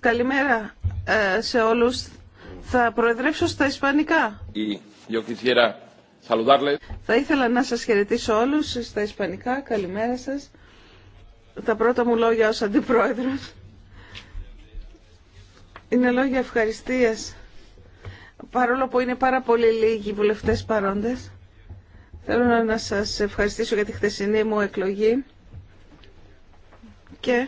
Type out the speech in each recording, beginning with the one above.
Καλημέρα ε, σε όλους. Θα προεδρεύσω στα Ισπανικά. Θα ήθελα να σας χαιρετήσω όλους στα Ισπανικά. Καλημέρα σας. Τα πρώτα μου λόγια ως αντιπρόεδρος είναι λόγια ευχαριστίας. Παρόλο που είναι πάρα πολύ λίγοι βουλευτές παρόντες, θέλω να σας ευχαριστήσω για τη χθεσινή μου εκλογή και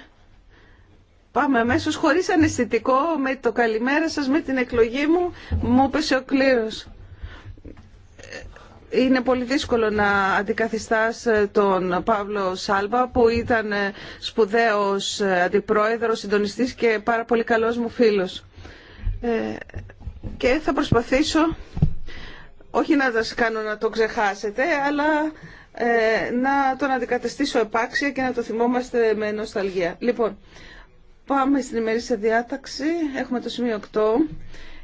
πάμε αμέσω χωρί αναισθητικό με το καλημέρα σας, με την εκλογή μου, μου πέσε ο κλήρο. Είναι πολύ δύσκολο να αντικαθιστάς τον Παύλο Σάλβα που ήταν σπουδαίος αντιπρόεδρος, συντονιστής και πάρα πολύ καλός μου φίλος. Ε, και θα προσπαθήσω όχι να σας κάνω να το ξεχάσετε, αλλά ε, να τον αντικατεστήσω επάξια και να το θυμόμαστε με νοσταλγία. Λοιπόν, πάμε στην ημερήσια διάταξη. Έχουμε το σημείο 8.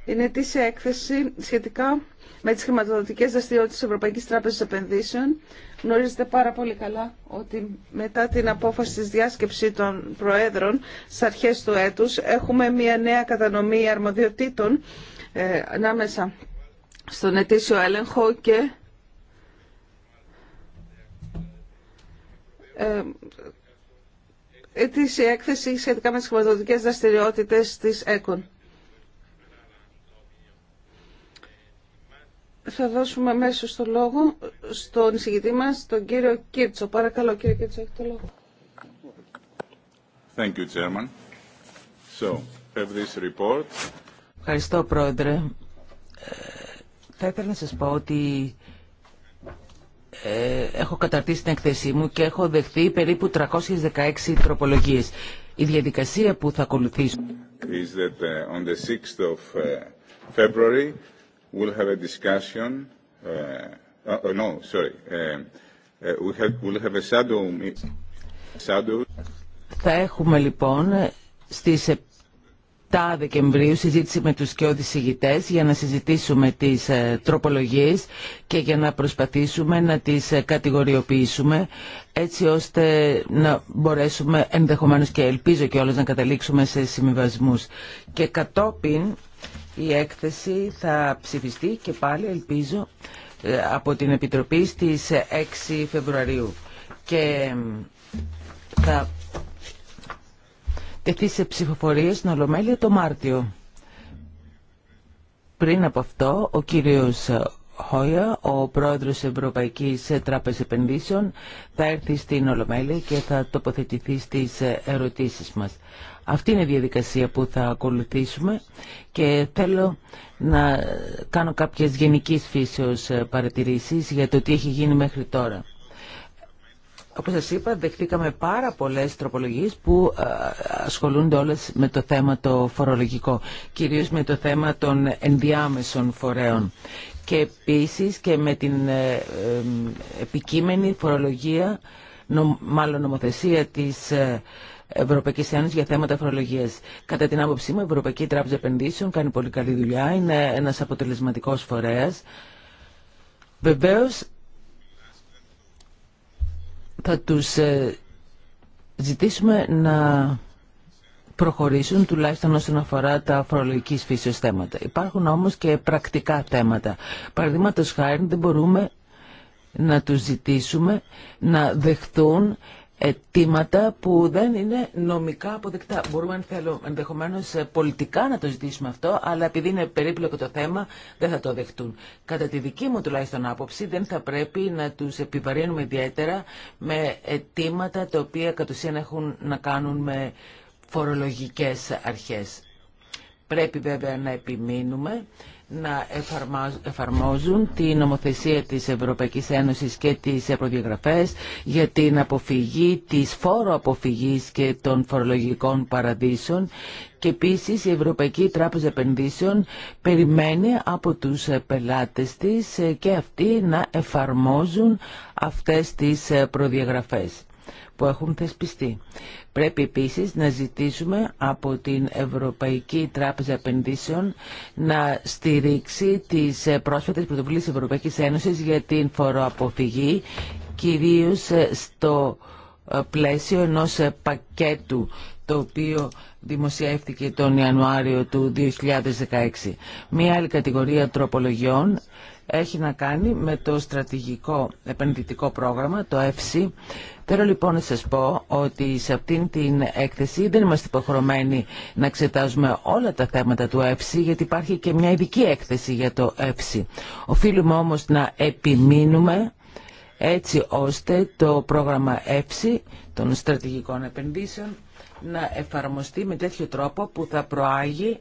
Είναι αιτήσια έκθεση σχετικά με τις χρηματοδοτικές δραστηριότητες της Ευρωπαϊκής Τράπεζας Επενδύσεων. Γνωρίζετε πάρα πολύ καλά ότι μετά την απόφαση της διάσκεψη των Προέδρων στι αρχές του έτους έχουμε μια νέα κατανομή αρμοδιοτήτων ε, ανάμεσα στον ετήσιο έλεγχο και Ε, της έκθεση σχετικά με τις χρηματοδοτικές δραστηριότητες της ΕΚΟΝ. Θα δώσουμε αμέσω το λόγο στον εισηγητή μας, τον κύριο Κίρτσο. Παρακαλώ, κύριε Κίρτσο, έχετε το λόγο. Thank you, So, have this report. Ευχαριστώ, Πρόεδρε. Ε, θα ήθελα να σας πω ότι ε, έχω καταρτήσει την εκθεσή μου και έχω δεχθεί περίπου 316 τροπολογίες. Η διαδικασία που θα ακολουθήσω... Is that on the 6th of ε, February we'll have a discussion... Uh, no, sorry. Ε, we have, we'll have a shadow... shadow... Θα έχουμε λοιπόν στις 7 Δεκεμβρίου συζήτηση με τους και ηγητές για να συζητήσουμε τις τροπολογίες και για να προσπαθήσουμε να τις κατηγοριοποιήσουμε έτσι ώστε να μπορέσουμε ενδεχομένως και ελπίζω και όλες να καταλήξουμε σε συμβιβασμούς. Και κατόπιν η έκθεση θα ψηφιστεί και πάλι ελπίζω από την Επιτροπή στις 6 Φεβρουαρίου. Και θα τεθεί σε ψηφοφορία στην Ολομέλεια το Μάρτιο. Πριν από αυτό, ο κύριος Χόια, ο πρόεδρος Ευρωπαϊκής Τράπεζας Επενδύσεων, θα έρθει στην Ολομέλεια και θα τοποθετηθεί στις ερωτήσεις μας. Αυτή είναι η διαδικασία που θα ακολουθήσουμε και θέλω να κάνω κάποιες γενικής φύσεως παρατηρήσεις για το τι έχει γίνει μέχρι τώρα. Όπως σας είπα, δεχτήκαμε πάρα πολλές τροπολογίες που ε, ασχολούνται όλες με το θέμα το φορολογικό, κυρίως με το θέμα των ενδιάμεσων φορέων και επίσης και με την ε, ε, επικείμενη φορολογία, μάλλον νομοθεσία της Ευρωπαϊκής Ένωσης για θέματα φορολογίας Κατά την άποψή μου, η Ευρωπαϊκή Τράπεζα Επενδύσεων κάνει πολύ καλή δουλειά, είναι ένας αποτελεσματικό φορέας βεβαίως θα τους ε, ζητήσουμε να προχωρήσουν τουλάχιστον όσον αφορά τα φορολογική φύσεως θέματα. Υπάρχουν όμως και πρακτικά θέματα. Παραδείγματος χάρη δεν μπορούμε να τους ζητήσουμε να δεχτούν αιτήματα που δεν είναι νομικά αποδεκτά. Μπορούμε αν θέλω ενδεχομένως ε, πολιτικά να το ζητήσουμε αυτό, αλλά επειδή είναι περίπλοκο το θέμα δεν θα το δεχτούν. Κατά τη δική μου τουλάχιστον άποψη δεν θα πρέπει να τους επιβαρύνουμε ιδιαίτερα με αιτήματα τα οποία κατ' ουσίαν έχουν να κάνουν με φορολογικές αρχές. Πρέπει βέβαια να επιμείνουμε να εφαρμόζουν την νομοθεσία της Ευρωπαϊκής Ένωσης και τις προδιαγραφές για την αποφυγή της φόρο αποφυγής και των φορολογικών παραδείσων και επίσης η Ευρωπαϊκή Τράπεζα Επενδύσεων περιμένει από τους πελάτες της και αυτοί να εφαρμόζουν αυτές τις προδιαγραφές που έχουν θεσπιστεί. Πρέπει επίσης να ζητήσουμε από την Ευρωπαϊκή Τράπεζα Επενδύσεων να στηρίξει τις ε, πρόσφατες πρωτοβουλίες της Ευρωπαϊκής Ένωσης για την φοροαποφυγή, κυρίως ε, στο ε, πλαίσιο ενός πακέτου το οποίο δημοσιεύτηκε τον Ιανουάριο του 2016. Μία άλλη κατηγορία τροπολογιών έχει να κάνει με το στρατηγικό επενδυτικό πρόγραμμα, το ΕΦΣΥ, Θέλω λοιπόν να σας πω ότι σε αυτήν την έκθεση δεν είμαστε υποχρεωμένοι να εξετάζουμε όλα τα θέματα του ΕΦΣΥ γιατί υπάρχει και μια ειδική έκθεση για το ΕΦΣΥ. Οφείλουμε όμως να επιμείνουμε έτσι ώστε το πρόγραμμα ΕΦΣΥ των στρατηγικών επενδύσεων να εφαρμοστεί με τέτοιο τρόπο που θα προάγει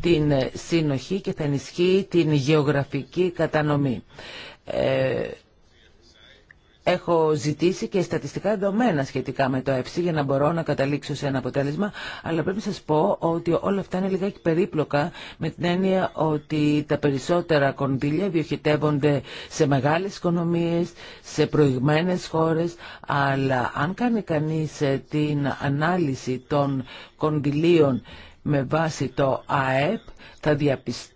την συνοχή και θα ενισχύει την γεωγραφική κατανομή. Ε, Έχω ζητήσει και στατιστικά δεδομένα σχετικά με το εψί για να μπορώ να καταλήξω σε ένα αποτέλεσμα, αλλά πρέπει να σα πω ότι όλα αυτά είναι λιγάκι περίπλοκα με την έννοια ότι τα περισσότερα κονδύλια διοχετεύονται σε μεγάλες οικονομίες, σε προηγμένες χώρες, αλλά αν κάνει κανείς ε, την ανάλυση των κονδυλίων με βάση το ΑΕΠ θα διαπιστώσει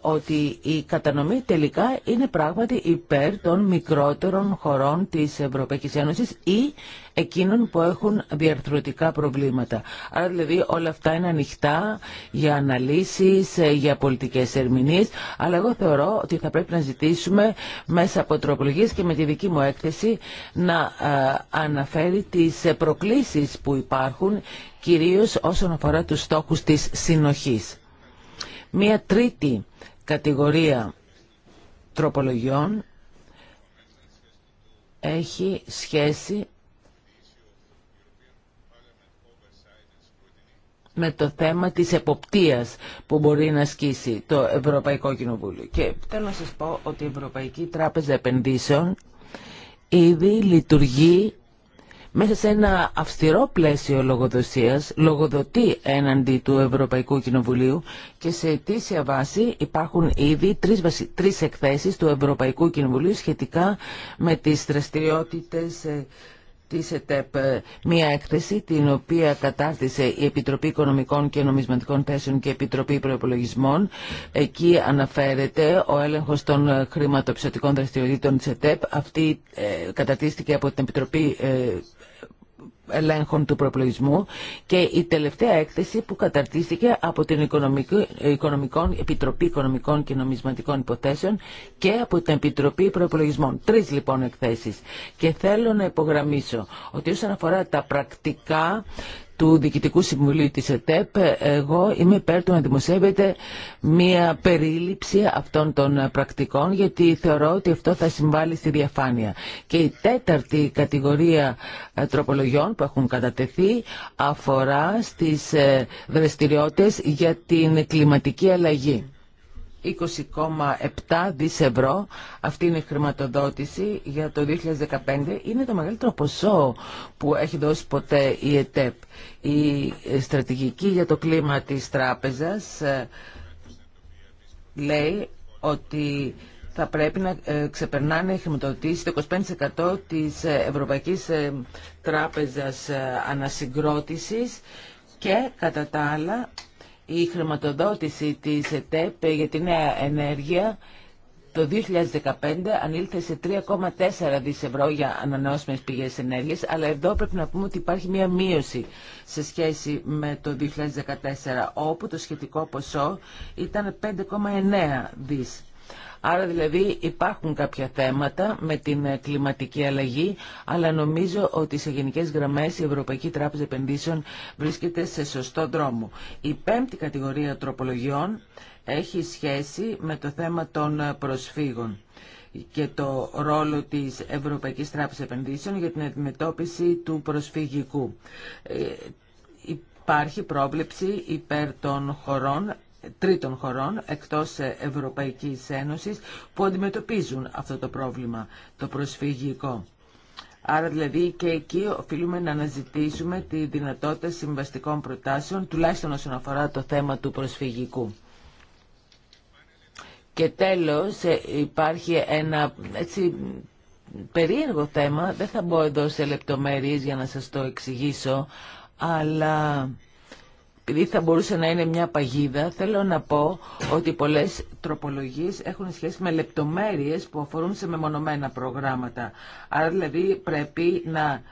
ότι η κατανομή τελικά είναι πράγματι υπέρ των μικρότερων χωρών της Ευρωπαϊκής Ένωσης ή εκείνων που έχουν διαρθρωτικά προβλήματα. Άρα δηλαδή όλα αυτά είναι ανοιχτά για αναλύσεις, για πολιτικές ερμηνείς αλλά εγώ θεωρώ ότι θα πρέπει να ζητήσουμε μέσα από τροπολογίες και με τη δική μου έκθεση να ε, αναφέρει τις προκλήσεις που υπάρχουν, κυρίως όσον αφορά τους στόχους της συνοχής. Μία τρίτη κατηγορία τροπολογιών έχει σχέση με το θέμα της εποπτείας που μπορεί να ασκήσει το Ευρωπαϊκό Κοινοβούλιο. Και θέλω να σας πω ότι η Ευρωπαϊκή Τράπεζα Επενδύσεων ήδη λειτουργεί μέσα σε ένα αυστηρό πλαίσιο λογοδοσίας λογοδοτεί έναντι του Ευρωπαϊκού Κοινοβουλίου και σε αιτήσια βάση υπάρχουν ήδη τρεις, τρεις εκθέσεις του Ευρωπαϊκού Κοινοβουλίου σχετικά με τις δραστηριότητες ε, της ΕΤΕΠ ε, μια έκθεση την οποία κατάρτισε η Επιτροπή Οικονομικών και Νομισματικών Θέσεων και Επιτροπή Προεπολογισμών Εκεί αναφέρεται ο έλεγχος των ε, χρηματοψηφιακών δραστηριοτήτων της ΕΤΕΠ. Αυτή ε, καταρτίστηκε από την Επιτροπή ελέγχων του προπλογισμού και η τελευταία έκθεση που καταρτίστηκε από την Οικονομικών, Επιτροπή Οικονομικών και Νομισματικών Υποθέσεων και από την Επιτροπή Προπολογισμών. Τρεις λοιπόν εκθέσεις. Και θέλω να υπογραμμίσω ότι όσον αφορά τα πρακτικά του Διοικητικού Συμβουλίου της ΕΤΕΠ, εγώ είμαι υπέρ του να δημοσιεύεται μία περίληψη αυτών των πρακτικών, γιατί θεωρώ ότι αυτό θα συμβάλλει στη διαφάνεια. Και η τέταρτη κατηγορία ε, τροπολογιών που έχουν κατατεθεί αφορά στις ε, δραστηριότητες για την κλιματική αλλαγή. 20,7 δις ευρώ. Αυτή είναι η χρηματοδότηση για το 2015. Είναι το μεγαλύτερο ποσό που έχει δώσει ποτέ η ΕΤΕΠ. Η στρατηγική για το κλίμα της τράπεζας ε, λέει ότι θα πρέπει να ε, ξεπερνάνε οι χρηματοδοτήσεις το 25% της ε, Ευρωπαϊκής Τράπεζας Ανασυγκρότησης και κατά τα άλλα η χρηματοδότηση της ΕΤΕΠ για τη νέα ενέργεια το 2015 ανήλθε σε 3,4 δις ευρώ για ανανεώσιμες πηγές ενέργειας, αλλά εδώ πρέπει να πούμε ότι υπάρχει μία μείωση σε σχέση με το 2014, όπου το σχετικό ποσό ήταν 5,9 δις. Άρα δηλαδή υπάρχουν κάποια θέματα με την ε, κλιματική αλλαγή, αλλά νομίζω ότι σε γενικές γραμμές η Ευρωπαϊκή Τράπεζα Επενδύσεων βρίσκεται σε σωστό δρόμο. Η πέμπτη κατηγορία τροπολογιών έχει σχέση με το θέμα των ε, προσφύγων και το ρόλο της Ευρωπαϊκής Τράπεζας Επενδύσεων για την αντιμετώπιση του προσφυγικού. Ε, υπάρχει πρόβλεψη υπέρ των χωρών τρίτων χωρών εκτός Ευρωπαϊκής Ένωσης που αντιμετωπίζουν αυτό το πρόβλημα, το προσφυγικό. Άρα δηλαδή και εκεί οφείλουμε να αναζητήσουμε τη δυνατότητα συμβαστικών προτάσεων, τουλάχιστον όσον αφορά το θέμα του προσφυγικού. Και τέλος ε, υπάρχει ένα έτσι, περίεργο θέμα, δεν θα μπω εδώ σε λεπτομέρειες για να σας το εξηγήσω, αλλά επειδή θα μπορούσε να είναι μια παγίδα, θέλω να πω ότι πολλές τροπολογίες έχουν σχέση με λεπτομέρειες που αφορούν σε μεμονωμένα προγράμματα. Άρα δηλαδή πρέπει να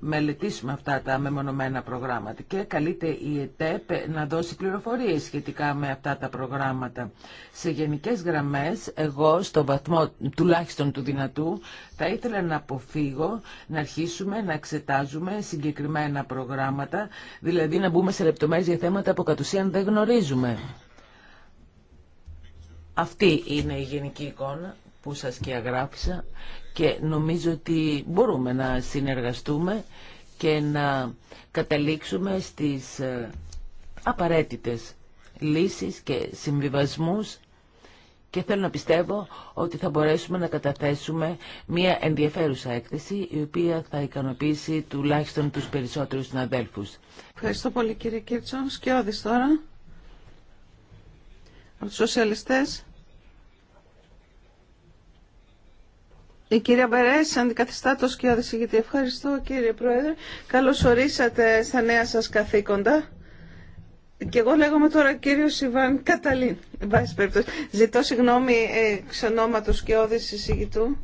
μελετήσουμε αυτά τα μεμονωμένα προγράμματα και καλείται η ΕΤΕΠ να δώσει πληροφορίες σχετικά με αυτά τα προγράμματα. Σε γενικές γραμμές, εγώ στον βαθμό τουλάχιστον του δυνατού θα ήθελα να αποφύγω να αρχίσουμε να εξετάζουμε συγκεκριμένα προγράμματα, δηλαδή να μπούμε σε λεπτομέρειες για θέματα που κατ' ουσίαν δεν γνωρίζουμε. Αυτή είναι η γενική εικόνα που σας και αγράφησα και νομίζω ότι μπορούμε να συνεργαστούμε και να καταλήξουμε στις ε, απαραίτητες λύσεις και συμβιβασμούς και θέλω να πιστεύω ότι θα μπορέσουμε να καταθέσουμε μια ενδιαφέρουσα έκθεση η οποία θα ικανοποιήσει τουλάχιστον τους περισσότερους συναδέλφους. Ευχαριστώ πολύ κύριε Κίρτσον. Σκιώδης τώρα. Από τους Η κυρία Μπερές, αντικαθιστά το σκιώδη Ευχαριστώ κύριε Πρόεδρε. Καλώς ορίσατε στα νέα σας καθήκοντα. Και εγώ λέγομαι τώρα κύριο Ιβάν Καταλήν. Ζητώ συγγνώμη ε, ονόματος και εισηγητού,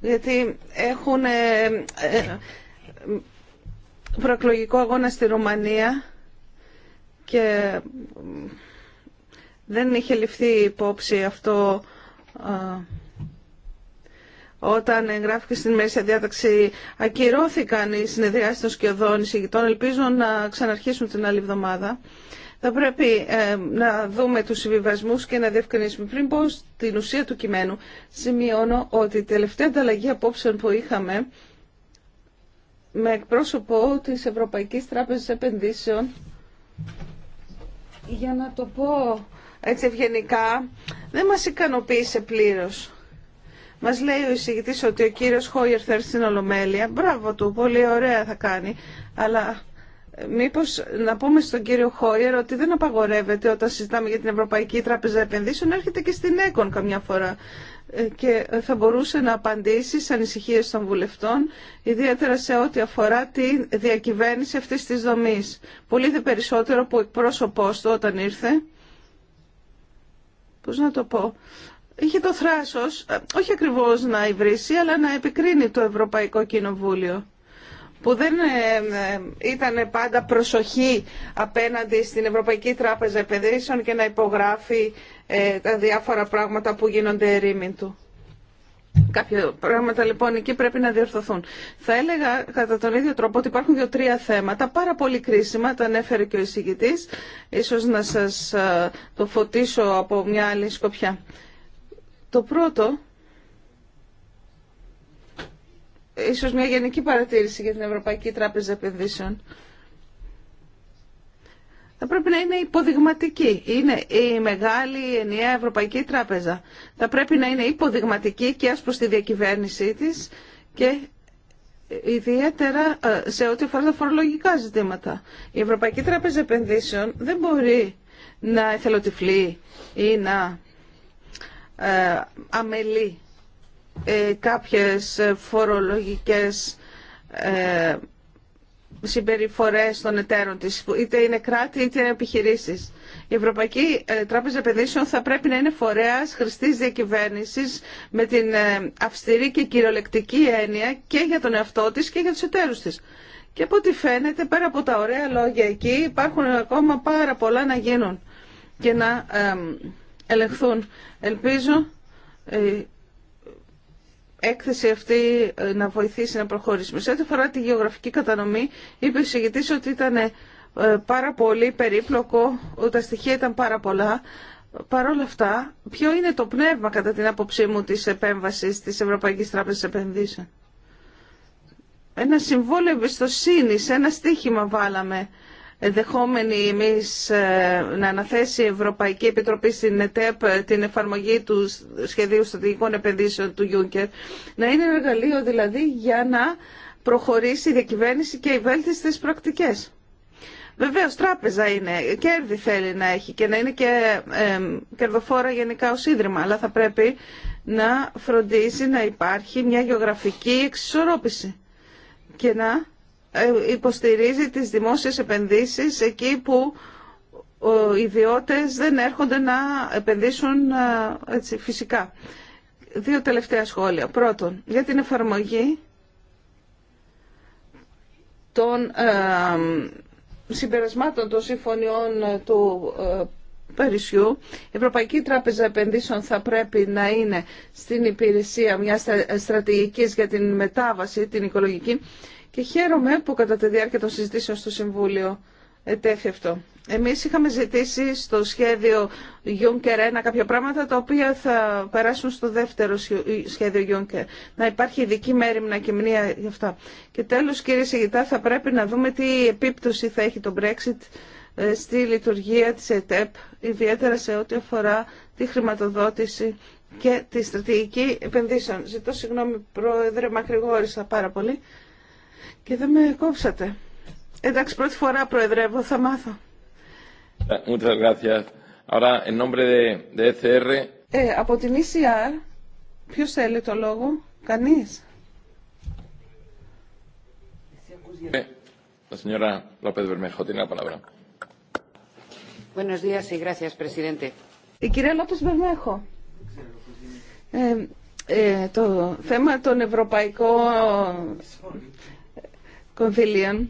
γιατί έχουν ε, ε, προεκλογικό αγώνα στη Ρουμανία και δεν είχε ληφθεί υπόψη αυτό όταν εγγράφηκε στην μέση διάταξη ακυρώθηκαν οι συνεδριάσεις των σκιωδών εισηγητών. Ελπίζω να ξαναρχίσουν την άλλη εβδομάδα. Θα πρέπει ε, να δούμε τους συμβιβασμού και να διευκρινίσουμε. Πριν πω στην ουσία του κειμένου, σημειώνω ότι η τελευταία ανταλλαγή απόψεων που είχαμε με εκπρόσωπο της Ευρωπαϊκής Τράπεζας Επενδύσεων, για να το πω έτσι ευγενικά, δεν μας ικανοποίησε πλήρως. Μα λέει ο εισηγητή ότι ο κύριο Χόιερ θα έρθει στην Ολομέλεια. Μπράβο του, πολύ ωραία θα κάνει. Αλλά ε, μήπω να πούμε στον κύριο Χόιερ ότι δεν απαγορεύεται όταν συζητάμε για την Ευρωπαϊκή Τράπεζα Επενδύσεων, έρχεται και στην ΕΚΟΝ καμιά φορά ε, και θα μπορούσε να απαντήσει σε ανησυχίε των βουλευτών, ιδιαίτερα σε ό,τι αφορά τη διακυβέρνηση αυτή τη δομή. Πολύ δε περισσότερο που εκπρόσωπό του όταν ήρθε, πώς να το πω, είχε το θράσος, ε, όχι ακριβώς να υβρίσει, αλλά να επικρίνει το Ευρωπαϊκό Κοινοβούλιο που δεν ε, ε, ήταν πάντα προσοχή απέναντι στην Ευρωπαϊκή Τράπεζα Επενδύσεων και να υπογράφει τα διάφορα πράγματα που γίνονται ερήμην του. Κάποια πράγματα λοιπόν εκεί πρέπει να διορθωθούν. Θα έλεγα κατά τον ίδιο τρόπο ότι υπάρχουν δύο-τρία θέματα πάρα πολύ κρίσιμα, τα ανέφερε και ο εισηγητής, ίσως να σας το φωτίσω από μια άλλη σκοπιά. Το πρώτο, ίσως μια γενική παρατήρηση για την Ευρωπαϊκή Τράπεζα Επενδύσεων, θα πρέπει να είναι υποδειγματική. Είναι η μεγάλη ενιαία Ευρωπαϊκή Τράπεζα. Θα πρέπει να είναι υποδειγματική και ας προς τη διακυβέρνησή της και ιδιαίτερα ε, σε ό,τι αφορά τα φορολογικά ζητήματα. Η Ευρωπαϊκή Τράπεζα Επενδύσεων δεν μπορεί να εθελοτυφλεί ή να ε, αμελεί ε, κάποιες φορολογικές ε, συμπεριφορές των εταίρων της, είτε είναι κράτη είτε είναι επιχειρήσεις. Η Ευρωπαϊκή Τράπεζα Επενδύσεων θα πρέπει να είναι φορέας χρηστής διακυβέρνησης με την αυστηρή και κυριολεκτική έννοια και για τον εαυτό της και για τους εταίρους της. Και από ό,τι φαίνεται, πέρα από τα ωραία λόγια εκεί, υπάρχουν ακόμα πάρα πολλά να γίνουν και να ελεγχθούν. Ελπίζω ε, η έκθεση αυτή ε, να βοηθήσει να προχωρήσουμε. Σε ό,τι αφορά τη γεωγραφική κατανομή, είπε ο συγητής ότι ήταν ε, πάρα πολύ περίπλοκο, τα στοιχεία ήταν πάρα πολλά. Παρ' όλα αυτά, ποιο είναι το πνεύμα κατά την άποψή μου της επέμβασης της Ευρωπαϊκής Τράπεζας Επενδύσεων. Ένα συμβόλαιο εμπιστοσύνη, ένα στίχημα βάλαμε Ενδεχόμενοι εμείς ε, να αναθέσει η Ευρωπαϊκή Επιτροπή στην ΕΤΕΠ ε, την εφαρμογή του σχεδίου στρατηγικών επενδύσεων του Juncker, να είναι εργαλείο δηλαδή για να προχωρήσει η διακυβέρνηση και οι βέλτιστες πρακτικές. Βεβαίω, τράπεζα είναι, κέρδη θέλει να έχει και να είναι και κερδοφόρα γενικά ως ίδρυμα, αλλά θα πρέπει να φροντίσει να υπάρχει μια γεωγραφική εξισορρόπηση και να ε, υποστηρίζει τις δημόσιες επενδύσεις εκεί που ε, οι ιδιώτες δεν έρχονται να επενδύσουν ε, έτσι, φυσικά. Δύο τελευταία σχόλια. Πρώτον, για την εφαρμογή των συμπερασμάτων των συμφωνιών του Περισιού Η Ευρωπαϊκή Τράπεζα Επενδύσεων θα πρέπει να είναι στην υπηρεσία μιας στρατηγικής για την μετάβαση, την οικολογική και χαίρομαι που κατά τη διάρκεια των συζητήσεων στο Συμβούλιο ετέθη αυτό. Εμείς είχαμε ζητήσει στο σχέδιο Juncker 1 κάποια πράγματα τα οποία θα περάσουν στο δεύτερο ε, σχέδιο Juncker. Να υπάρχει ειδική μέρημνα και μνήμα γι' αυτά. Και τέλος κύριε Σιγητά θα πρέπει να δούμε τι επίπτωση θα έχει το Brexit ε, στη λειτουργία της ΕΤΕΠ, ιδιαίτερα σε ό,τι αφορά τη χρηματοδότηση και τη στρατηγική επενδύσεων. Ζητώ συγγνώμη πρόεδρε, μακρηγόρησα πάρα πολύ. Και δεν με κόψατε. Εντάξει, πρώτη φορά προεδρεύω, θα μάθω. Ε, muchas gracias. Ahora, en nombre de, de ECR... Ε, από την ECR, ποιος θέλει το λόγο, κανείς. Ε, la señora López Bermejo tiene la palabra. Buenos días y gracias, presidente. Η κυρία Λόπες Μπερμέχο. Ε, ε, το θέμα των ευρωπαϊκών κονδυλίων.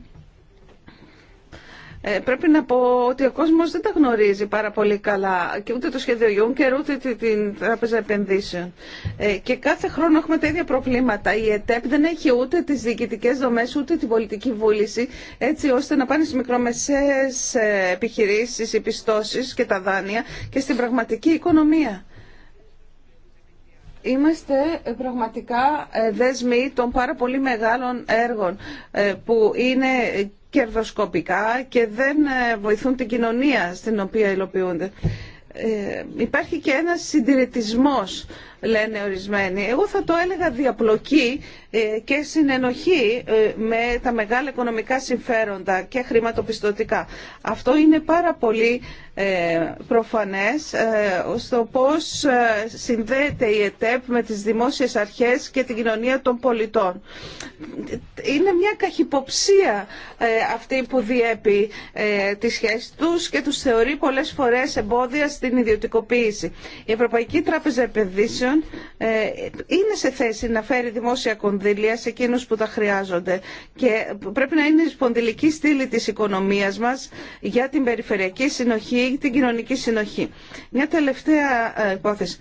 Ε, πρέπει να πω ότι ο κόσμος δεν τα γνωρίζει πάρα πολύ καλά και ούτε το σχέδιο Juncker ούτε την Τράπεζα Επενδύσεων. Ε, και κάθε χρόνο έχουμε τα ίδια προβλήματα. Η ΕΤΕΠ δεν έχει ούτε τις διοικητικές δομές ούτε την πολιτική βούληση έτσι ώστε να πάνε στις μικρομεσαίες ε, επιχειρήσεις, οι πιστώσεις και τα δάνεια και στην πραγματική οικονομία. Είμαστε ε, πραγματικά ε, δέσμοι των πάρα πολύ μεγάλων έργων ε, που είναι κερδοσκοπικά και δεν βοηθούν την κοινωνία στην οποία υλοποιούνται. Υπάρχει και ένας συντηρητισμός λένε ορισμένοι. Εγώ θα το έλεγα διαπλοκή ε, και συνενοχή ε, με τα μεγάλα οικονομικά συμφέροντα και χρηματοπιστωτικά. Αυτό είναι πάρα πολύ ε, προφανές στο πώς συνδέεται η ΕΤΕΠ με τις δημόσιες αρχές και την κοινωνία των πολιτών. Είναι μια καχυποψία αυτή που διέπει τη σχέση τους και τους θεωρεί πολλές φορές εμπόδια στην ιδιωτικοποίηση. Η Ευρωπαϊκή Τράπεζα Επενδύσεων ε, είναι σε θέση να φέρει δημόσια κονδύλια σε εκείνους που τα χρειάζονται και πρέπει να είναι η σπονδυλική στήλη της οικονομίας μας για την περιφερειακή συνοχή, την κοινωνική συνοχή. Μια τελευταία ε, υπόθεση.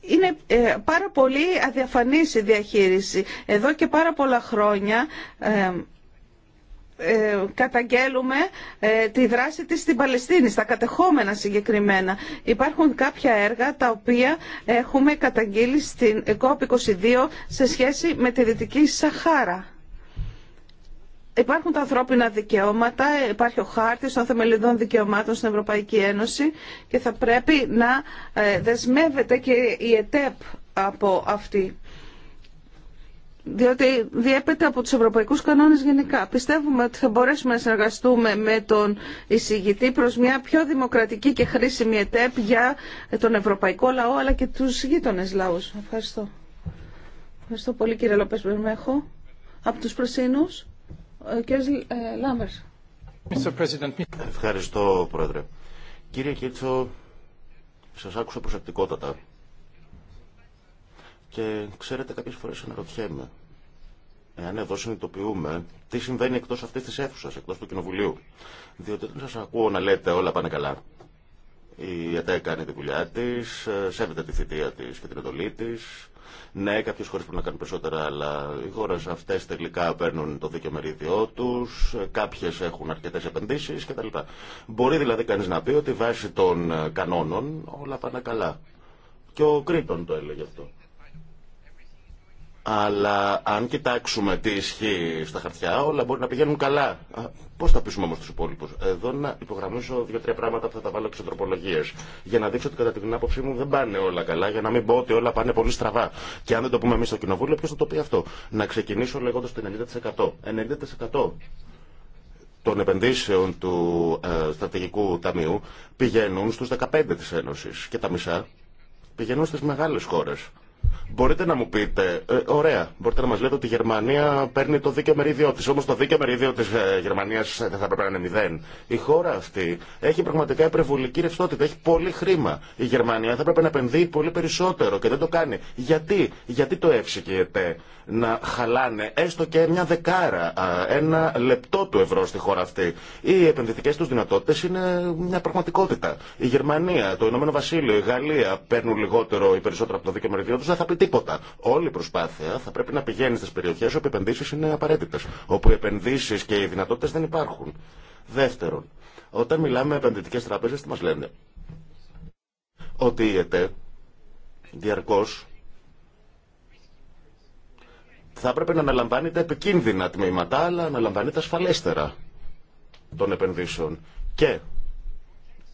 Είναι ε, πάρα πολύ αδιαφανής η διαχείριση. Εδώ και πάρα πολλά χρόνια ε, καταγγέλουμε ε, τη δράση της στην Παλαιστίνη, στα κατεχόμενα συγκεκριμένα. Υπάρχουν κάποια έργα τα οποία έχουμε καταγγείλει στην COP22 σε σχέση με τη Δυτική Σαχάρα. Υπάρχουν τα ανθρώπινα δικαιώματα, υπάρχει ο χάρτης των θεμελιδών δικαιωμάτων στην Ευρωπαϊκή Ένωση και θα πρέπει να ε, δεσμεύεται και η ΕΤΕΠ από αυτή διότι διέπεται από τους ευρωπαϊκούς κανόνες γενικά. Πιστεύουμε ότι θα μπορέσουμε να συνεργαστούμε με τον εισηγητή προς μια πιο δημοκρατική και χρήσιμη ΕΤΕΠ για τον ευρωπαϊκό λαό αλλά και τους γείτονε λαούς. Ευχαριστώ. Ευχαριστώ πολύ κύριε Λόπες Μπερμέχο. Από τους Πρασίνους, ο κύριος ε, Λάμπερς. Ευχαριστώ πρόεδρε. Κύριε Κίτσο, σας άκουσα προσεκτικότατα και ξέρετε κάποιε φορές αναρωτιέμαι, εάν εδώ συνειδητοποιούμε τι συμβαίνει εκτό αυτής της αίθουσα, εκτό του κοινοβουλίου. Διότι όταν σα ακούω να λέτε όλα πάνε καλά, η ΕΤΕ κάνει τη δουλειά τη, σέβεται τη θητεία τη και την εντολή τη. Ναι, κάποιε χώρε πρέπει να κάνουν περισσότερα, αλλά οι χώρε αυτέ τελικά παίρνουν το δίκαιο μερίδιό του, κάποιε έχουν αρκετέ επενδύσει κτλ. Μπορεί δηλαδή κανεί να πει ότι βάσει των κανόνων όλα πάνε καλά. Και ο Κρήτον το έλεγε αυτό. Αλλά αν κοιτάξουμε τι ισχύει στα χαρτιά, όλα μπορεί να πηγαίνουν καλά. Πώ θα πείσουμε όμω του υπόλοιπου. Εδώ να υπογραμμίσω δύο-τρία πράγματα που θα τα βάλω και σε τροπολογίε. Για να δείξω ότι κατά την άποψή μου δεν πάνε όλα καλά, για να μην πω ότι όλα πάνε πολύ στραβά. Και αν δεν το πούμε εμεί στο κοινοβούλιο, ποιο θα το πει αυτό. Να ξεκινήσω λέγοντα το 90%. 90% των επενδύσεων του ε, στρατηγικού ταμείου πηγαίνουν στου 15 τη Ένωση. και τα μισά πηγαίνουν στι μεγάλε χώρε. Μπορείτε να μου πείτε, ε, ωραία, μπορείτε να μα λέτε ότι η Γερμανία παίρνει το δίκαιο μερίδιο τη. Όμω το δίκαιο μερίδιο τη ε, Γερμανία ε, δεν θα έπρεπε να είναι μηδέν. Η χώρα αυτή έχει πραγματικά υπερβολική ρευστότητα, έχει πολύ χρήμα. Η Γερμανία θα έπρεπε να επενδύει πολύ περισσότερο και δεν το κάνει. Γιατί, γιατί το έψη η ΕΤΕ να χαλάνε έστω και μια δεκάρα, ένα λεπτό του ευρώ στη χώρα αυτή. Οι επενδυτικέ του δυνατότητε είναι μια πραγματικότητα. Η Γερμανία, το Ηνωμένο Βασίλειο, η Γαλλία παίρνουν λιγότερο ή περισσότερο από το δίκαιο μερίδιο του θα πει τίποτα. Όλη η προσπάθεια θα πρέπει να πηγαίνει στι περιοχέ όπου οι επενδύσει είναι απαραίτητε. Όπου οι επενδύσει και οι δυνατότητε δεν υπάρχουν. Δεύτερον, όταν μιλάμε με επενδυτικέ τράπεζε, τι μα λένε. Ότι η ΕΤΕ διαρκώ θα έπρεπε να αναλαμβάνει τα επικίνδυνα τμήματα, αλλά να αναλαμβάνει τα ασφαλέστερα των επενδύσεων. Και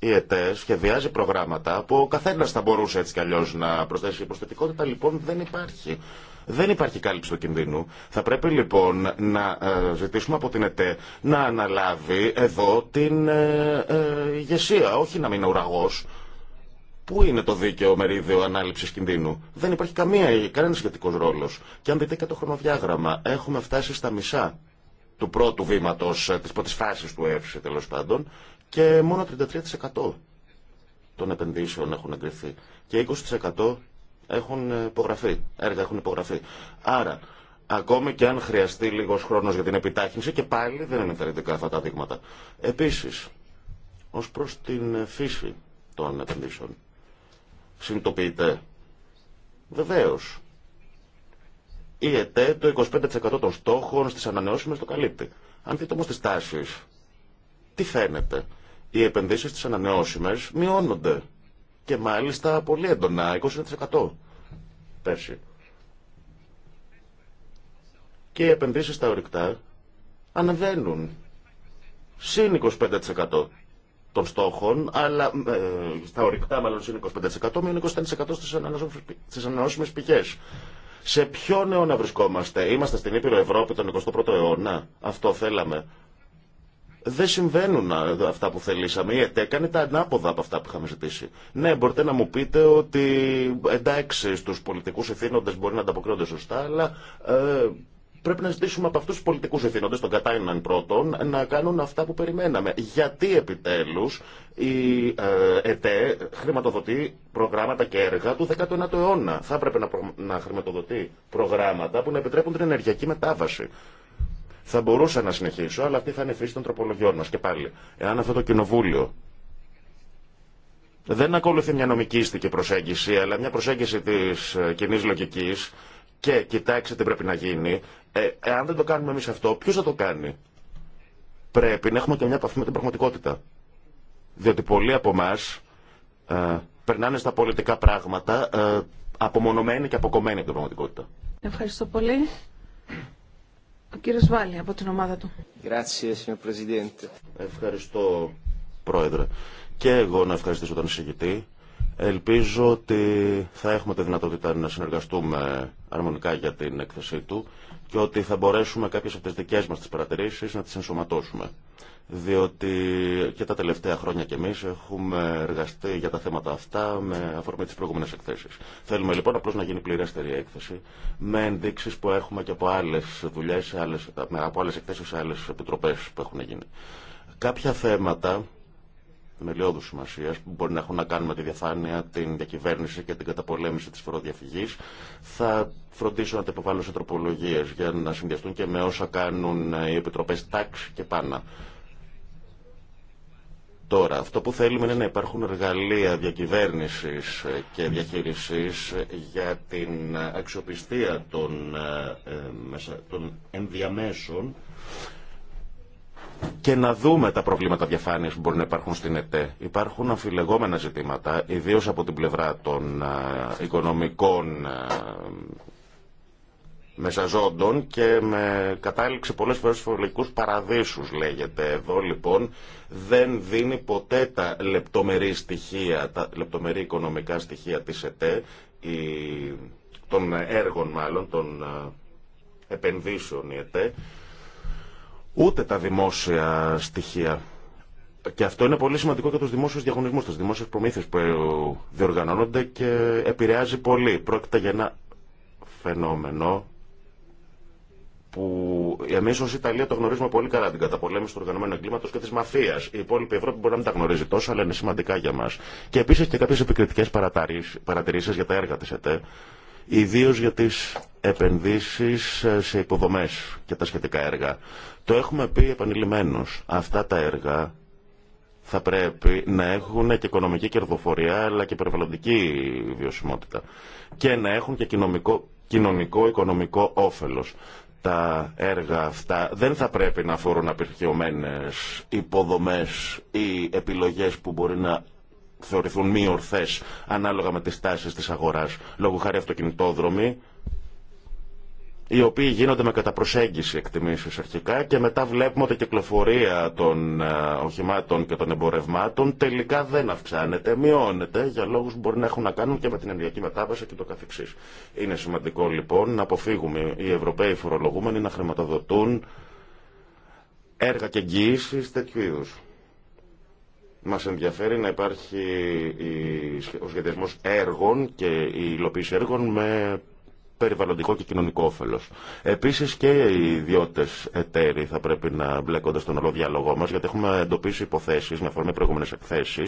η ΕΤΕ σχεδιάζει προγράμματα που ο καθένα θα μπορούσε έτσι κι αλλιώ να προσθέσει. Η προσθετικότητα λοιπόν δεν υπάρχει. Δεν υπάρχει κάλυψη του κινδύνου. Θα πρέπει λοιπόν να ε, ζητήσουμε από την ΕΤΕ να αναλάβει εδώ την ε, ε ηγεσία, όχι να μην είναι ουραγό. Πού είναι το δίκαιο μερίδιο ανάληψη κινδύνου. Δεν υπάρχει καμία, κανένα σχετικό ρόλο. Και αν δείτε και το χρονοδιάγραμμα, έχουμε φτάσει στα μισά του πρώτου βήματο, ε, τη πρώτη φάση του ΕΦΣΙ τέλο πάντων και μόνο 33% των επενδύσεων έχουν εγκριθεί και 20% έχουν υπογραφεί, έργα έχουν υπογραφεί. Άρα, ακόμη και αν χρειαστεί λίγος χρόνος για την επιτάχυνση και πάλι δεν είναι θερητικά αυτά τα δείγματα. Επίσης, ως προς την φύση των επενδύσεων, συνειδητοποιείται βεβαίως η ΕΤΕ το 25% των στόχων στις ανανεώσιμες το καλύπτει. Αν δείτε όμως τις τάσεις, τι φαίνεται. Οι επενδύσει στι ανανεώσιμε μειώνονται και μάλιστα πολύ έντονα, 20% πέρσι. Και οι επενδύσεις στα ορυκτά αναβαίνουν συν 25% των στόχων, αλλά ε, στα ορυκτά μάλλον συν 25%, μείον 25% στις ανανεώσιμες πηγές. Σε ποιον αιώνα βρισκόμαστε, είμαστε στην Ήπειρο Ευρώπη τον 21ο αιώνα, αυτό θέλαμε δεν συμβαίνουν αυτά που θελήσαμε. Η ΕΤ έκανε τα ανάποδα από αυτά που είχαμε ζητήσει. Ναι, μπορείτε να μου πείτε ότι εντάξει, στου πολιτικού ευθύνοντε μπορεί να ανταποκρίνονται σωστά, αλλά ε, πρέπει να ζητήσουμε από αυτού του πολιτικού ευθύνοντε, τον Κατάιναν πρώτον, να κάνουν αυτά που περιμέναμε. Γιατί επιτέλου η ε, ΕΤΕ χρηματοδοτεί προγράμματα και έργα του 19ου αιώνα. Θα έπρεπε να, να χρηματοδοτεί προγράμματα που να επιτρέπουν την ενεργειακή μετάβαση. Θα μπορούσα να συνεχίσω, αλλά αυτή θα είναι η φύση των τροπολογιών μα. Και πάλι, εάν αυτό το κοινοβούλιο δεν ακολουθεί μια νομικήστικη προσέγγιση, αλλά μια προσέγγιση τη ε, κοινή λογική και κοιτάξει τι πρέπει να γίνει, ε, εάν δεν το κάνουμε εμεί αυτό, ποιο θα το κάνει. Πρέπει να έχουμε και μια επαφή με την πραγματικότητα. Διότι πολλοί από εμά ε, περνάνε στα πολιτικά πράγματα ε, απομονωμένοι και αποκομμένοι από την πραγματικότητα. Ευχαριστώ πολύ. Ο κύριος Βάλλη από την ομάδα του. Ευχαριστώ, Πρόεδρε. Και εγώ να ευχαριστήσω τον εισηγητή. Ελπίζω ότι θα έχουμε τη δυνατότητα να συνεργαστούμε αρμονικά για την έκθεσή του και ότι θα μπορέσουμε κάποιες από τις δικέ μας τις παρατηρήσει να τις ενσωματώσουμε. Διότι και τα τελευταία χρόνια κι εμείς έχουμε εργαστεί για τα θέματα αυτά με αφορμή τις προηγούμενες εκθέσεις. Θέλουμε λοιπόν απλώ να γίνει πληρέστερη έκθεση με ενδείξεις που έχουμε και από άλλες δουλειές, άλλες, από εκθέσεις σε άλλες επιτροπές που έχουν γίνει. Κάποια θέματα θεμελιώδου σημασία που μπορεί να έχουν να κάνουν με τη διαφάνεια, την διακυβέρνηση και την καταπολέμηση τη φοροδιαφυγή. Θα φροντίσω να τα υποβάλω σε τροπολογίε για να συνδυαστούν και με όσα κάνουν οι επιτροπέ τάξη και πάνω. Τώρα, αυτό που θέλουμε είναι να υπάρχουν εργαλεία διακυβέρνησης και διαχείρισης για την αξιοπιστία των, ε, ε, των ενδιαμέσων και να δούμε τα προβλήματα διαφάνειας που μπορεί να υπάρχουν στην ΕΤΕ. Υπάρχουν αμφιλεγόμενα ζητήματα, ιδίως από την πλευρά των ε, οικονομικών ε, μεσαζόντων και με κατάληξη πολλές φορές φορολογικούς παραδείσους λέγεται εδώ λοιπόν δεν δίνει ποτέ τα λεπτομερή στοιχεία, τα λεπτομερή οικονομικά στοιχεία της ΕΤΕ η, των έργων μάλλον, των ε, επενδύσεων η ΕΤΕ ούτε τα δημόσια στοιχεία. Και αυτό είναι πολύ σημαντικό για του δημόσιου διαγωνισμού, τι δημόσιε προμήθειε που διοργανώνονται και επηρεάζει πολύ. Πρόκειται για ένα φαινόμενο που εμεί ω Ιταλία το γνωρίζουμε πολύ καλά την καταπολέμηση του οργανωμένου εγκλήματο και τη μαφία. Η υπόλοιπη Ευρώπη μπορεί να μην τα γνωρίζει τόσο, αλλά είναι σημαντικά για μα. Και επίση και κάποιε επικριτικέ παρατηρήσει για τα έργα τη ΕΤΕ ιδίως για τις επενδύσεις ε, σε υποδομές και τα σχετικά έργα. Το έχουμε πει επανειλημμένως. Αυτά τα έργα θα πρέπει να έχουν και οικονομική κερδοφορία αλλά και περιβαλλοντική βιωσιμότητα και να έχουν και κοινωνικό, οικονομικό όφελος. Τα έργα αυτά δεν θα πρέπει να αφορούν απερχαιωμένες υποδομές ή επιλογές που μπορεί να θεωρηθούν μη ορθέ ανάλογα με τι τάσει τη αγορά. Λόγω χάρη αυτοκινητόδρομοι, οι οποίοι γίνονται με καταπροσέγγιση εκτιμήσει αρχικά και μετά βλέπουμε ότι η κυκλοφορία των ε, οχημάτων και των εμπορευμάτων τελικά δεν αυξάνεται, μειώνεται για λόγους που μπορεί να έχουν να κάνουν και με την ενεργειακή μετάβαση και το καθεξής. Είναι σημαντικό λοιπόν να αποφύγουμε οι Ευρωπαίοι φορολογούμενοι να χρηματοδοτούν έργα και εγγυήσεις τέτοιου είδους. Μας ενδιαφέρει να υπάρχει ο σχεδιασμός έργων και η υλοποίηση έργων με περιβαλλοντικό και κοινωνικό όφελο. Επίση και οι ιδιώτε εταίροι θα πρέπει να μπλέκονται στον όλο διάλογό μα, γιατί έχουμε εντοπίσει υποθέσει με αφορμή προηγούμενε εκθέσει,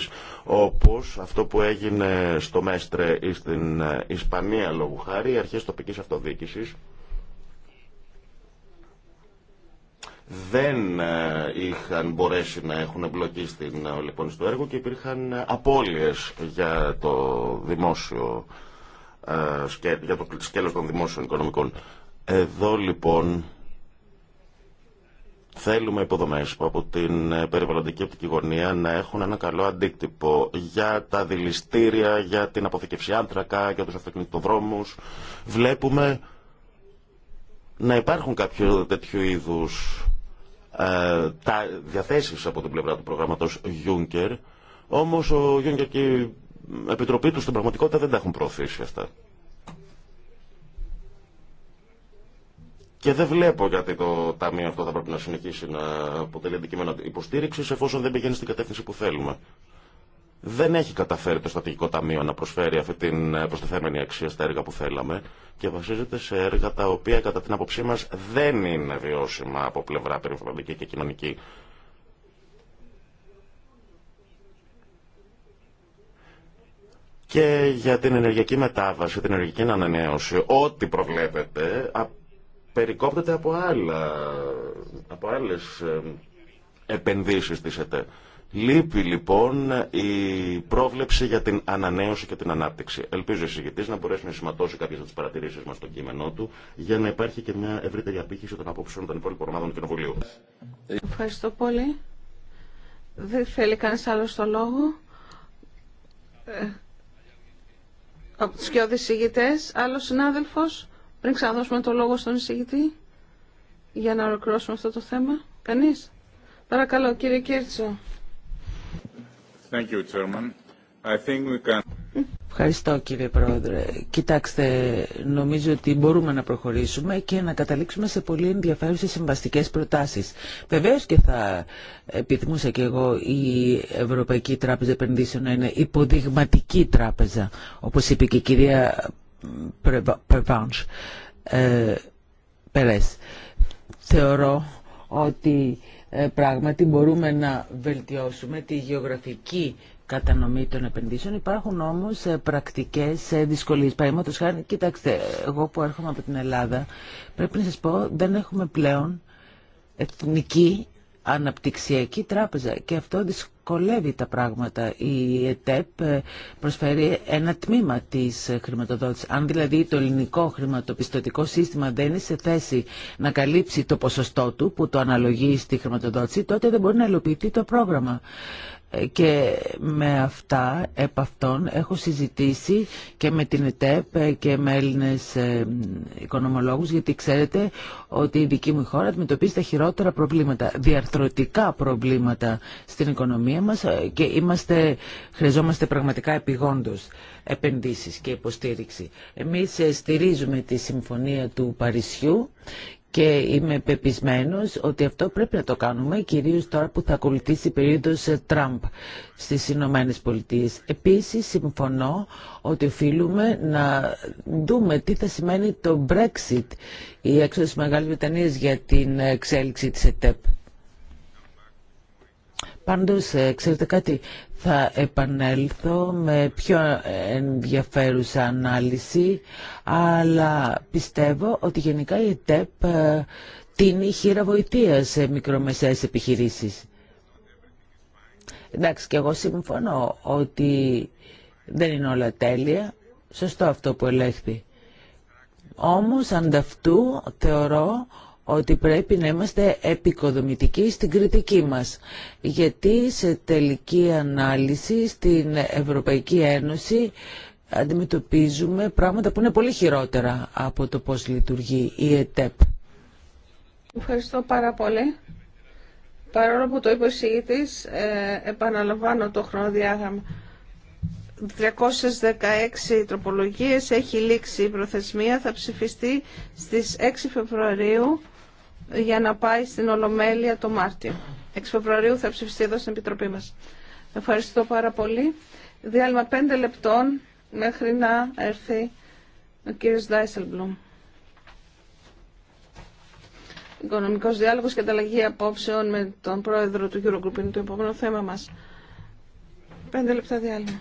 όπως αυτό που έγινε στο Μέστρε ή στην ε, Ισπανία λόγου χάρη, οι αρχέ τοπική αυτοδιοίκηση δεν ε, είχαν μπορέσει να έχουν εμπλοκή στην λοιπόν, του έργο και υπήρχαν ε, απώλειες για το δημόσιο σκέλος των δημόσιων οικονομικών. Εδώ λοιπόν θέλουμε υποδομές από την περιβαλλοντική οπτική γωνία να έχουν ένα καλό αντίκτυπο για τα δηληστήρια, για την αποθηκευσή άνθρακα, για τους αυτοκινητοδρόμους. Βλέπουμε να υπάρχουν κάποιο τέτοιου είδους ε, τα διαθέσεις από την πλευρά του προγράμματος Juncker, όμως ο Juncker και η Επιτροπή του στην πραγματικότητα δεν τα έχουν προωθήσει αυτά. Και δεν βλέπω γιατί το ταμείο αυτό θα πρέπει να συνεχίσει να αποτελεί αντικείμενο υποστήριξη εφόσον δεν πηγαίνει στην κατεύθυνση που θέλουμε δεν έχει καταφέρει το Στατικό Ταμείο να προσφέρει αυτή την ε, προστιθέμενη αξία στα έργα που θέλαμε και βασίζεται σε έργα τα οποία κατά την άποψή μας δεν είναι βιώσιμα από πλευρά περιβαλλοντική και κοινωνική. Και για την ενεργειακή μετάβαση, την ενεργειακή ανανέωση, ό,τι προβλέπετε περικόπτεται από, άλλα, από άλλες ε, επενδύσεις της ΕΤΕ. Λείπει λοιπόν η πρόβλεψη για την ανανέωση και την ανάπτυξη. Ελπίζω ο συγγητή να μπορέσει να σηματώσει κάποιε από τι παρατηρήσει μα στο κείμενό του για να υπάρχει και μια ευρύτερη απήχηση των απόψεων των υπόλοιπων ομάδων του Κοινοβουλίου. Ευχαριστώ πολύ. Δεν θέλει κανεί άλλο το λόγο. Ε, από του κοιόδη συγγητέ, άλλο συνάδελφο, πριν ξαναδώσουμε το λόγο στον εισηγητή για να ολοκληρώσουμε αυτό το θέμα. Κανεί. Παρακαλώ, κύριε Κίρτσο. Ευχαριστώ κύριε Πρόεδρε. Κοιτάξτε, νομίζω ότι μπορούμε να προχωρήσουμε και να καταλήξουμε σε πολύ ενδιαφέρουσες συμβαστικές προτάσεις. Βεβαίως και θα επιθυμούσα και εγώ η Ευρωπαϊκή Τράπεζα Επενδύσεων να είναι υποδειγματική τράπεζα, όπως είπε και η κυρία Περβάνς. Ε, Περές. Θεωρώ ότι ε, πράγματι μπορούμε να βελτιώσουμε τη γεωγραφική κατανομή των επενδύσεων. Υπάρχουν όμως ε, πρακτικές ε, δυσκολίες. Παραδείγματος χάρη, κοιτάξτε, εγώ που έρχομαι από την Ελλάδα, πρέπει να σας πω, δεν έχουμε πλέον εθνική αναπτυξιακή τράπεζα και αυτό δυσκολεύει τα πράγματα. Η ΕΤΕΠ ε, προσφέρει ένα τμήμα της ε, χρηματοδότησης. Αν δηλαδή το ελληνικό χρηματοπιστωτικό σύστημα δεν είναι σε θέση να καλύψει το ποσοστό του που το αναλογεί στη χρηματοδότηση, τότε δεν μπορεί να υλοποιηθεί το πρόγραμμα και με αυτά, επ' αυτών, έχω συζητήσει και με την ΕΤΕΠ και με Έλληνες ε, οικονομολόγους, γιατί ξέρετε ότι η δική μου χώρα αντιμετωπίζει τα χειρότερα προβλήματα, διαρθρωτικά προβλήματα στην οικονομία μας ε, και είμαστε, χρειαζόμαστε πραγματικά επιγόντως επενδύσεις και υποστήριξη. Εμείς ε, στηρίζουμε τη Συμφωνία του Παρισιού και είμαι πεπισμένο ότι αυτό πρέπει να το κάνουμε, κυρίως τώρα που θα ακολουθήσει η περίοδος ε, Τραμπ στις Ηνωμένε Πολιτείε. Επίσης, συμφωνώ ότι οφείλουμε να δούμε τι θα σημαίνει το Brexit, η έξοδος τη μεγάλη Βρετανίας για την ε, εξέλιξη της ΕΤΕΠ. Πάντως, ε, ξέρετε κάτι, θα επανέλθω με πιο ενδιαφέρουσα ανάλυση, αλλά πιστεύω ότι γενικά η ΕΤΕΠ ε, τίνει χείρα βοηθεία σε μικρομεσαίες επιχειρήσεις. Εντάξει, και εγώ συμφωνώ ότι δεν είναι όλα τέλεια. Σωστό αυτό που ελέγχθη. Όμως, ανταυτού, θεωρώ ότι πρέπει να είμαστε επικοδομητικοί στην κριτική μας. Γιατί σε τελική ανάλυση στην Ευρωπαϊκή Ένωση αντιμετωπίζουμε πράγματα που είναι πολύ χειρότερα από το πώς λειτουργεί η ΕΤΕΠ. Ευχαριστώ πάρα πολύ. Παρόλο που το είπε ο ε, επαναλαμβάνω το χρονοδιάγραμμα. 316 τροπολογίες έχει λήξει η προθεσμία, θα ψηφιστεί στις 6 Φεβρουαρίου για να πάει στην Ολομέλεια το Μάρτιο. 6 Φεβρουαρίου θα ψηφιστεί εδώ στην Επιτροπή μας. Ευχαριστώ πάρα πολύ. Διάλειμμα 5 λεπτών μέχρι να έρθει ο κύριος Δάισελμπλουμ. Οικονομικός διάλογος και ανταλλαγή απόψεων με τον πρόεδρο του Eurogroup είναι το επόμενο θέμα μας. 5 λεπτά διάλειμμα.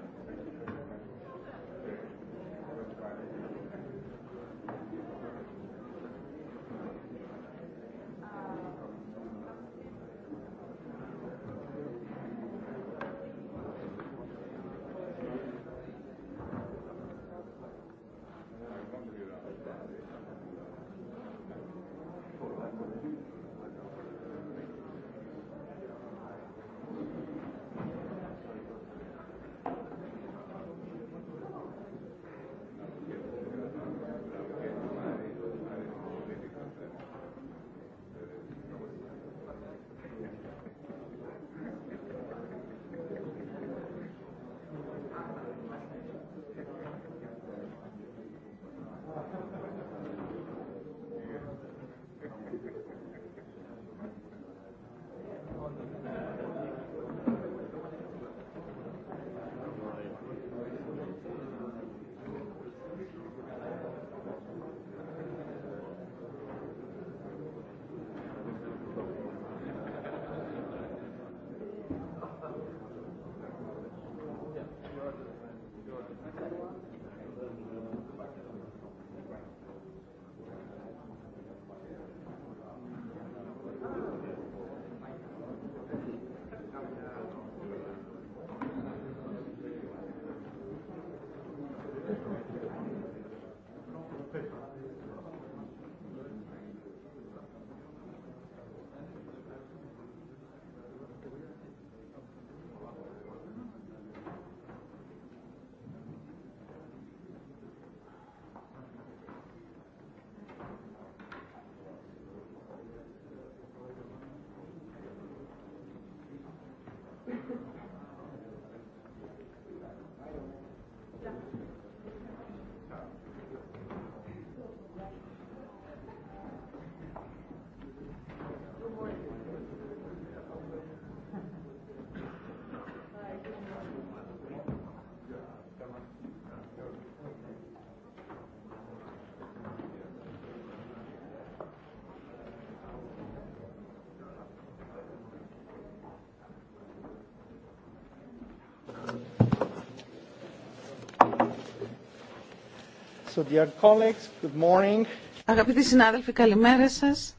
So dear colleagues, good morning. Αγαπητοί συνάδελφοι, καλημέρα σας.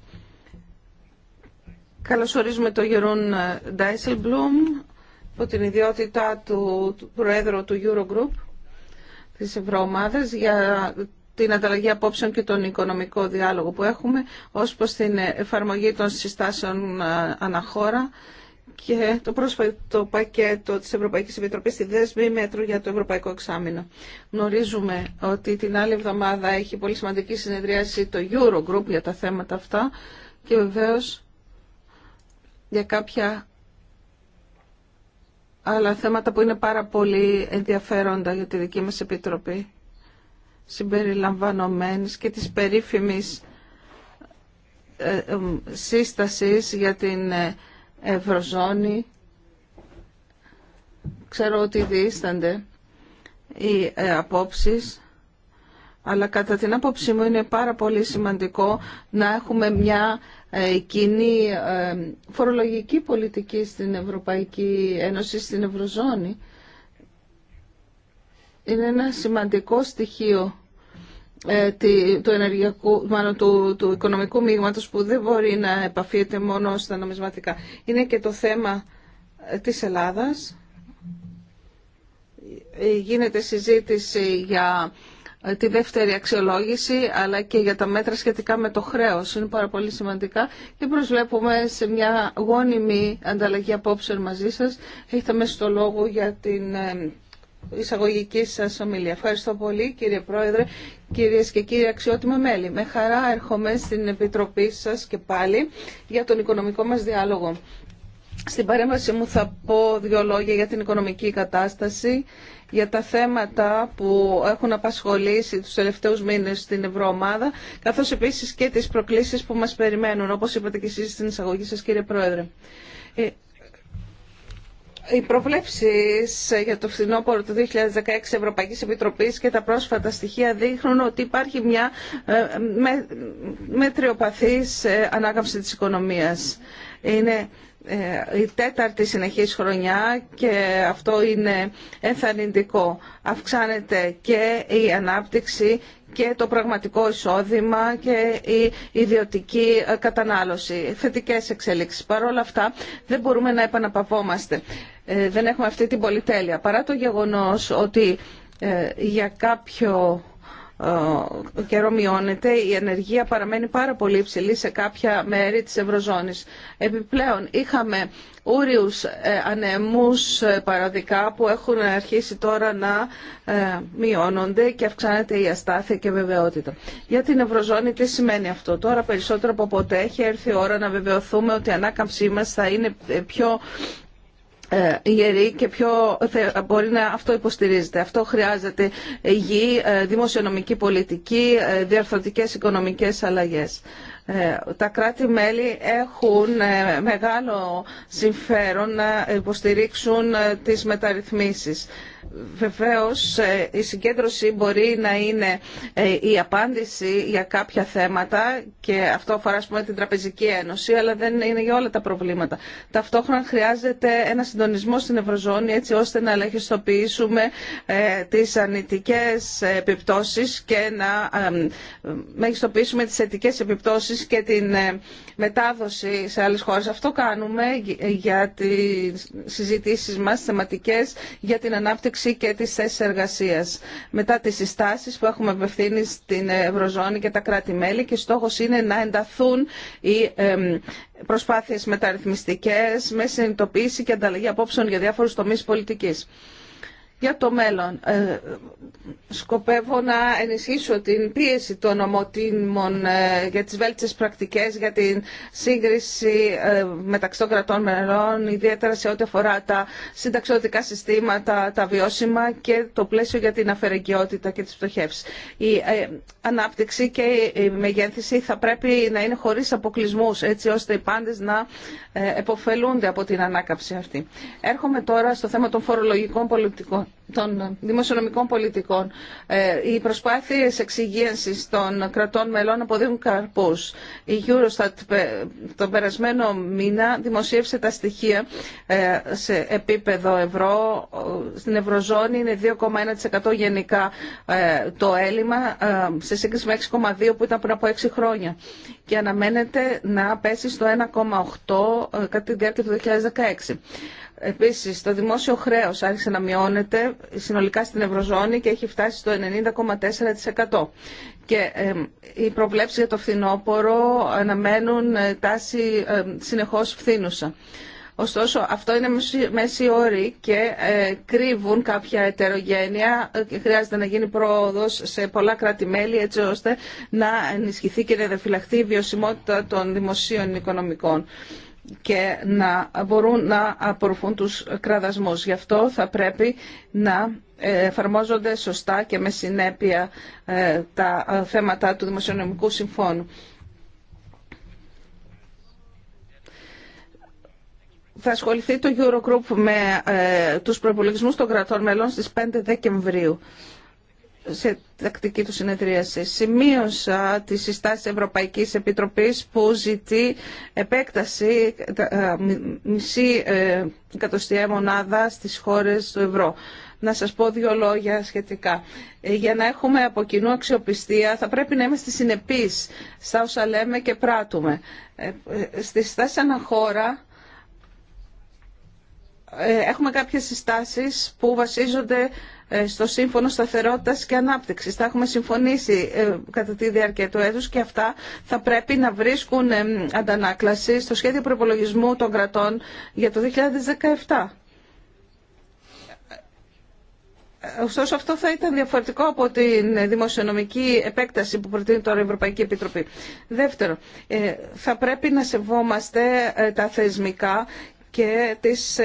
Καλωσορίζουμε τον Γερούν Ντάισελμπλουμ από την ιδιότητά του, του Προέδρου του Eurogroup της Ευρωομάδας για την ανταλλαγή απόψεων και τον οικονομικό διάλογο που έχουμε ως προς την εφαρμογή των συστάσεων ε, αναχώρα και το πρόσφατο πακέτο της Ευρωπαϊκής Επιτροπής στη δέσμη μέτρου για το Ευρωπαϊκό Εξάμεινο. Γνωρίζουμε ότι την άλλη εβδομάδα έχει πολύ σημαντική συνεδρίαση το Eurogroup για τα θέματα αυτά και βεβαίως για κάποια άλλα θέματα που είναι πάρα πολύ ενδιαφέροντα για τη δική μας Επιτροπή συμπεριλαμβανομένης και της περίφημης ε, ε, ε, σύστασης για την Ευρωζώνη. Ξέρω ότι διήστανται οι ε, απόψεις, αλλά κατά την άποψή μου είναι πάρα πολύ σημαντικό να έχουμε μια ε, κοινή ε, φορολογική πολιτική στην Ευρωπαϊκή Ένωση, στην Ευρωζώνη. Είναι ένα σημαντικό στοιχείο ε, του ενεργειακού, μάλλον του, του οικονομικού μείγματος που δεν μπορεί να επαφείται μόνο στα νομισματικά. Είναι και το θέμα ε, της Ελλάδας. Ε, γίνεται συζήτηση για τη δεύτερη αξιολόγηση αλλά και για τα μέτρα σχετικά με το χρέος. Είναι πάρα πολύ σημαντικά και προσβλέπουμε σε μια γόνιμη ανταλλαγή απόψεων μαζί σας. Έχετε μέσα στο λόγο για την εισαγωγική σας ομιλία. Ευχαριστώ πολύ κύριε Πρόεδρε, κυρίες και κύριοι αξιότιμοι μέλη. Με χαρά έρχομαι στην Επιτροπή σας και πάλι για τον οικονομικό μας διάλογο. Στην παρέμβαση μου θα πω δύο λόγια για την οικονομική κατάσταση, για τα θέματα που έχουν απασχολήσει τους τελευταίους μήνες στην Ευρωομάδα, καθώς επίσης και τις προκλήσεις που μας περιμένουν, όπως είπατε και εσείς στην εισαγωγή σας κύριε Πρόεδρε. Ε, οι προβλέψει για το φθινόπωρο του 2016 Ευρωπαϊκής Επιτροπής και τα πρόσφατα στοιχεία δείχνουν ότι υπάρχει μια ε, μετριοπαθής ε, ανάκαμψη της οικονομίας. Είναι ε, η τέταρτη συνεχής χρονιά και αυτό είναι ενθαρρυντικό. Αυξάνεται και η ανάπτυξη και το πραγματικό εισόδημα και η ιδιωτική ε, κατανάλωση. Θετικές εξέλιξεις. Παρ' όλα αυτά δεν μπορούμε να επαναπαυόμαστε. Ε, δεν έχουμε αυτή την πολυτέλεια. Παρά το γεγονός ότι ε, για κάποιο ε, καιρό μειώνεται, η ενεργεία παραμένει πάρα πολύ υψηλή σε κάποια μέρη της Ευρωζώνης. Επιπλέον, είχαμε ούριους ε, ανεμούς ε, παραδικά που έχουν αρχίσει τώρα να μειώνονται και αυξάνεται η αστάθεια και βεβαιότητα. Για την Ευρωζώνη τι σημαίνει αυτό. Τώρα περισσότερο από ποτέ έχει έρθει η ώρα να βεβαιωθούμε ότι η ανάκαμψή μας θα είναι πιο ε, και ποιο μπορεί να αυτό υποστηρίζεται. Αυτό χρειάζεται υγιή, ε, δημοσιονομική πολιτική, ε, διαρθρωτικές οικονομικές αλλαγές. Τα κράτη-μέλη έχουν μεγάλο συμφέρον να υποστηρίξουν τις μεταρρυθμίσεις. Βεβαίως ε, η συγκέντρωση μπορεί να είναι ε, η απάντηση για κάποια θέματα και αυτό αφορά ας πούμε, την Τραπεζική Ένωση, αλλά δεν είναι για όλα τα προβλήματα. Ταυτόχρονα χρειάζεται ένα συντονισμό στην Ευρωζώνη έτσι ώστε να ελεγχιστοποιήσουμε ε, τις ανητικές επιπτώσεις και να μεγιστοποιήσουμε τις θετικές επιπτώσεις και την μετάδοση σε άλλες χώρες. Αυτό κάνουμε για τις συζητήσεις μας θεματικές για την ανάπτυξη και τις θέσει εργασία. Μετά τις συστάσεις που έχουμε απευθύνει στην Ευρωζώνη και τα κράτη-μέλη και στόχος είναι να ενταθούν οι προσπάθειες μεταρρυθμιστικές με συνειδητοποίηση και ανταλλαγή απόψεων για διάφορους τομείς πολιτικής για το μέλλον. Ε, σκοπεύω να ενισχύσω την πίεση των ομοτήμων ε, για τις βέλτιστες πρακτικές, για την σύγκριση ε, μεταξύ των κρατών μελών, ιδιαίτερα σε ό,τι αφορά τα συνταξιωτικά συστήματα, τα βιώσιμα και το πλαίσιο για την αφαιρεγκαιότητα και τις πτωχεύσεις. Η ε, ανάπτυξη και η μεγέθυνση θα πρέπει να είναι χωρίς αποκλεισμούς, έτσι ώστε οι πάντες να εποφελούνται από την ανάκαψη αυτή. Έρχομαι τώρα στο θέμα των φορολογικών πολιτικών των δημοσιονομικών πολιτικών. Ε, οι προσπάθειες εξυγίανσης των κρατών μελών αποδίδουν καρπούς. Η Eurostat ε, τον περασμένο μήνα δημοσίευσε τα στοιχεία ε, σε επίπεδο ευρώ. Στην ευρωζώνη είναι 2,1% γενικά το έλλειμμα σε σύγκριση με 6,2% που ήταν πριν από 6 χρόνια και αναμένεται να πέσει στο 1,8% κατά τη διάρκεια του 2016. Επίσης, το δημόσιο χρέος άρχισε να μειώνεται συνολικά στην Ευρωζώνη και έχει φτάσει στο 90,4%. Και οι προβλέψεις για το φθινόπωρο αναμένουν ε, τάση συνεχώς φθήνουσα. Ωστόσο, αυτό είναι μέση όρη και ε, κρύβουν κάποια ετερογένεια ε, και χρειάζεται να γίνει πρόοδος σε πολλά κράτη-μέλη έτσι ώστε να ενισχυθεί και να διαφυλαχθεί η βιωσιμότητα των δημοσίων οικονομικών και να μπορούν να απορροφούν τους κραδασμούς. Γι' αυτό θα πρέπει να ε, εφαρμόζονται σωστά και με συνέπεια ε, τα ε, θέματα του Δημοσιονομικού Συμφώνου. Θα ασχοληθεί το Eurogroup με τους προπολογισμούς των κρατών μελών στις 5 Δεκεμβρίου σε τακτική του συνεδρίαση. Σημείωσα τη συστάση Ευρωπαϊκής Επιτροπής που ζητεί επέκταση ε, μισή ε, εκατοστιαία μονάδα στις χώρες του ευρώ. Να σας πω δύο λόγια σχετικά. Ε, για να έχουμε από κοινού αξιοπιστία θα πρέπει να είμαστε συνεπείς στα όσα λέμε και πράττουμε. Στη στάση αναχώρα έχουμε κάποιες συστάσεις που βασίζονται ε, στο Σύμφωνο σταθερότητα και ανάπτυξη. Θα έχουμε συμφωνήσει ε, κατά τη διάρκεια του έτου και αυτά θα πρέπει να βρίσκουν ε, αντανάκλαση στο σχέδιο προπολογισμού των κρατών για το 2017. Ωστόσο αυτό θα ήταν διαφορετικό από την δημοσιονομική επέκταση που προτείνει τώρα η Ευρωπαϊκή Επιτροπή. Δεύτερο, θα πρέπει να σεβόμαστε τα θεσμικά και τις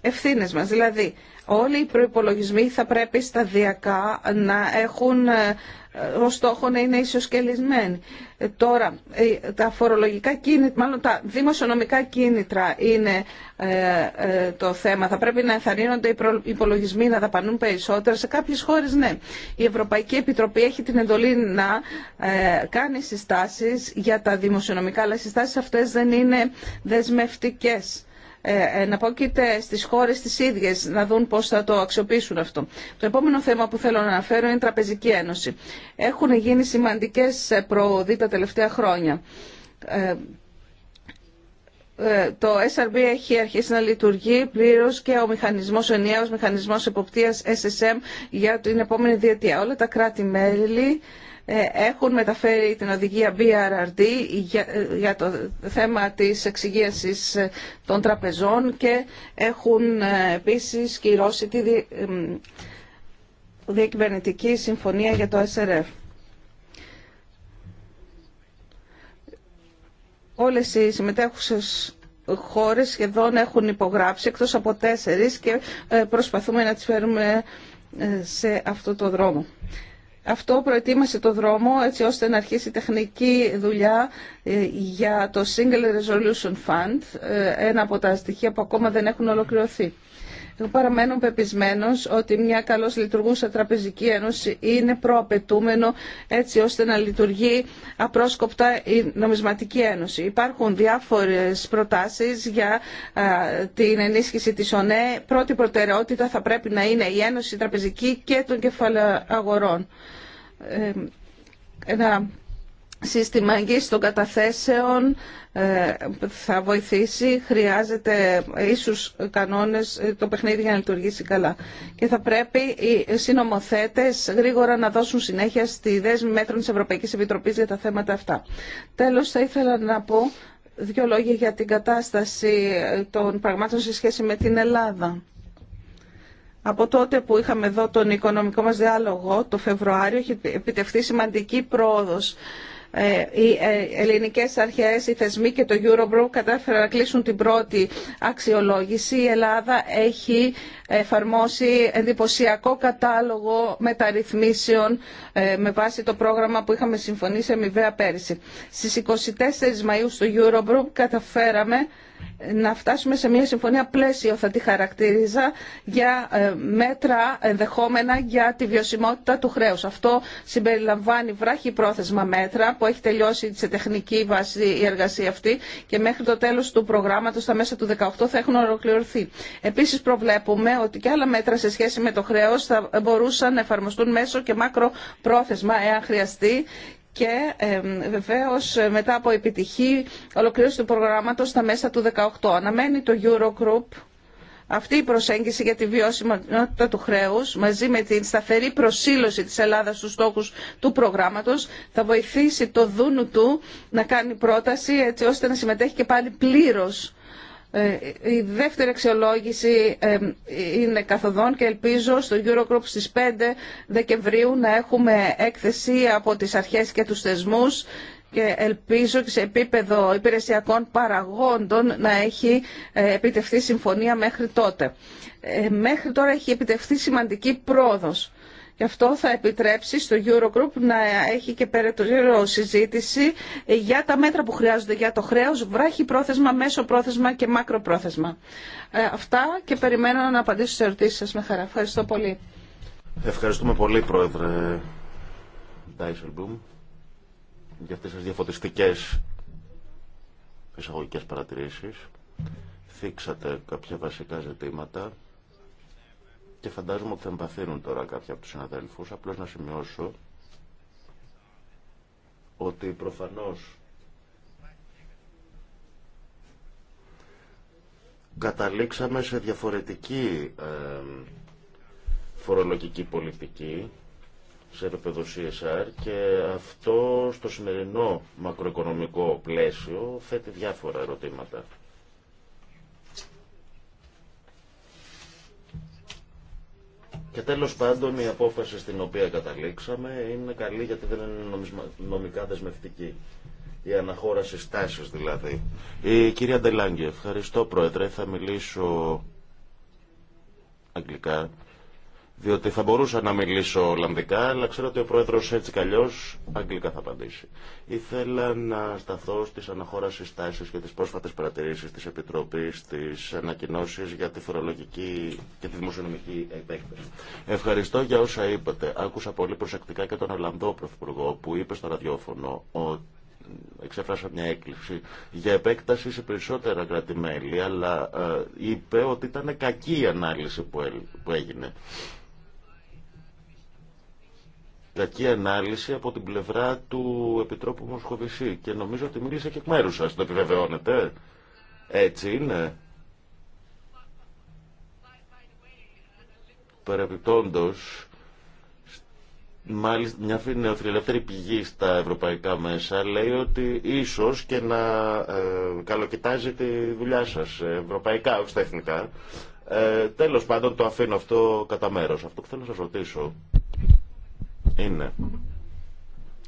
ευθύνες μας. Δηλαδή, Όλοι οι προϋπολογισμοί θα πρέπει σταδιακά να έχουν ε, ο στόχο να είναι ισοσκελισμένοι. Ε, τώρα, ε, τα φορολογικά κίνητρα, μάλλον τα δημοσιονομικά κίνητρα είναι το θέμα. Θα πρέπει να εθαρρύνονται οι υπολογισμοί να δαπανούν περισσότερα. Σε κάποιες χώρες, ναι. Η Ευρωπαϊκή Επιτροπή έχει την εντολή να κάνει συστάσεις για τα δημοσιονομικά, αλλά οι συστάσεις αυτές δεν είναι δεσμευτικές να ε, εναπόκειται στις χώρες τις ίδιες να δουν πώς θα το αξιοποιήσουν αυτό. Το επόμενο θέμα που θέλω να αναφέρω είναι η Τραπεζική Ένωση. Έχουν γίνει σημαντικές προοδοί τα τελευταία χρόνια. Ε, ε, το SRB έχει αρχίσει να λειτουργεί πλήρως και ο μηχανισμός, ο μηχανισμός εποπτείας SSM για την επόμενη διετία. Όλα τα κράτη-μέλη ε, έχουν μεταφέρει την οδηγία BRRD ε, για το θέμα της εξυγίασης ε, των τραπεζών και έχουν επίσης κυρώσει τη διακυβερνητική συμφωνία για το SRF. Όλες οι συμμετέχουσες χώρες σχεδόν έχουν υπογράψει εκτός από τέσσερις και προσπαθούμε να τις φέρουμε σε αυτό το δρόμο. Αυτό προετοίμασε το δρόμο έτσι ώστε να αρχίσει η τεχνική δουλειά ε, για το Single Resolution Fund, ε, ένα από τα στοιχεία που ακόμα δεν έχουν ολοκληρωθεί. Παραμένω πεπισμένο ότι μια καλώς λειτουργούσα τραπεζική ένωση είναι προαπαιτούμενο έτσι ώστε να λειτουργεί απρόσκοπτα η νομισματική ένωση. Υπάρχουν διάφορες προτάσεις για την ενίσχυση τη ΟΝΕ. Πρώτη προτεραιότητα θα πρέπει να είναι η ένωση τραπεζική και των κεφαλαίων αγορών. Ε, ένα σύστημα εγγύηση των καταθέσεων ε, θα βοηθήσει, χρειάζεται ίσους κανόνες ε, το παιχνίδι για να λειτουργήσει καλά. Και θα πρέπει οι συνομοθέτες γρήγορα να δώσουν συνέχεια στη δέσμη μέτρων της Ευρωπαϊκής Επιτροπής για τα θέματα αυτά. Τέλος θα ήθελα να πω δύο λόγια για την κατάσταση ε, των πραγμάτων σε σχέση με την Ελλάδα. Από τότε που είχαμε εδώ τον οικονομικό μας διάλογο, το Φεβρουάριο, έχει επιτευχθεί σημαντική πρόοδος ε, οι ε, ελληνικές αρχές, οι θεσμοί και το Eurobro κατάφεραν να κλείσουν την πρώτη αξιολόγηση. Η Ελλάδα έχει εφαρμόσει εντυπωσιακό κατάλογο μεταρρυθμίσεων ε, με βάση το πρόγραμμα που είχαμε συμφωνήσει αμοιβαία πέρυσι. Στις 24 Μαΐου στο Eurogroup καταφέραμε να φτάσουμε σε μια συμφωνία πλαίσιο, θα τη χαρακτηρίζα, για ε, μέτρα ενδεχόμενα για τη βιωσιμότητα του χρέους. Αυτό συμπεριλαμβάνει βράχη πρόθεσμα μέτρα που έχει τελειώσει σε τεχνική βάση η εργασία αυτή και μέχρι το τέλος του προγράμματος, στα μέσα του 2018, θα έχουν ολοκληρωθεί. Επίσης προβλέπουμε ότι και άλλα μέτρα σε σχέση με το χρέος θα μπορούσαν να εφαρμοστούν μέσω και μάκρο πρόθεσμα εάν χρειαστεί και ε, βεβαίως μετά από επιτυχή ολοκλήρωση του προγράμματος στα μέσα του 2018. Αναμένει το Eurogroup αυτή η προσέγγιση για τη βιώσιμότητα του χρέους μαζί με την σταθερή προσήλωση της Ελλάδας στους στόχους του προγράμματος θα βοηθήσει το Δούνου του να κάνει πρόταση έτσι ώστε να συμμετέχει και πάλι πλήρως ε, η δεύτερη αξιολόγηση ε, είναι καθοδόν και ελπίζω στο Eurogroup στις 5 Δεκεμβρίου να έχουμε έκθεση από τις αρχές και τους θεσμούς και ελπίζω και σε επίπεδο υπηρεσιακών παραγόντων να έχει ε, επιτευχθεί συμφωνία μέχρι τότε. Μέχρι τώρα έχει επιτευχθεί σημαντική πρόοδος και αυτό θα επιτρέψει στο Eurogroup να έχει και περαιτέρω συζήτηση για τα μέτρα που χρειάζονται για το χρέος, βράχη πρόθεσμα, μέσο πρόθεσμα και μακροπρόθεσμα. Ε, αυτά και περιμένω να απαντήσω στις ερωτήσεις σας με χαρά. Ευχαριστώ πολύ. Ευχαριστούμε πολύ, Πρόεδρε Ντάισελμπλουμ, για αυτές τις διαφωτιστικές εισαγωγικές παρατηρήσεις. Θίξατε κάποια βασικά ζητήματα και φαντάζομαι ότι θα εμπαθύνουν τώρα κάποιοι από τους συναδέλφους. Απλώς να σημειώσω ότι προφανώς καταλήξαμε σε διαφορετική φορολογική πολιτική σε επίπεδο CSR και αυτό στο σημερινό μακροοικονομικό πλαίσιο θέτει διάφορα ερωτήματα. Και τέλος πάντων η απόφαση στην οποία καταλήξαμε είναι καλή γιατί δεν είναι νομικά δεσμευτική. Η αναχώραση στάσεως δηλαδή. Η ε, κυρία Ντελάγκη, ευχαριστώ πρόεδρε, θα μιλήσω αγγλικά διότι θα μπορούσα να μιλήσω Ολλανδικά, αλλά ξέρω ότι ο πρόεδρο έτσι κι Αγγλικά θα απαντήσει. Ήθελα να σταθώ στι αναχώρα τάσει και τι πρόσφατε παρατηρήσει τη Επιτροπή, τι ανακοινώσει για τη φορολογική και τη δημοσιονομική επέκταση. Ευχαριστώ για όσα είπατε. Άκουσα πολύ προσεκτικά και τον Ολλανδό Πρωθυπουργό που είπε στο ραδιόφωνο ότι εξέφρασα μια έκκληση για επέκταση σε περισσότερα κρατημέλη, αλλά ε, είπε ότι ήταν κακή η ανάλυση που έγινε κακή ανάλυση από την πλευρά του Επιτρόπου Μοσχοβησί και νομίζω ότι μίλησε και εκ μέρου σα. Το επιβεβαιώνετε. Έτσι είναι. Παρεπιπτόντως, μάλιστα μια νεοφιλελεύθερη πηγή στα ευρωπαϊκά μέσα λέει ότι ίσως και να ε, καλοκοιτάζει τη δουλειά σας ε, ευρωπαϊκά, όχι στα Ε, τέλος πάντων το αφήνω αυτό κατά μέρος. Αυτό που θέλω να σας ρωτήσω είναι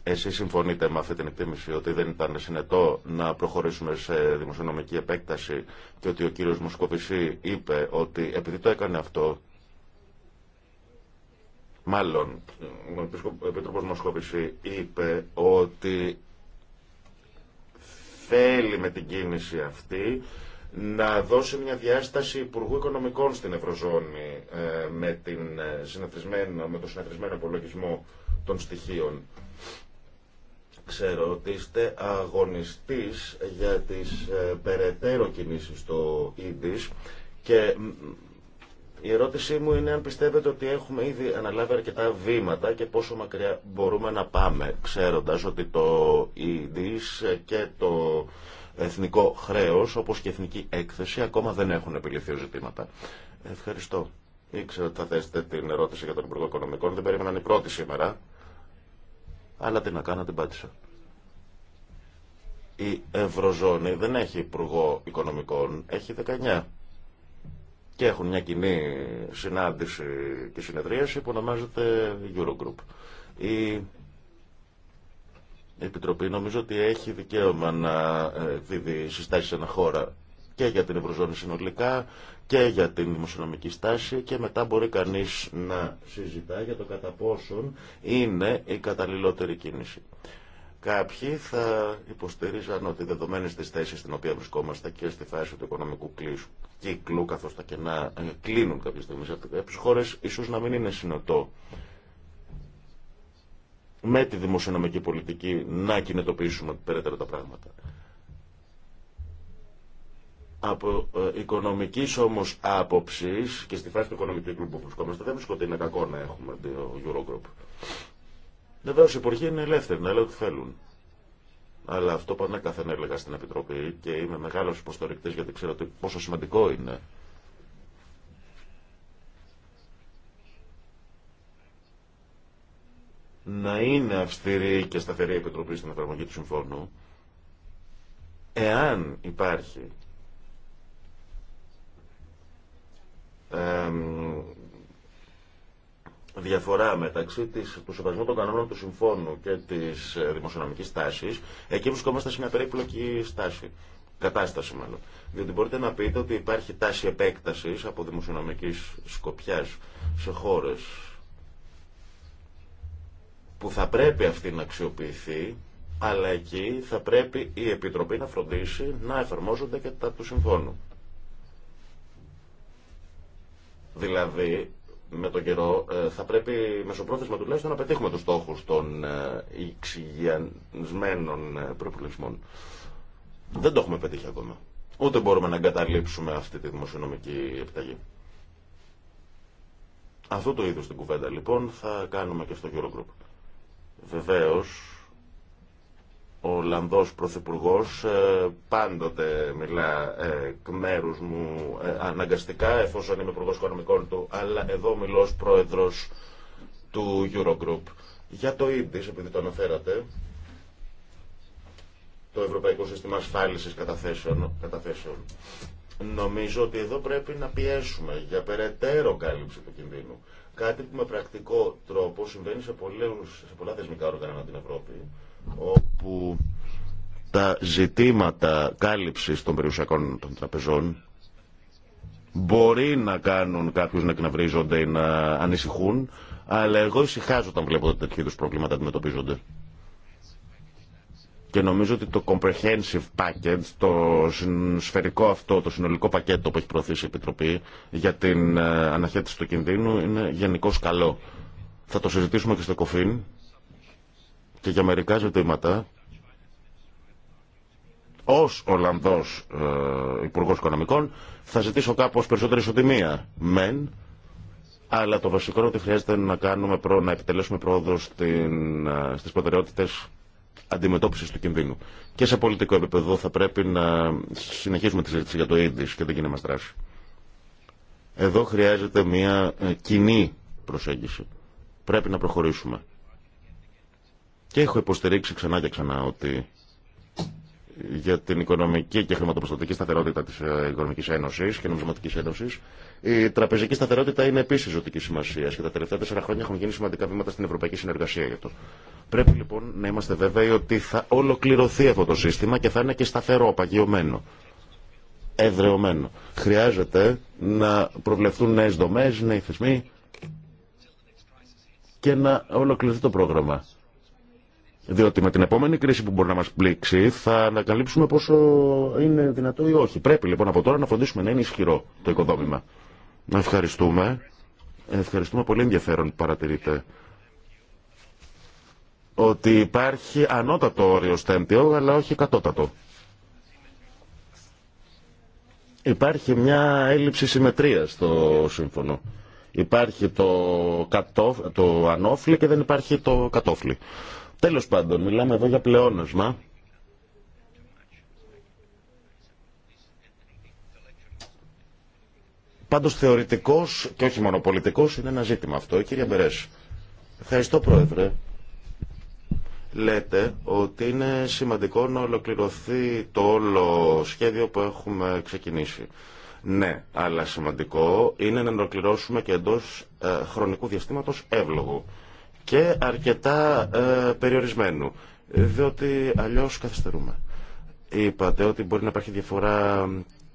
εσείς συμφωνείτε με αυτή την εκτίμηση ότι δεν ήταν συνετό να προχωρήσουμε σε δημοσιονομική επέκταση και ότι ο κύριος Μοσκοβισή είπε ότι επειδή το έκανε αυτό, μάλλον ο Επίτροπος Μοσκοβισή είπε ότι θέλει με την κίνηση αυτή να δώσει μια διάσταση Υπουργού Οικονομικών στην Ευρωζώνη ε, με, την, ε, με το συναθρισμένο απολογισμό των στοιχείων. Ξέρω ότι είστε αγωνιστής για τις ε, περαιτέρω κινήσεις στο ΙΔΙΣ και η ερώτησή μου είναι αν πιστεύετε ότι έχουμε ήδη αναλάβει αρκετά βήματα και πόσο μακριά μπορούμε να πάμε, ξέροντας ότι το ΙΔΙΣ και το εθνικό χρέος όπως και εθνική έκθεση ακόμα δεν έχουν επιληθεί ζητήματα. Ευχαριστώ. Ήξερα ότι θα θέσετε την ερώτηση για τον Υπουργό Οικονομικών. Δεν περίμεναν οι πρώτη σήμερα. Αλλά τι να κάνω, την πάτησα. Η Ευρωζώνη δεν έχει Υπουργό Οικονομικών, έχει 19. Και έχουν μια κοινή συνάντηση και συνεδρίαση που ονομάζεται Eurogroup. Η η Επιτροπή νομίζω ότι έχει δικαίωμα να ε, δίδει συστάσεις σε ένα χώρα και για την Ευρωζώνη συνολικά και για την δημοσιονομική στάση και μετά μπορεί κανείς να συζητά για το κατά πόσον είναι η καταλληλότερη κίνηση. Κάποιοι θα υποστηρίζαν ότι δεδομένες της θέσης στην οποία βρισκόμαστε και στη φάση του οικονομικού κλείσου, κύκλου καθώς τα κενά ε, κλείνουν κάποιες στιγμές, από τις χώρες ίσως να μην είναι συνοτό με τη δημοσιονομική πολιτική να κινητοποιήσουμε περαιτέρω τα πράγματα. Από ε, οικονομική όμω άποψη και στη φάση του οικονομικού κλουμπ που βρισκόμαστε, δεν βρίσκω ότι είναι κακό να έχουμε το Eurogroup. Βεβαίω οι υπουργοί είναι ελεύθεροι να λένε ότι θέλουν. Αλλά αυτό που ανέκαθεν έλεγα στην Επιτροπή και είμαι μεγάλο υποστηρικτή γιατί ξέρω πόσο σημαντικό είναι να είναι αυστηρή και σταθερή η Επιτροπή στην εφαρμογή του συμφώνου, εάν υπάρχει διαφορά μεταξύ της, του σεβασμού των κανόνων του συμφώνου και της ε, δημοσιονομικής τάσης, εκεί βρισκόμαστε σε μια περίπλοκη στάση. Κατάσταση μάλλον. Διότι μπορείτε να πείτε ότι υπάρχει τάση επέκτασης από δημοσιονομικής σκοπιάς σε χώρες που θα πρέπει αυτή να αξιοποιηθεί, αλλά εκεί θα πρέπει η Επιτροπή να φροντίσει να εφαρμόζονται και τα του συμφώνου. Δηλαδή, με τον καιρό ε, θα πρέπει μεσοπρόθεσμα τουλάχιστον να πετύχουμε τους στόχους των ε, εξυγιανισμένων ε, προπολισμών. Δεν το έχουμε πετύχει ακόμα. Ούτε μπορούμε να εγκαταλείψουμε αυτή τη δημοσιονομική επιταγή. Αυτό το είδος την κουβέντα λοιπόν θα κάνουμε και στο Eurogroup. Βεβαίως, ο Ολλανδός Πρωθυπουργός ε, πάντοτε μιλά ε, εκ μου ε, αναγκαστικά εφόσον είμαι Υπουργός Οικονομικών του, αλλά εδώ μιλώ ως Πρόεδρος του Eurogroup. Για το όπως επειδή το αναφέρατε, το Ευρωπαϊκό Σύστημα Ασφάλισης Καταθέσεων, καταθέσεων. Νομίζω ότι εδώ πρέπει να πιέσουμε για περαιτέρω κάλυψη του κινδύνου. Κάτι που με πρακτικό τρόπο συμβαίνει σε, πολλούς, σε πολλά θεσμικά όργανα ανά την Ευρώπη, όπου τα ζητήματα κάλυψης των περιουσιακών των τραπεζών μπορεί να κάνουν κάποιους να εκνευρίζονται ή να ανησυχούν, αλλά εγώ ησυχάζω όταν βλέπω τέτοιου είδου προβλήματα αντιμετωπίζονται. Και νομίζω ότι το comprehensive package, το σφαιρικό αυτό, το συνολικό πακέτο που έχει προωθήσει η Επιτροπή για την ε, αναχέτηση του κινδύνου είναι γενικώ καλό. Θα το συζητήσουμε και στο Κοφίν και για μερικά ζητήματα. ω Ολλανδός ε, Υπουργός Οικονομικών θα ζητήσω κάπως περισσότερη ισοτιμία. Μεν, αλλά το βασικό είναι ότι χρειάζεται να κάνουμε προ, να επιτελέσουμε πρόοδο ε, στι προτεραιότητε αντιμετώπισης του κινδύνου. Και σε πολιτικό επίπεδο θα πρέπει να συνεχίσουμε τη συζήτηση για το ίδιο και δεν κοινή μας δράση. Εδώ χρειάζεται μια ε, κοινή προσέγγιση. Πρέπει να προχωρήσουμε. Και έχω υποστηρίξει ξανά και ξανά ότι για την οικονομική και χρηματοπιστωτική σταθερότητα της ε, Οικονομικής Ένωσης και Νομισματικής Ένωσης. Η τραπεζική σταθερότητα είναι επίσης ζωτική σημασία και τα τελευταία τέσσερα χρόνια έχουν γίνει σημαντικά βήματα στην ευρωπαϊκή συνεργασία για το. Πρέπει λοιπόν να είμαστε βέβαιοι ότι θα ολοκληρωθεί αυτό το σύστημα και θα είναι και σταθερό, απαγιωμένο, εδρεωμένο. Χρειάζεται να προβλεφθούν νέε δομέ, νέοι θεσμοί και να ολοκληρωθεί το πρόγραμμα. Διότι με την επόμενη κρίση που μπορεί να μας πλήξει θα ανακαλύψουμε πόσο είναι δυνατό ή όχι. Πρέπει λοιπόν από τώρα να φροντίσουμε να είναι ισχυρό το οικοδόμημα. Να ευχαριστούμε. Ευχαριστούμε πολύ ενδιαφέρον που παρατηρείτε ότι υπάρχει ανώτατο όριο στα αλλά όχι κατώτατο. Υπάρχει μια έλλειψη συμμετρίας στο σύμφωνο. Υπάρχει το, κατώ, το ανώφλι και δεν υπάρχει το κατόφλι. Τέλος πάντων, μιλάμε εδώ για πλεόνασμα. Πάντως θεωρητικός και όχι μόνο πολιτικός είναι ένα ζήτημα αυτό. Κύριε κυρία Μπερές. Ευχαριστώ Πρόεδρε. Λέτε ότι είναι σημαντικό να ολοκληρωθεί το όλο σχέδιο που έχουμε ξεκινήσει. Ναι, αλλά σημαντικό είναι να ολοκληρώσουμε και εντός ε, χρονικού διαστήματος εύλογου και αρκετά ε, περιορισμένου, διότι αλλιώς καθυστερούμε. Είπατε ότι μπορεί να υπάρχει διαφορά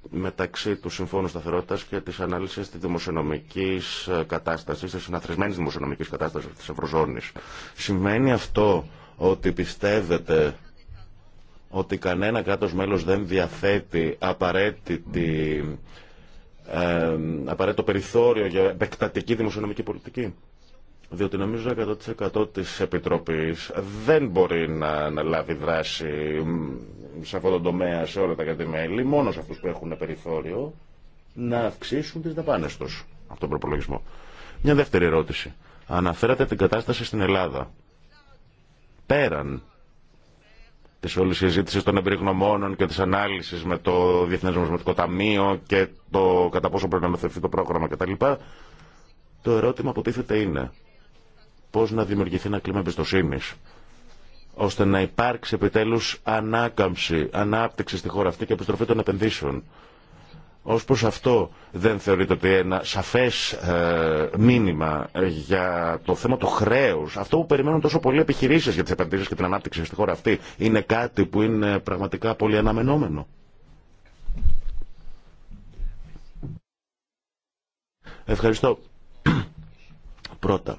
μεταξύ του Συμφώνου Σταθερότητα και τη ανάλυση τη δημοσιονομική ε, κατάσταση, τη συναθρισμένη δημοσιονομική κατάσταση τη Ευρωζώνη. Σημαίνει αυτό ότι πιστεύετε ότι κανένα κράτο μέλο δεν διαθέτει απαραίτητη, ε, απαραίτητο περιθώριο για επεκτατική δημοσιονομική πολιτική διότι νομίζω 100% της Επιτροπής δεν μπορεί να, να λάβει δράση σε αυτόν τον τομέα σε όλα τα κατημέλη, μόνο σε αυτούς που έχουν περιθώριο, να αυξήσουν τις δαπάνες τους από τον προπολογισμό. Μια δεύτερη ερώτηση. Αναφέρατε την κατάσταση στην Ελλάδα. Πέραν τη όλη συζήτηση των εμπειρογνωμόνων και τη ανάλυση με το Διεθνέ Νομισματικό Ταμείο και το κατά πόσο πρέπει να μεθευτεί το πρόγραμμα κτλ. Το ερώτημα που τίθεται είναι πώς να δημιουργηθεί ένα κλίμα εμπιστοσύνη ώστε να υπάρξει επιτέλους ανάκαμψη, ανάπτυξη στη χώρα αυτή και επιστροφή των επενδύσεων. Ω προ αυτό δεν θεωρείται ότι ένα σαφές ε, μήνυμα για το θέμα του χρέους, αυτό που περιμένουν τόσο πολλοί επιχειρήσεις για τις επενδύσει και την ανάπτυξη στη χώρα αυτή, είναι κάτι που είναι πραγματικά πολύ αναμενόμενο. Ευχαριστώ. Πρώτα,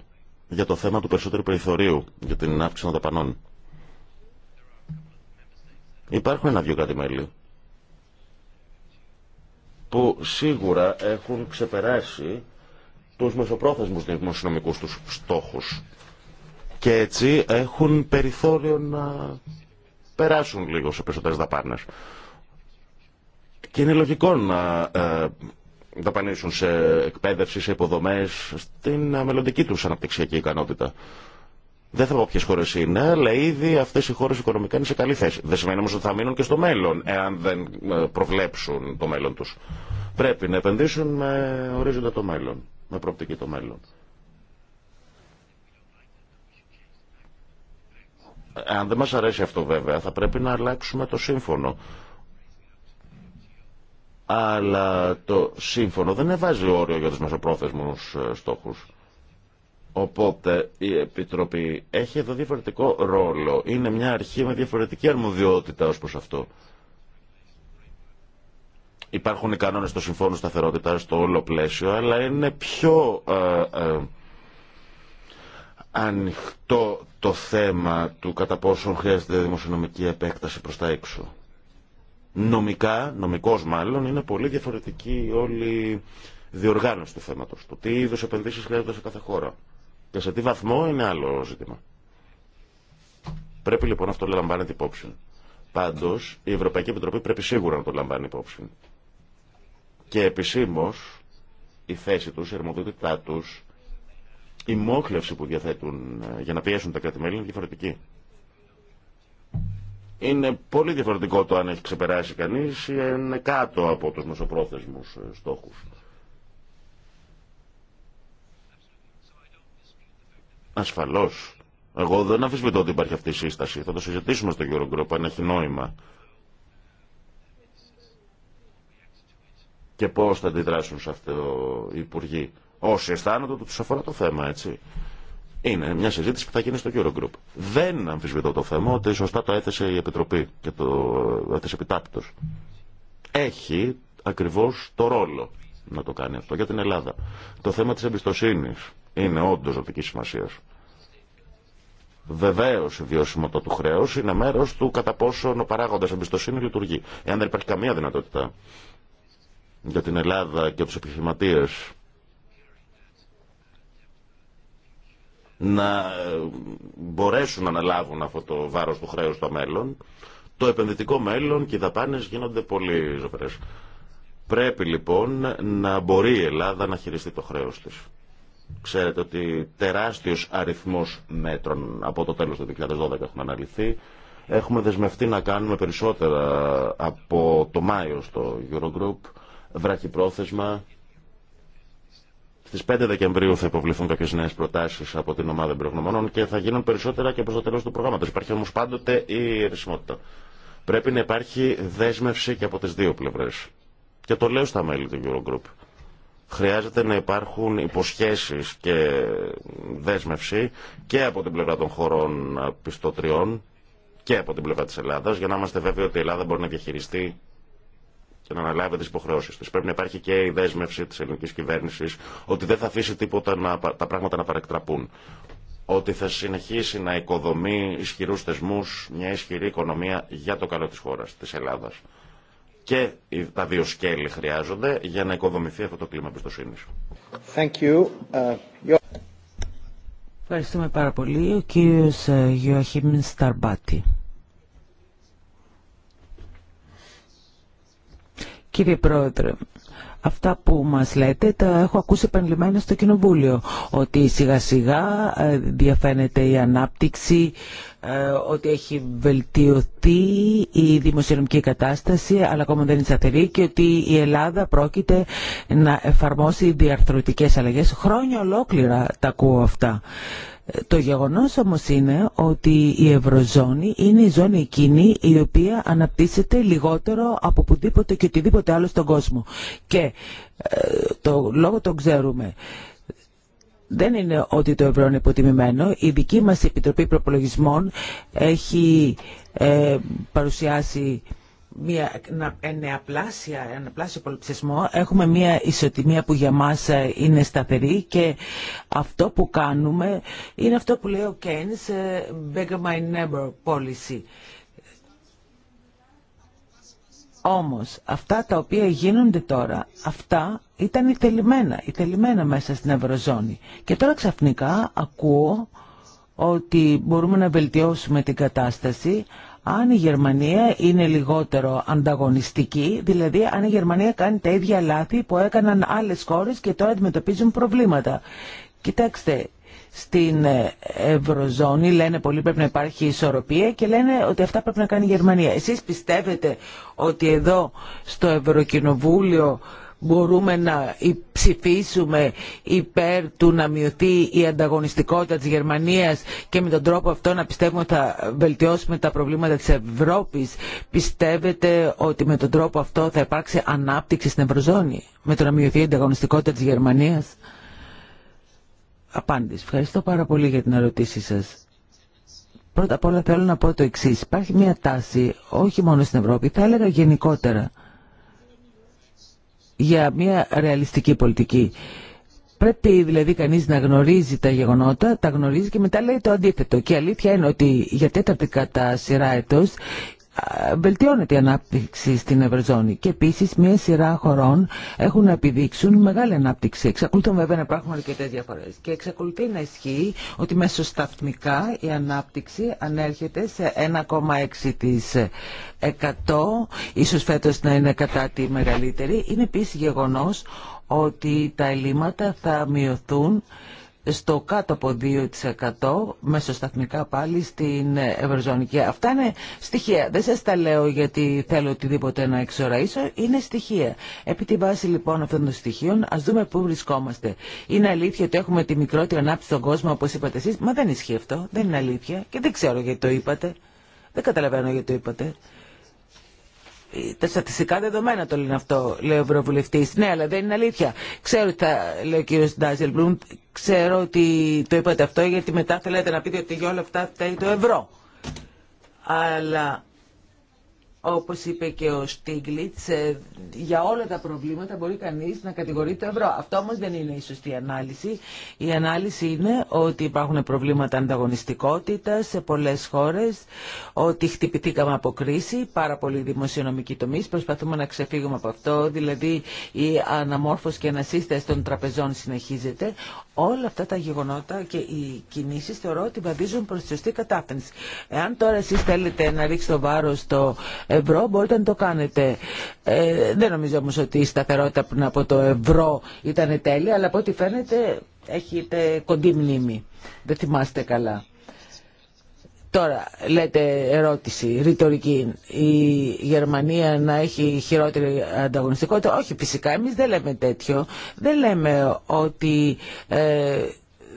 για το θέμα του περισσότερου περιθωρίου για την αύξηση των δαπανών. Υπάρχουν ένα-δυο κάτι μέλη που σίγουρα έχουν ξεπεράσει τους μεσοπρόθεσμους δημοσιονομικούς τους στόχους και έτσι έχουν περιθώριο να περάσουν λίγο σε περισσότερες δαπάνες. Και είναι λογικό να ε, δαπανίσουν σε εκπαίδευση, σε υποδομέ, στην μελλοντική του αναπτυξιακή ικανότητα. Δεν θα πω ποιε χώρε είναι, αλλά ήδη αυτέ οι χώρε οικονομικά είναι σε καλή θέση. Δεν σημαίνει όμω ότι θα μείνουν και στο μέλλον, εάν δεν ε, προβλέψουν το μέλλον του. Πρέπει να επενδύσουν με ορίζοντα το μέλλον, με προοπτική το μέλλον. Ε, αν δεν μας αρέσει αυτό βέβαια, θα πρέπει να αλλάξουμε το σύμφωνο αλλά το σύμφωνο δεν βάζει όριο για τους μεσοπρόθεσμους ε, στόχους. Οπότε η Επιτροπή έχει εδώ διαφορετικό ρόλο. Είναι μια αρχή με διαφορετική αρμοδιότητα ως προς αυτό. Υπάρχουν οι κανόνες του Συμφώνου Σταθερότητας στο όλο πλαίσιο, αλλά είναι πιο ε, ε, ανοιχτό το θέμα του κατά πόσο χρειάζεται δημοσιονομική επέκταση προς τα έξω νομικά, νομικός μάλλον, είναι πολύ διαφορετική όλη διοργάνωση του θέματος. Το τι είδου επενδύσεις χρειάζονται σε κάθε χώρα. Και σε τι βαθμό είναι άλλο ζήτημα. Πρέπει λοιπόν αυτό να λαμβάνεται υπόψη. Πάντως, η Ευρωπαϊκή Επιτροπή πρέπει σίγουρα να το λαμβάνει υπόψη. Και επισήμω η θέση του η αρμοδιότητά τους, η μόχλευση που διαθέτουν ε, για να πιέσουν τα κράτη-μέλη είναι διαφορετική. Είναι πολύ διαφορετικό το αν έχει ξεπεράσει κανείς ή είναι κάτω από τους μεσοπρόθεσμους ε, στόχους. Ασφαλώς. Εγώ δεν αφισβητώ ότι υπάρχει αυτή η ειναι κατω απο τους μεσοπρόθεσμού στοχους ασφαλως εγω δεν αφισβητω οτι υπαρχει αυτη η συσταση Θα το συζητήσουμε στο Eurogroup αν έχει νόημα. Και πώς θα αντιδράσουν σε αυτό οι υπουργοί. Όσοι αισθάνονται ότι τους αφορά το θέμα, έτσι. Είναι μια συζήτηση που θα γίνει στο Eurogroup. Δεν αμφισβητώ το θέμα ότι σωστά το έθεσε η Επιτροπή και το έθεσε επιτάπητος. Έχει ακριβώ το ρόλο να το κάνει αυτό για την Ελλάδα. Το θέμα τη εμπιστοσύνη είναι όντω ζωτική σημασία. Βεβαίω η βιωσιμότητα του χρέου είναι μέρο του κατά πόσο ο παράγοντα εμπιστοσύνη λειτουργεί. Εάν δεν υπάρχει καμία δυνατότητα για την Ελλάδα και του επιχειρηματίε να ε, μπορέσουν να αναλάβουν αυτό το βάρος του χρέους στο μέλλον, το επενδυτικό μέλλον και οι δαπάνες γίνονται πολύ ζωφερές. Πρέπει λοιπόν να μπορεί η Ελλάδα να χειριστεί το χρέος της. Ξέρετε ότι τεράστιος αριθμός μέτρων από το τέλος του 2012 έχουν αναλυθεί. Έχουμε δεσμευτεί να κάνουμε περισσότερα από το Μάιο στο Eurogroup, πρόθεσμα. Στι 5 Δεκεμβρίου θα υποβληθούν κάποιε νέε προτάσει από την ομάδα εμπειρογνωμόνων και θα γίνουν περισσότερα και προ το τέλο του προγράμματο. Υπάρχει όμω πάντοτε η ερεσιμότητα. Πρέπει να υπάρχει δέσμευση και από τι δύο πλευρέ. Και το λέω στα μέλη του Eurogroup. Χρειάζεται να υπάρχουν υποσχέσει και δέσμευση και από την πλευρά των χωρών πιστοτριών και από την πλευρά τη Ελλάδα για να είμαστε βέβαιοι ότι η Ελλάδα μπορεί να διαχειριστεί και να αναλάβει τι υποχρεώσει τη. Πρέπει να υπάρχει και η δέσμευση τη ελληνική κυβέρνηση ότι δεν θα αφήσει τίποτα να, τα πράγματα να παρεκτραπούν. Ότι θα συνεχίσει να οικοδομεί ισχυρού θεσμού, μια ισχυρή οικονομία για το καλό τη χώρα, τη Ελλάδα. Και τα δύο σκέλη χρειάζονται για να οικοδομηθεί αυτό το κλίμα εμπιστοσύνη. Uh, Ευχαριστούμε πάρα πολύ. Ο κύριος Γιώργη ε, Σταρμπάτη. Κύριε Πρόεδρε, αυτά που μας λέτε τα έχω ακούσει επανειλημμένα στο Κοινοβούλιο, ότι σιγά σιγά ε, διαφαίνεται η ανάπτυξη, ε, ότι έχει βελτιωθεί η δημοσιονομική κατάσταση, αλλά ακόμα δεν είναι σταθερή και ότι η Ελλάδα πρόκειται να εφαρμόσει διαρθρωτικές αλλαγές. Χρόνια ολόκληρα τα ακούω αυτά. Το γεγονός όμως είναι ότι η Ευρωζώνη είναι η ζώνη εκείνη η οποία αναπτύσσεται λιγότερο από πουδήποτε και οτιδήποτε άλλο στον κόσμο. Και ε, το λόγο το ξέρουμε. Δεν είναι ότι το ευρώ είναι υποτιμημένο. Η δική μας Επιτροπή Προπολογισμών έχει ε, παρουσιάσει μια, ένα, ε, ένα πλάσιο πολυψισμό, έχουμε μια ισοτιμία που για μας ε, είναι σταθερή και αυτό που κάνουμε είναι αυτό που λέει ο Κένς ε, bigger my neighbor policy όμως αυτά τα οποία γίνονται τώρα αυτά ήταν η θελημένα μέσα στην Ευρωζώνη και τώρα ξαφνικά ακούω ότι μπορούμε να βελτιώσουμε την κατάσταση αν η Γερμανία είναι λιγότερο ανταγωνιστική, δηλαδή αν η Γερμανία κάνει τα ίδια λάθη που έκαναν άλλες χώρες και τώρα αντιμετωπίζουν προβλήματα. Κοιτάξτε, στην ε, Ευρωζώνη λένε πολύ πρέπει να υπάρχει ισορροπία και λένε ότι αυτά πρέπει να κάνει η Γερμανία. Εσείς πιστεύετε ότι εδώ στο Ευρωκοινοβούλιο μπορούμε να ψηφίσουμε υπέρ του να μειωθεί η ανταγωνιστικότητα της Γερμανίας και με τον τρόπο αυτό να πιστεύουμε ότι θα βελτιώσουμε τα προβλήματα της Ευρώπης. Πιστεύετε ότι με τον τρόπο αυτό θα υπάρξει ανάπτυξη στην Ευρωζώνη με το να μειωθεί η ανταγωνιστικότητα της Γερμανίας. Απάντηση. Ευχαριστώ πάρα πολύ για την ερωτήσή σας. Πρώτα απ' όλα θέλω να πω το εξής. Υπάρχει μια τάση, όχι μόνο στην Ευρώπη, θα έλεγα γενικότερα για μια ρεαλιστική πολιτική. Πρέπει δηλαδή κανείς να γνωρίζει τα γεγονότα, τα γνωρίζει και μετά λέει το αντίθετο. Και η αλήθεια είναι ότι για τέταρτη κατά σειρά ετός βελτιώνεται η ανάπτυξη στην Ευρωζώνη και επίσης μια σειρά χωρών έχουν να επιδείξουν μεγάλη ανάπτυξη. Εξακολουθούν βέβαια να υπάρχουν αρκετές διαφορές και εξακολουθεί να ισχύει ότι μεσοσταθμικά η ανάπτυξη ανέρχεται σε 1,6% ίσως φέτος να είναι κατά τη μεγαλύτερη. Είναι επίσης γεγονός ότι τα ελλείμματα θα μειωθούν στο κάτω από 2% μεσοσταθμικά πάλι στην Ευρωζωνική. αυτά είναι στοιχεία. Δεν σας τα λέω γιατί θέλω οτιδήποτε να εξοραίσω. Είναι στοιχεία. Επί τη βάση λοιπόν αυτών των στοιχείων ας δούμε πού βρισκόμαστε. Είναι αλήθεια ότι έχουμε τη μικρότερη ανάπτυξη στον κόσμο όπως είπατε εσείς. Μα δεν ισχύει αυτό. Δεν είναι αλήθεια. Και δεν ξέρω γιατί το είπατε. Δεν καταλαβαίνω γιατί το είπατε τα στατιστικά δεδομένα το λένε αυτό, λέει ο Ευρωβουλευτή. Ναι, αλλά δεν είναι αλήθεια. Ξέρω ότι θα, λέει ο κύριο Ντάζελμπλουμ, ξέρω ότι το είπατε αυτό γιατί μετά θέλετε να πείτε ότι για όλα αυτά φταίει το ευρώ. Αλλά όπως είπε και ο Στίγκλιτς, ε, για όλα τα προβλήματα μπορεί κανείς να κατηγορεί το ευρώ. Αυτό όμως δεν είναι η σωστή ανάλυση. Η ανάλυση είναι ότι υπάρχουν προβλήματα ανταγωνιστικότητας σε πολλές χώρες, ότι χτυπηθήκαμε από κρίση, πάρα πολλοί δημοσιονομικοί τομείς, προσπαθούμε να ξεφύγουμε από αυτό, δηλαδή η αναμόρφωση και ανασύσταση των τραπεζών συνεχίζεται όλα αυτά τα γεγονότα και οι κινήσεις θεωρώ ότι βαδίζουν προς τη σωστή κατάπτυνση. Εάν τώρα εσείς θέλετε να ρίξετε το βάρος στο ευρώ, μπορείτε να το κάνετε. Ε, δεν νομίζω όμως ότι η σταθερότητα πριν από το ευρώ ήταν τέλεια, αλλά από ό,τι φαίνεται έχετε κοντή μνήμη. Δεν θυμάστε καλά. Τώρα, λέτε ερώτηση, ρητορική, η Γερμανία να έχει χειρότερη ανταγωνιστικότητα. Όχι, φυσικά, εμείς δεν λέμε τέτοιο. Δεν λέμε ότι ε,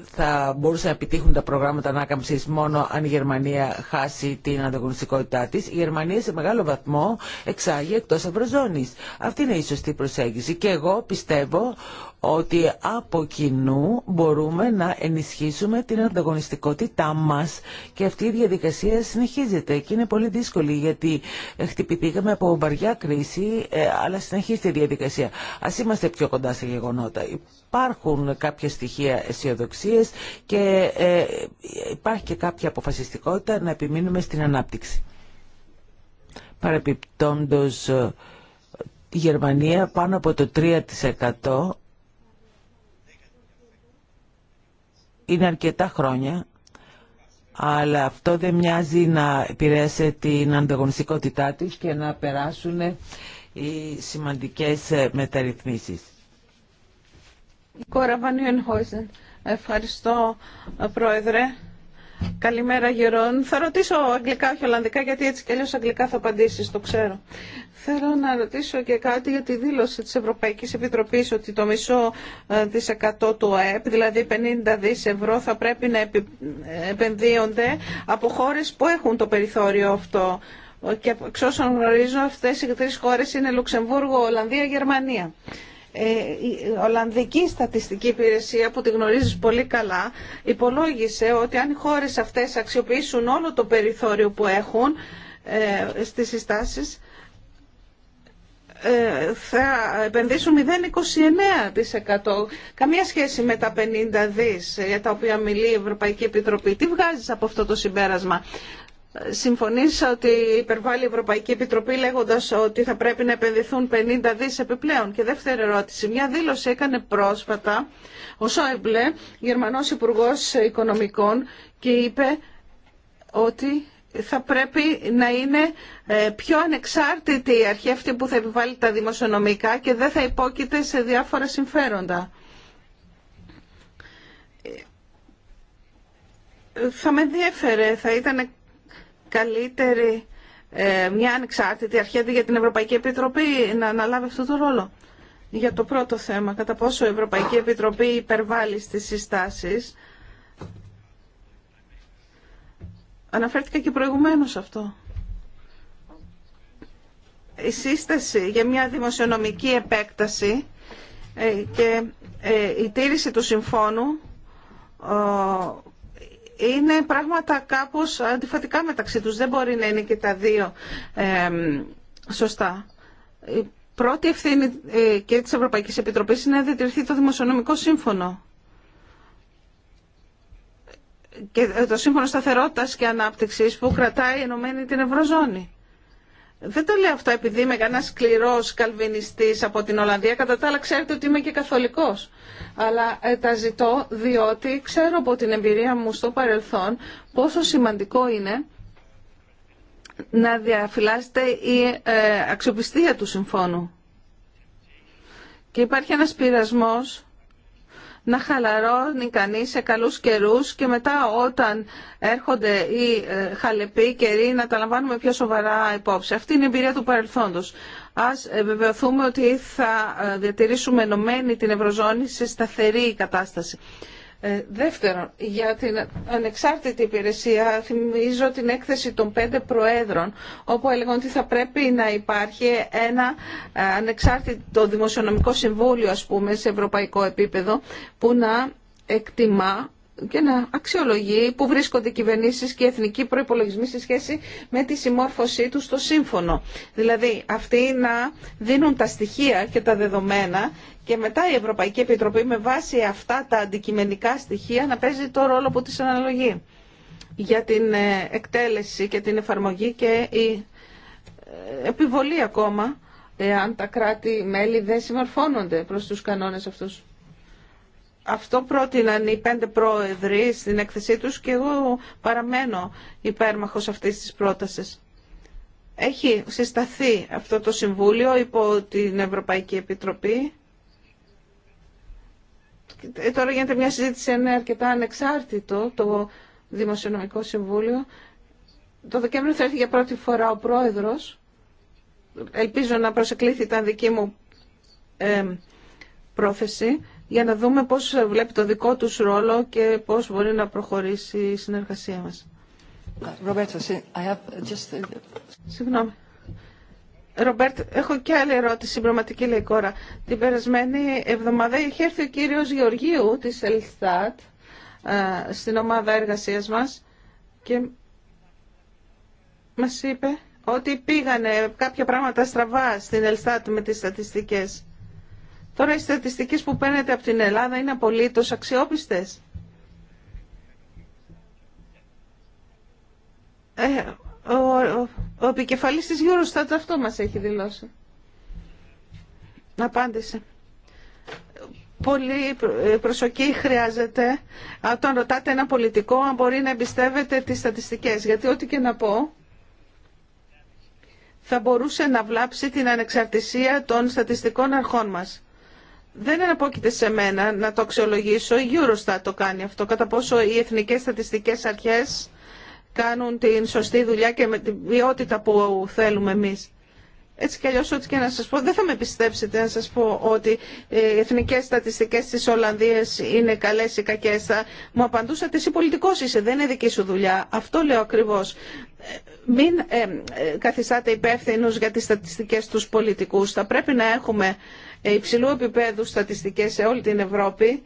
θα μπορούσαν να επιτύχουν τα προγράμματα ανάκαμψης μόνο αν η Γερμανία χάσει την ανταγωνιστικότητά της. Η Γερμανία σε μεγάλο βαθμό εξάγει εκτός Ευρωζώνης. Αυτή είναι η σωστή προσέγγιση. Και εγώ πιστεύω ότι από κοινού μπορούμε να ενισχύσουμε την ανταγωνιστικότητά μας και αυτή η διαδικασία συνεχίζεται και είναι πολύ δύσκολη γιατί χτυπηθήκαμε από βαριά κρίση ε, αλλά συνεχίζεται η διαδικασία. Ας είμαστε πιο κοντά σε γεγονότα. Υπάρχουν κάποια στοιχεία αισιοδοξίε και ε, υπάρχει και κάποια αποφασιστικότητα να επιμείνουμε στην ανάπτυξη. Παρεπιπτόντος, ε, η Γερμανία πάνω από το 3% είναι αρκετά χρόνια, αλλά αυτό δεν μοιάζει να επηρέασε την ανταγωνιστικότητά τους και να περάσουν οι σημαντικές μεταρρυθμίσεις. Κόρα Ευχαριστώ, Πρόεδρε. Καλημέρα, Γερόν. Θα ρωτήσω αγγλικά, όχι ολλανδικά, γιατί έτσι κι αλλιώς αγγλικά θα απαντήσεις, το ξέρω. Θέλω να ρωτήσω και κάτι για τη δήλωση της Ευρωπαϊκής Επιτροπής ότι το μισό δισεκατό ε, του ΑΕΠ, δηλαδή 50 δις ευρώ, θα πρέπει να επενδύονται από χώρες που έχουν το περιθώριο αυτό. Και εξ όσων γνωρίζω αυτές οι τρεις χώρες είναι Λουξεμβούργο, Ολλανδία, Γερμανία. Ε, η Ολλανδική Στατιστική Υπηρεσία που τη γνωρίζεις πολύ καλά υπολόγισε ότι αν οι χώρες αυτές αξιοποιήσουν όλο το περιθώριο που έχουν ε, στις συστάσεις ε, θα επενδύσουν 0,29%. Καμία σχέση με τα 50 δις ε, για τα οποία μιλεί η Ευρωπαϊκή Επιτροπή. Τι βγάζεις από αυτό το συμπέρασμα. Ε, συμφωνείς ότι υπερβάλλει η Ευρωπαϊκή Επιτροπή λέγοντας ότι θα πρέπει να επενδυθούν 50 δις επιπλέον. Και δεύτερη ερώτηση. Μια δήλωση έκανε πρόσφατα ο Σόιμπλε, Γερμανός Υπουργός Οικονομικών, και είπε ότι θα πρέπει να είναι ε, πιο ανεξάρτητη η αρχή αυτή που θα επιβάλλει τα δημοσιονομικά και δεν θα υπόκειται σε διάφορα συμφέροντα. Θα με ενδιαφέρε, θα ήταν καλύτερη ε, μια ανεξάρτητη αρχή για την Ευρωπαϊκή Επιτροπή να αναλάβει αυτό τον ρόλο. Για το πρώτο θέμα, κατά πόσο η Ευρωπαϊκή Επιτροπή υπερβάλλει στις συστάσεις, Αναφέρθηκα και προηγουμένως αυτό. Η σύσταση για μια δημοσιονομική επέκταση ε, και ε, η τήρηση του συμφώνου ε, είναι πράγματα κάπως αντιφατικά μεταξύ τους. Δεν μπορεί να είναι και τα δύο σωστά. Η πρώτη ευθύνη και της Ευρωπαϊκής Επιτροπής είναι να διατηρηθεί το Δημοσιονομικό Σύμφωνο και το Σύμφωνο σταθερότητα και ανάπτυξη που κρατάει ενωμένη την Ευρωζώνη. Δεν το λέω αυτό επειδή είμαι κανένα σκληρό καλβινιστή από την Ολλανδία. Κατά τα άλλα, ξέρετε ότι είμαι και καθολικό. Αλλά ε, τα ζητώ διότι ξέρω από την εμπειρία μου στο παρελθόν πόσο σημαντικό είναι να διαφυλάσσεται η ε, αξιοπιστία του συμφώνου. Και υπάρχει ένας πειρασμός να χαλαρώνει κανείς σε καλούς καιρούς και μετά όταν έρχονται οι ε, χαλεποί καιροί να τα λαμβάνουμε πιο σοβαρά υπόψη. Αυτή είναι η εμπειρία του παρελθόντος. Ας βεβαιωθούμε ότι θα ε, διατηρήσουμε ενωμένη την Ευρωζώνη σε σταθερή κατάσταση. Ε, δεύτερον, για την ανεξάρτητη υπηρεσία θυμίζω την έκθεση των πέντε προέδρων όπου έλεγαν ότι θα πρέπει να υπάρχει ένα ε, ανεξάρτητο δημοσιονομικό συμβούλιο ας πούμε σε ευρωπαϊκό επίπεδο που να εκτιμά και να αξιολογεί που βρίσκονται οι κυβερνήσεις και οι εθνικοί προϋπολογισμοί σε σχέση με τη συμμόρφωσή τους στο σύμφωνο. Δηλαδή αυτοί να δίνουν τα στοιχεία και τα δεδομένα και μετά η Ευρωπαϊκή Επιτροπή με βάση αυτά τα αντικειμενικά στοιχεία να παίζει το ρόλο που της αναλογεί για την ε, εκτέλεση και την εφαρμογή και η ε, επιβολή ακόμα εάν τα κράτη-μέλη δεν συμμορφώνονται προς τους κανόνες αυτούς. Αυτό πρότειναν οι πέντε πρόεδροι στην έκθεσή τους και εγώ παραμένω υπέρμαχος αυτής της πρότασης. Έχει συσταθεί αυτό το Συμβούλιο υπό την Ευρωπαϊκή Επιτροπή. Ε, τώρα γίνεται μια συζήτηση είναι αρκετά ανεξάρτητο το Δημοσιονομικό Συμβούλιο. Το Δεκέμβριο θα έρθει για πρώτη φορά ο Πρόεδρος. Ελπίζω να προσεκλήθη, δική μου ε, πρόθεση για να δούμε πώς βλέπει το δικό τους ρόλο και πώς μπορεί να προχωρήσει η συνεργασία μας. Ρομπέρτο, Ρομπέρτ, έχω και άλλη ερώτηση συμπροματική λέει κόρα. Την περασμένη εβδομάδα είχε έρθει ο κύριος Γεωργίου της Ελστάτ ε, στην ομάδα εργασίας μας και μας είπε ότι πήγανε κάποια πράγματα στραβά στην Ελστάτ με τις στατιστικές. Τώρα οι στατιστικές που παίρνετε από την Ελλάδα είναι απολύτως αξιόπιστες. Ε, ο, ο, ο επικεφαλής της Eurostat αυτό μας έχει δηλώσει. Απάντησε. Πολύ ε, προσοχή χρειάζεται όταν ρωτάτε ένα πολιτικό αν μπορεί να εμπιστεύεται τις στατιστικές. Γιατί ό,τι και να πω θα μπορούσε να βλάψει την ανεξαρτησία των στατιστικών αρχών μας δεν αναπόκειται σε μένα να το αξιολογήσω. Η Eurostat το κάνει αυτό. Κατά πόσο οι εθνικές στατιστικές αρχές κάνουν την σωστή δουλειά και με την ποιότητα που θέλουμε εμείς. Έτσι κι αλλιώς ό,τι και να σας πω, δεν θα με πιστέψετε να σας πω ότι ε, οι εθνικές στατιστικές της Ολλανδίας είναι καλές ή κακές. Θα μου απαντούσατε εσύ πολιτικός είσαι, δεν είναι δική σου δουλειά. Αυτό λέω ακριβώς. Μην ε, ε, καθιστάτε υπεύθυνου για τις στατιστικές του πολιτικού. Θα πρέπει να έχουμε ε, υψηλού επίπεδου στατιστικές σε όλη την Ευρώπη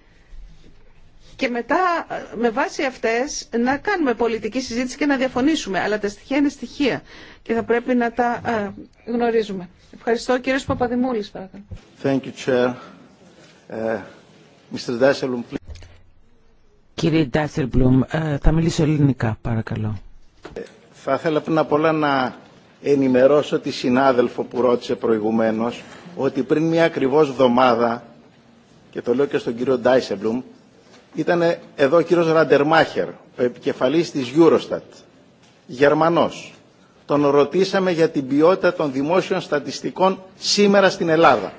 και μετά ε, με βάση αυτές να κάνουμε πολιτική συζήτηση και να διαφωνήσουμε. Αλλά τα στοιχεία είναι στοιχεία και θα πρέπει να τα ε, γνωρίζουμε. Ευχαριστώ. Κύριος Παπαδημούλης, παρακαλώ. Thank you, Chair. Mr. Dasselum, Κύριε Ντάσερμπλουμ, θα μιλήσω ελληνικά, παρακαλώ. Θα ήθελα πριν απ' όλα να ενημερώσω τη συνάδελφο που ρώτησε προηγουμένως ότι πριν μια ακριβώς βδομάδα, και το λέω και στον κύριο Ντάισεμπλουμ, ήταν εδώ ο κύριος Ραντερμάχερ, ο επικεφαλής της Eurostat, Γερμανός. Τον ρωτήσαμε για την ποιότητα των δημόσιων στατιστικών σήμερα στην Ελλάδα.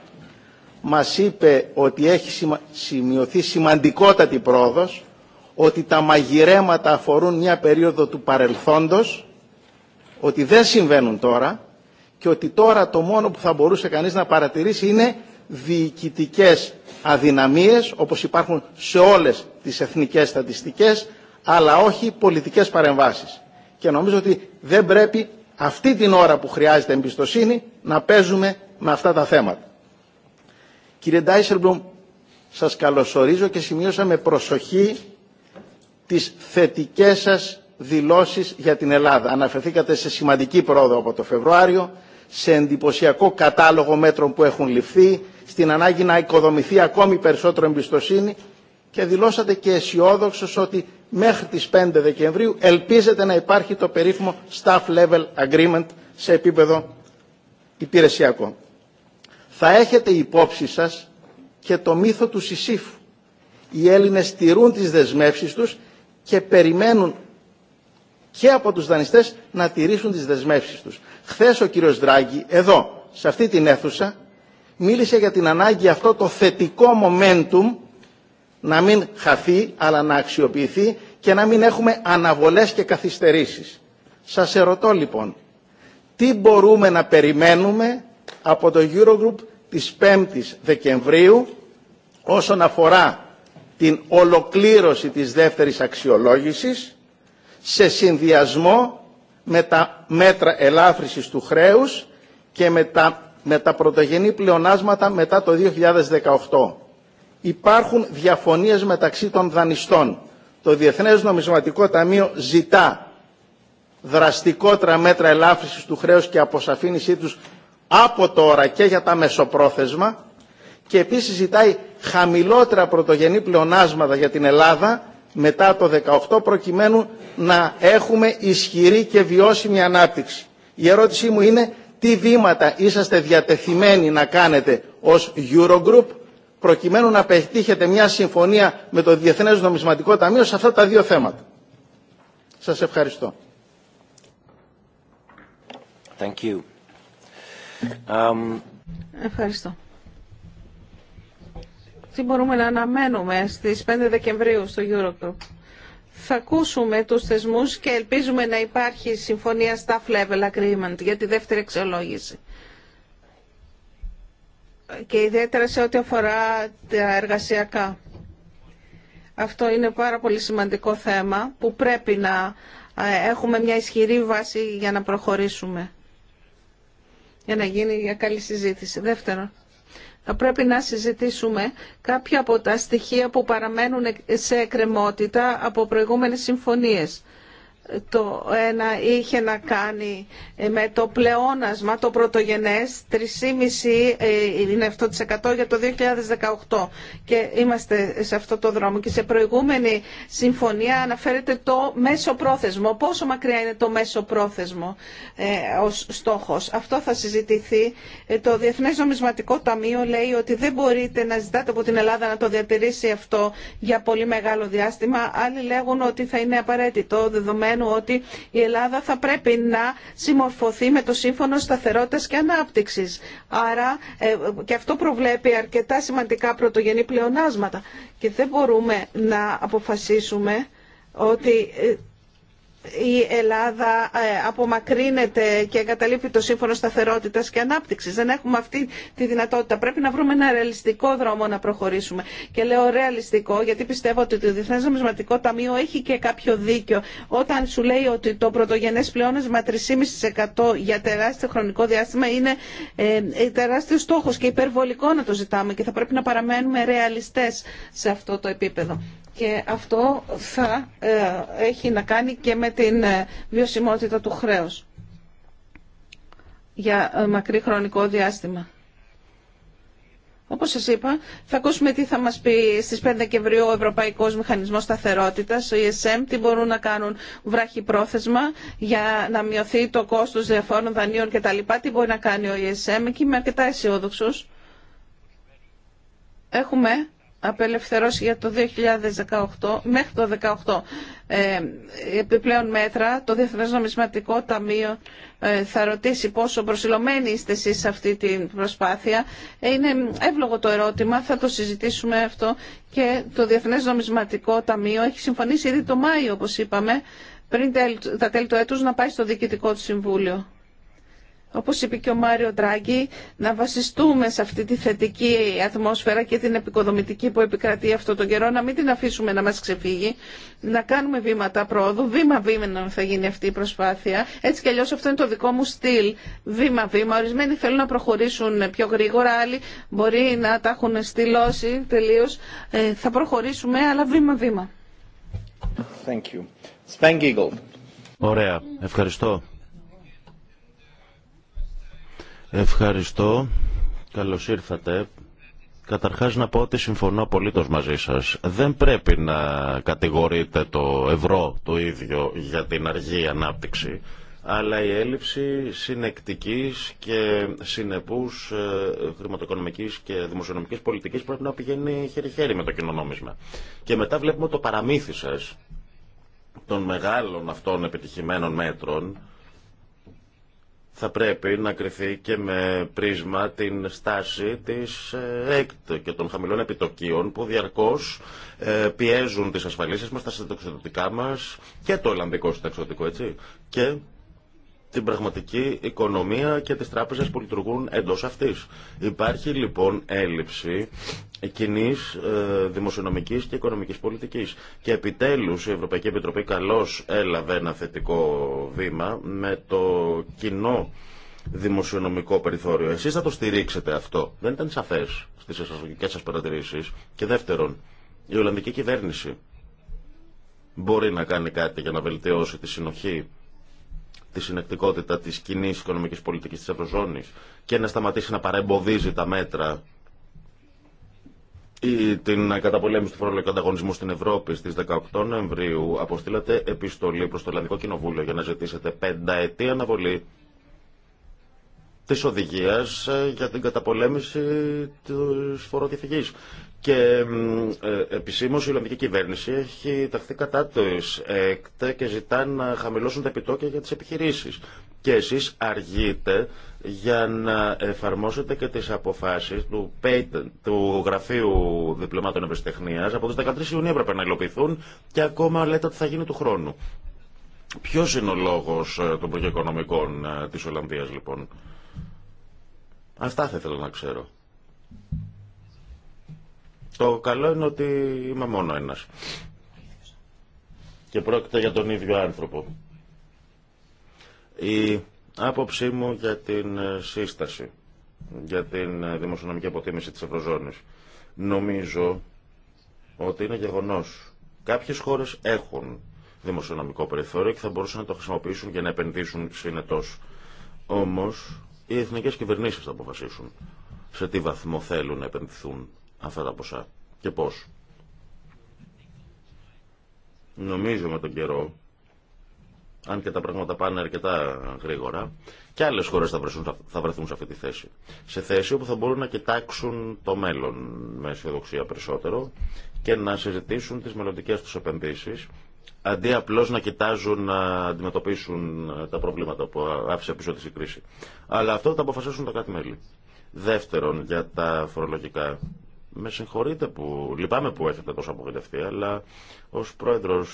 Μας είπε ότι έχει σημειωθεί σημαντικότατη πρόοδος, ότι τα μαγειρέματα αφορούν μια περίοδο του παρελθόντος, ότι δεν συμβαίνουν τώρα και ότι τώρα το μόνο που θα μπορούσε κανείς να παρατηρήσει είναι διοικητικέ αδυναμίες, όπως υπάρχουν σε όλες τις εθνικές στατιστικές, αλλά όχι πολιτικές παρεμβάσεις. Και νομίζω ότι δεν πρέπει αυτή την ώρα που χρειάζεται εμπιστοσύνη να παίζουμε με αυτά τα θέματα. Κύριε Ντάισελμπλουμ, σας καλωσορίζω και σημείωσα με προσοχή τις θετικές σας δηλώσεις για την Ελλάδα. Αναφερθήκατε σε σημαντική πρόοδο από το Φεβρουάριο, σε εντυπωσιακό κατάλογο μέτρων που έχουν ληφθεί, στην ανάγκη να οικοδομηθεί ακόμη περισσότερο εμπιστοσύνη και δηλώσατε και αισιόδοξο ότι μέχρι τις 5 Δεκεμβρίου ελπίζετε να υπάρχει το περίφημο staff level agreement σε επίπεδο υπηρεσιακό. Θα έχετε υπόψη σας και το μύθο του Σισίφου. Οι Έλληνες τηρούν τις δεσμεύσεις τους και περιμένουν και από τους δανειστές να τηρήσουν τις δεσμεύσεις τους. Χθες ο κύριος Δράγκη, εδώ, σε αυτή την αίθουσα, μίλησε για την ανάγκη αυτό το θετικό momentum να μην χαθεί, αλλά να αξιοποιηθεί και να μην έχουμε αναβολές και καθυστερήσεις. Σας ερωτώ λοιπόν, τι μπορούμε να περιμένουμε από το Eurogroup της 5ης Δεκεμβρίου όσον αφορά την ολοκλήρωση της δεύτερης αξιολόγησης σε συνδυασμό με τα μέτρα ελάφρυσης του χρέους και με τα, πρωτογενή πλεονάσματα μετά το 2018. Υπάρχουν διαφωνίες μεταξύ των δανειστών. Το Διεθνές Νομισματικό Ταμείο ζητά δραστικότερα μέτρα ελάφρυσης του χρέους και αποσαφήνισή τους από τώρα και για τα μεσοπρόθεσμα και επίσης ζητάει χαμηλότερα πρωτογενή πλεονάσματα για την Ελλάδα μετά το 18 προκειμένου να έχουμε ισχυρή και βιώσιμη ανάπτυξη. Η ερώτησή μου είναι τι βήματα είσαστε διατεθειμένοι να κάνετε ως Eurogroup προκειμένου να πετύχετε μια συμφωνία με το Διεθνές Νομισματικό Ταμείο σε αυτά τα δύο θέματα. Σας ευχαριστώ. Thank you. Um... Ευχαριστώ τι μπορούμε να αναμένουμε στις 5 Δεκεμβρίου στο Eurogroup. Θα ακούσουμε τους θεσμούς και ελπίζουμε να υπάρχει συμφωνία staff level agreement για τη δεύτερη εξολόγηση Και ιδιαίτερα σε ό,τι αφορά τα εργασιακά. Αυτό είναι πάρα πολύ σημαντικό θέμα που πρέπει να ε, έχουμε μια ισχυρή βάση για να προχωρήσουμε. Για να γίνει μια καλή συζήτηση. Δεύτερο θα πρέπει να συζητήσουμε κάποια από τα στοιχεία που παραμένουν σε εκκρεμότητα από προηγούμενες συμφωνίες το ένα είχε να κάνει ε, με το πλεόνασμα, το πρωτογενές, 3,5 ε, είναι αυτό για το 2018 και είμαστε σε αυτό το δρόμο και σε προηγούμενη συμφωνία αναφέρεται το μέσο πρόθεσμο. Πόσο μακριά είναι το μέσο πρόθεσμο ε, ως στόχος. Αυτό θα συζητηθεί. Ε, το Διεθνές Νομισματικό Ταμείο λέει ότι δεν μπορείτε να ζητάτε από την Ελλάδα να το διατηρήσει αυτό για πολύ μεγάλο διάστημα. Άλλοι λέγουν ότι θα είναι απαραίτητο δεδομένο ότι η Ελλάδα θα πρέπει να συμμορφωθεί με το Σύμφωνο Σταθερότητας και Ανάπτυξης. Άρα ε, και αυτό προβλέπει αρκετά σημαντικά πρωτογενή πλεονάσματα. Και δεν μπορούμε να αποφασίσουμε ότι ε, η Ελλάδα ε, απομακρύνεται και εγκαταλείπει το σύμφωνο σταθερότητας και ανάπτυξης. Δεν έχουμε αυτή τη δυνατότητα. Πρέπει να βρούμε ένα ρεαλιστικό δρόμο να προχωρήσουμε. Και λέω ρεαλιστικό γιατί πιστεύω ότι το Διεθνές Νομισματικό Ταμείο έχει και κάποιο δίκιο. Όταν σου λέει ότι το πρωτογενές πλεόνασμα 3,5% για τεράστιο χρονικό διάστημα είναι ε, ε τεράστιο στόχος και υπερβολικό να το ζητάμε και θα πρέπει να παραμένουμε ρεαλιστές σε αυτό το επίπεδο και αυτό θα ε, έχει να κάνει και με την ε, βιωσιμότητα του χρέους για ε, μακρύ χρονικό διάστημα. Όπως σας είπα, θα ακούσουμε τι θα μας πει στις 5 Δεκεμβρίου ο Ευρωπαϊκός Μηχανισμός Σταθερότητας, ο ESM, τι μπορούν να κάνουν βράχη πρόθεσμα για να μειωθεί το κόστος διαφόρων δανείων κτλ. Τι μπορεί να κάνει ο ESM, εκεί είμαι αρκετά αισιόδοξο. Έχουμε απελευθερώσει για το 2018, μέχρι το 2018 ε, επιπλέον μέτρα. Το Διεθνές Νομισματικό Ταμείο ε, θα ρωτήσει πόσο προσιλωμένοι είστε εσείς σε αυτή την προσπάθεια. Ε, είναι εύλογο το ερώτημα, θα το συζητήσουμε αυτό και το Διεθνές Νομισματικό Ταμείο έχει συμφωνήσει ήδη το Μάιο, όπως είπαμε, πριν τα τέλη του έτους να πάει στο Διοικητικό του Συμβούλιο όπως είπε και ο Μάριο Ντράγκη, να βασιστούμε σε αυτή τη θετική ατμόσφαιρα και την επικοδομητική που επικρατεί αυτό τον καιρό, να μην την αφήσουμε να μας ξεφύγει, να κάνουμε βήματα πρόοδου, βήμα-βήμα θα γίνει αυτή η προσπάθεια. Έτσι κι αλλιώς αυτό είναι το δικό μου στυλ, βήμα-βήμα. Ορισμένοι θέλουν να προχωρήσουν πιο γρήγορα, άλλοι μπορεί να τα έχουν στυλώσει τελείω. Ε, θα προχωρήσουμε, αλλά βήμα-βήμα. Ωραία, ευχαριστώ. Ευχαριστώ. Καλώς ήρθατε. Καταρχάς να πω ότι συμφωνώ απολύτως μαζί σας. Δεν πρέπει να κατηγορείτε το ευρώ το ίδιο για την αργή ανάπτυξη, αλλά η έλλειψη συνεκτικής και συνεπούς ε, χρηματοοικονομικής και δημοσιονομικής πολιτικής πρέπει να πηγαίνει χέρι-χέρι με το κοινωνόμισμα. Και μετά βλέπουμε το παραμύθι σας των μεγάλων αυτών επιτυχημένων μέτρων, θα πρέπει να κρυθεί και με πρίσμα την στάση της ε, ΕΚΤ και των χαμηλών επιτοκίων που διαρκώς ε, πιέζουν τις ασφαλίσεις μας, τα συνταξιδοτικά μας και το Ολλανδικό συνταξιδοτικό, έτσι, και την πραγματική οικονομία και τις τράπεζες που λειτουργούν εντός αυτής. Υπάρχει λοιπόν έλλειψη κοινή ε, δημοσιονομικής και οικονομικής πολιτικής. Και επιτέλους η Ευρωπαϊκή Επιτροπή καλώς έλαβε ένα θετικό βήμα με το κοινό δημοσιονομικό περιθώριο. Εσείς θα το στηρίξετε αυτό. Δεν ήταν σαφές στις εσωτερικές σας παρατηρήσεις. Και δεύτερον, η Ολλανδική κυβέρνηση μπορεί να κάνει κάτι για να βελτιώσει τη συνοχή τη συνεκτικότητα της κοινή οικονομικής πολιτικής της Ευρωζώνης και να σταματήσει να παρεμποδίζει τα μέτρα ή την καταπολέμηση του φορολογικού ανταγωνισμού στην Ευρώπη στις 18 Νοεμβρίου αποστήλατε επιστολή προς το Ελλανδικό Κοινοβούλιο για να ζητήσετε πενταετή αναβολή τη οδηγία για την καταπολέμηση τη φοροδιαφυγή. Και ε, επισήμω η Ολλανδική κυβέρνηση έχει ταχθεί κατά το ΕΚΤ και ζητά να χαμηλώσουν τα επιτόκια για τι επιχειρήσει. Και εσεί αργείτε για να εφαρμόσετε και τι αποφάσει του, του Γραφείου Διπλωμάτων Ευρεσιτεχνία. Από τι 13 Ιουνίου έπρεπε να υλοποιηθούν και ακόμα λέτε ότι θα γίνει του χρόνου. Ποιο είναι ο λόγο ε, των προγειοοικονομικών ε, τη Ολλανδία, λοιπόν. Αυτά θα ήθελα να ξέρω. Το καλό είναι ότι είμαι μόνο ένας. Και πρόκειται για τον ίδιο άνθρωπο. Η άποψή μου για την ε, σύσταση, για την ε, δημοσιονομική αποτίμηση της Ευρωζώνης. Νομίζω ότι είναι γεγονός. Κάποιες χώρες έχουν δημοσιονομικό περιθώριο και θα μπορούσαν να το χρησιμοποιήσουν για να επενδύσουν συνετός. Όμως, οι εθνικές κυβερνήσεις θα αποφασίσουν σε τι βαθμό θέλουν να επενδυθούν αυτά τα ποσά και πώς. Νομίζω με τον καιρό, αν και τα πράγματα πάνε αρκετά γρήγορα, και άλλες χώρες θα, βρεθούν, θα σε αυτή τη θέση. Σε θέση όπου θα μπορούν να κοιτάξουν το μέλλον με αισιοδοξία περισσότερο και να συζητήσουν τις μελλοντικέ τους επενδύσεις αντί απλώς να κοιτάζουν να αντιμετωπίσουν τα προβλήματα που άφησε πίσω της η κρίση. Αλλά αυτό θα αποφασίσουν τα κάτι μέλη. Δεύτερον, για τα φορολογικά με συγχωρείτε που λυπάμαι που έχετε τόσο απογοητευτεί, αλλά ως πρόεδρος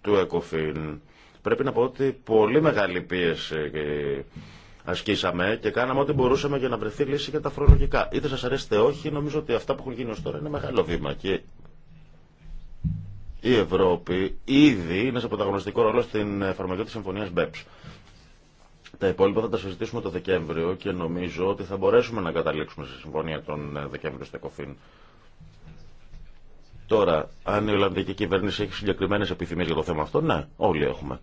του ΕΚΟΦΗΝ πρέπει να πω ότι πολύ μεγάλη πίεση ασκήσαμε και κάναμε ό,τι μπορούσαμε για να βρεθεί λύση για τα φορολογικά. Είτε σας αρέσετε όχι, νομίζω ότι αυτά που έχουν γίνει ως τώρα είναι μεγάλο βήμα και η Ευρώπη ήδη είναι σε πρωταγωνιστικό ρόλο στην εφαρμογή της συμφωνίας BEPS. Τα υπόλοιπα θα τα συζητήσουμε το Δεκέμβριο και νομίζω ότι θα μπορέσουμε να καταλήξουμε σε συμφωνία τον ε, Δεκέμβριο στο ΕΚΟΦΗΝ. Τώρα, αν η Ολλανδική κυβέρνηση έχει συγκεκριμένε επιθυμίε για το θέμα αυτό, ναι, όλοι έχουμε.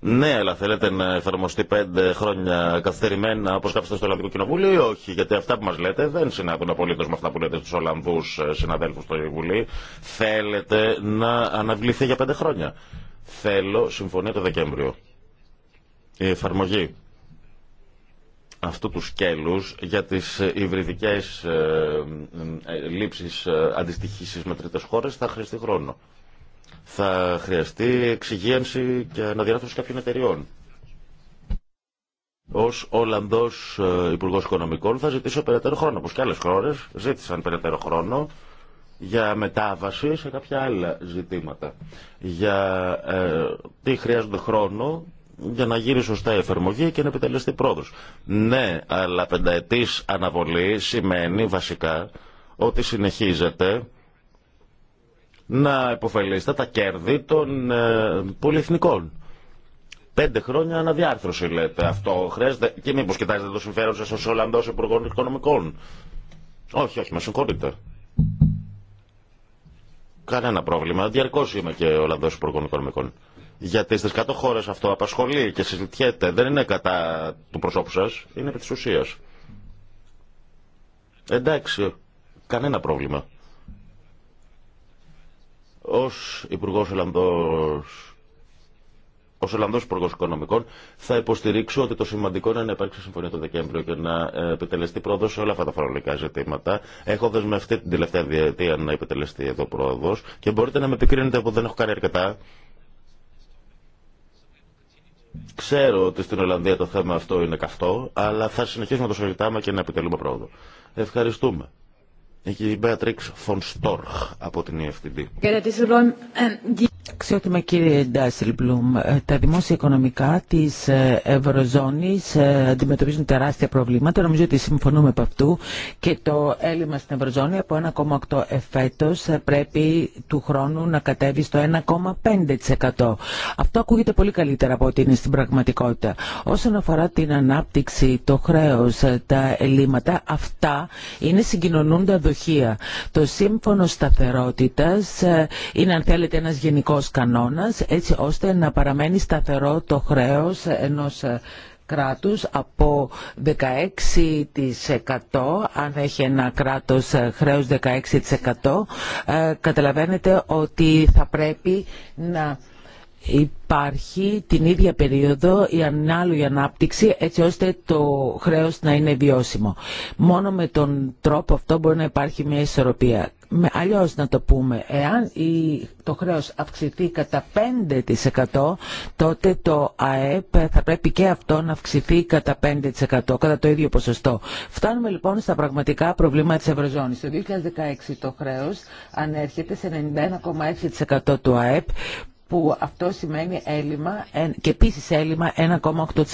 Ναι, αλλά θέλετε να εφαρμοστεί πέντε χρόνια καθυστερημένα όπω κάψετε στο Ολλανδικό Κοινοβούλιο ή όχι. Γιατί αυτά που μα λέτε δεν συνάδουν απολύτω με αυτά που λέτε στου Ολλανδού ε, συναδέλφου στο Βουλή. Θέλετε να αναβληθεί για πέντε χρόνια. Θέλω συμφωνία το Δεκέμβριο η εφαρμογή αυτού του σκέλους για τις ε, υβριδικές ε, ε, λήψεις αντιστοιχήσεις με τρίτες χώρες θα χρειαστεί χρόνο. Θα χρειαστεί εξυγίανση και αναδιάρθρωση κάποιων εταιριών. Ω Ολλανδό Υπουργό Οικονομικών θα ζητήσω περαιτέρω χρόνο, όπω και άλλε χώρε ζήτησαν περαιτέρω χρόνο για μετάβαση σε κάποια άλλα ζητήματα. Για τι χρειάζονται χρόνο για να γύρει σωστά η εφαρμογή και να επιτελεστεί πρόοδο. Ναι, αλλά πενταετή αναβολή σημαίνει βασικά ότι συνεχίζεται να υποφελείστε τα κέρδη των ε, πολυεθνικών. Πέντε χρόνια αναδιάρθρωση λέτε. Αυτό χρειάζεται. Και μήπω κοιτάζετε το συμφέρον σα ω Ολλανδό Υπουργό Οικονομικών. Όχι, όχι, με συγχωρείτε. Κανένα πρόβλημα. Διαρκώ είμαι και Ολλανδό Υπουργό Οικονομικών. Γιατί στι κάτω χώρε αυτό απασχολεί και συζητιέται. Δεν είναι κατά του προσώπου σα, είναι επί τη ουσία. Εντάξει, κανένα πρόβλημα. Ω Υπουργό Ω Ολλανδό Υπουργό Οικονομικών, θα υποστηρίξω ότι το σημαντικό είναι να υπάρξει συμφωνία το Δεκέμβριο και να ε, επιτελεστεί πρόοδο σε όλα αυτά τα φορολογικά ζητήματα. Έχω δεσμευτεί την τελευταία διετία να επιτελεστεί εδώ πρόοδο και μπορείτε να με επικρίνετε που δεν έχω κάνει αρκετά Ξέρω ότι στην Ολλανδία το θέμα αυτό είναι καυτό, αλλά θα συνεχίσουμε να το συζητάμε και να επιτελούμε πρόοδο. Ευχαριστούμε. Η κυρία Μπέατριξ από την EFTD με κύριε Ντάσιλμπλουμ, ε, τα δημόσια οικονομικά της ε, Ευρωζώνης ε, αντιμετωπίζουν τεράστια προβλήματα. Νομίζω ότι συμφωνούμε από αυτού και το έλλειμμα στην Ευρωζώνη από 1,8 εφέτος πρέπει του χρόνου να κατέβει στο 1,5%. Αυτό ακούγεται πολύ καλύτερα από ό,τι είναι στην πραγματικότητα. Όσον αφορά την ανάπτυξη, το χρέος, τα ελλείμματα, αυτά είναι συγκοινωνούντα δοχεία. Το σύμφωνο σταθερότητας είναι αν θέλετε ένας γενικό κανόνας έτσι ώστε να παραμένει σταθερό το χρέος ενός κράτους από 16% αν έχει ένα κράτος χρέος 16% ε, καταλαβαίνετε ότι θα πρέπει να υπάρχει την ίδια περίοδο η ανάλογη ανάπτυξη έτσι ώστε το χρέος να είναι βιώσιμο. Μόνο με τον τρόπο αυτό μπορεί να υπάρχει μια ισορροπία. Με, αλλιώς να το πούμε, εάν το χρέος αυξηθεί κατά 5% τότε το ΑΕΠ θα πρέπει και αυτό να αυξηθεί κατά 5% κατά το ίδιο ποσοστό. Φτάνουμε λοιπόν στα πραγματικά προβλήματα της Ευρωζώνης. Το 2016 το χρέος ανέρχεται σε 91,6% του ΑΕΠ που αυτό σημαίνει έλλειμμα και επίση έλλειμμα 1,8%.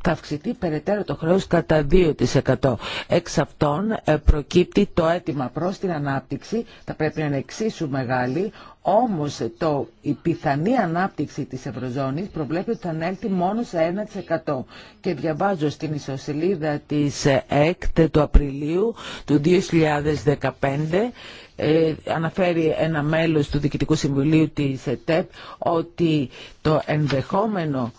Θα αυξηθεί περαιτέρω το χρέο κατά 2%. Εξ αυτών ε, προκύπτει το αίτημα προ την ανάπτυξη, θα πρέπει να είναι εξίσου μεγάλη, όμω η πιθανή ανάπτυξη τη Ευρωζώνη προβλέπεται ότι θα ανέλθει μόνο σε 1%. Και διαβάζω στην ισοσελίδα τη ε, ΕΚΤ του Απριλίου του 2015 ε, αναφέρει ένα μέλος του Διοικητικού Συμβουλίου της ΕΤΕΠ ότι το ενδεχόμενο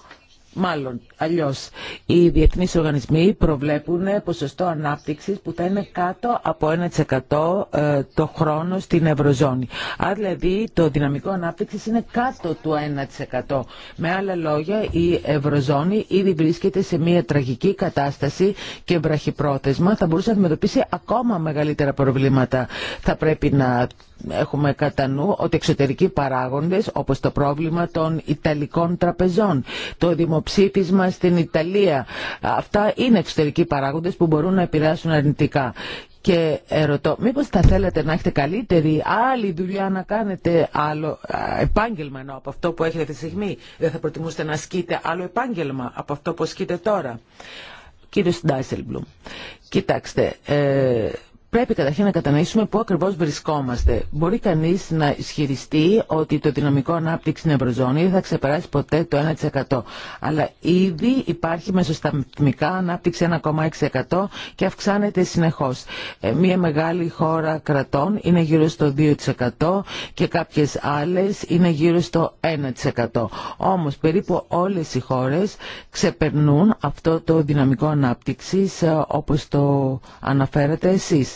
μάλλον Αλλιώς, οι διεθνείς οργανισμοί προβλέπουν ποσοστό ανάπτυξης που θα είναι κάτω από 1% ε, το χρόνο στην Ευρωζώνη. Άρα δηλαδή το δυναμικό ανάπτυξης είναι κάτω του 1%. Με άλλα λόγια, η Ευρωζώνη ήδη βρίσκεται σε μια τραγική κατάσταση και βραχυπρόθεσμα θα μπορούσε να αντιμετωπίσει ακόμα μεγαλύτερα προβλήματα. Θα πρέπει να έχουμε κατά νου ότι εξωτερικοί παράγοντες όπως το πρόβλημα των Ιταλικών τραπεζών, το δημοψήφισμα στην Ιταλία. Αυτά είναι εξωτερικοί παράγοντες που μπορούν να επηρεάσουν αρνητικά. Και ρωτώ, μήπως θα θέλετε να έχετε καλύτερη άλλη δουλειά να κάνετε άλλο επάγγελμα ενώ από αυτό που έχετε τη στιγμή. Δεν θα προτιμούσατε να ασκείτε άλλο επάγγελμα από αυτό που ασκείτε τώρα. Κύριος Ντάισελμπλουμ, κοιτάξτε, ε, Πρέπει καταρχήν να κατανοήσουμε πού ακριβώς βρισκόμαστε. Μπορεί κανείς να ισχυριστεί ότι το δυναμικό ανάπτυξη στην Ευρωζώνη δεν θα ξεπεράσει ποτέ το 1%. Αλλά ήδη υπάρχει μεσοσταθμικά ανάπτυξη 1,6% και αυξάνεται συνεχώς. Ε, μία μεγάλη χώρα κρατών είναι γύρω στο 2% και κάποιες άλλες είναι γύρω στο 1%. Όμω περίπου όλε οι χώρε ξεπερνούν αυτό το δυναμικό ανάπτυξη, ε, όπω το αναφέρατε εσείς.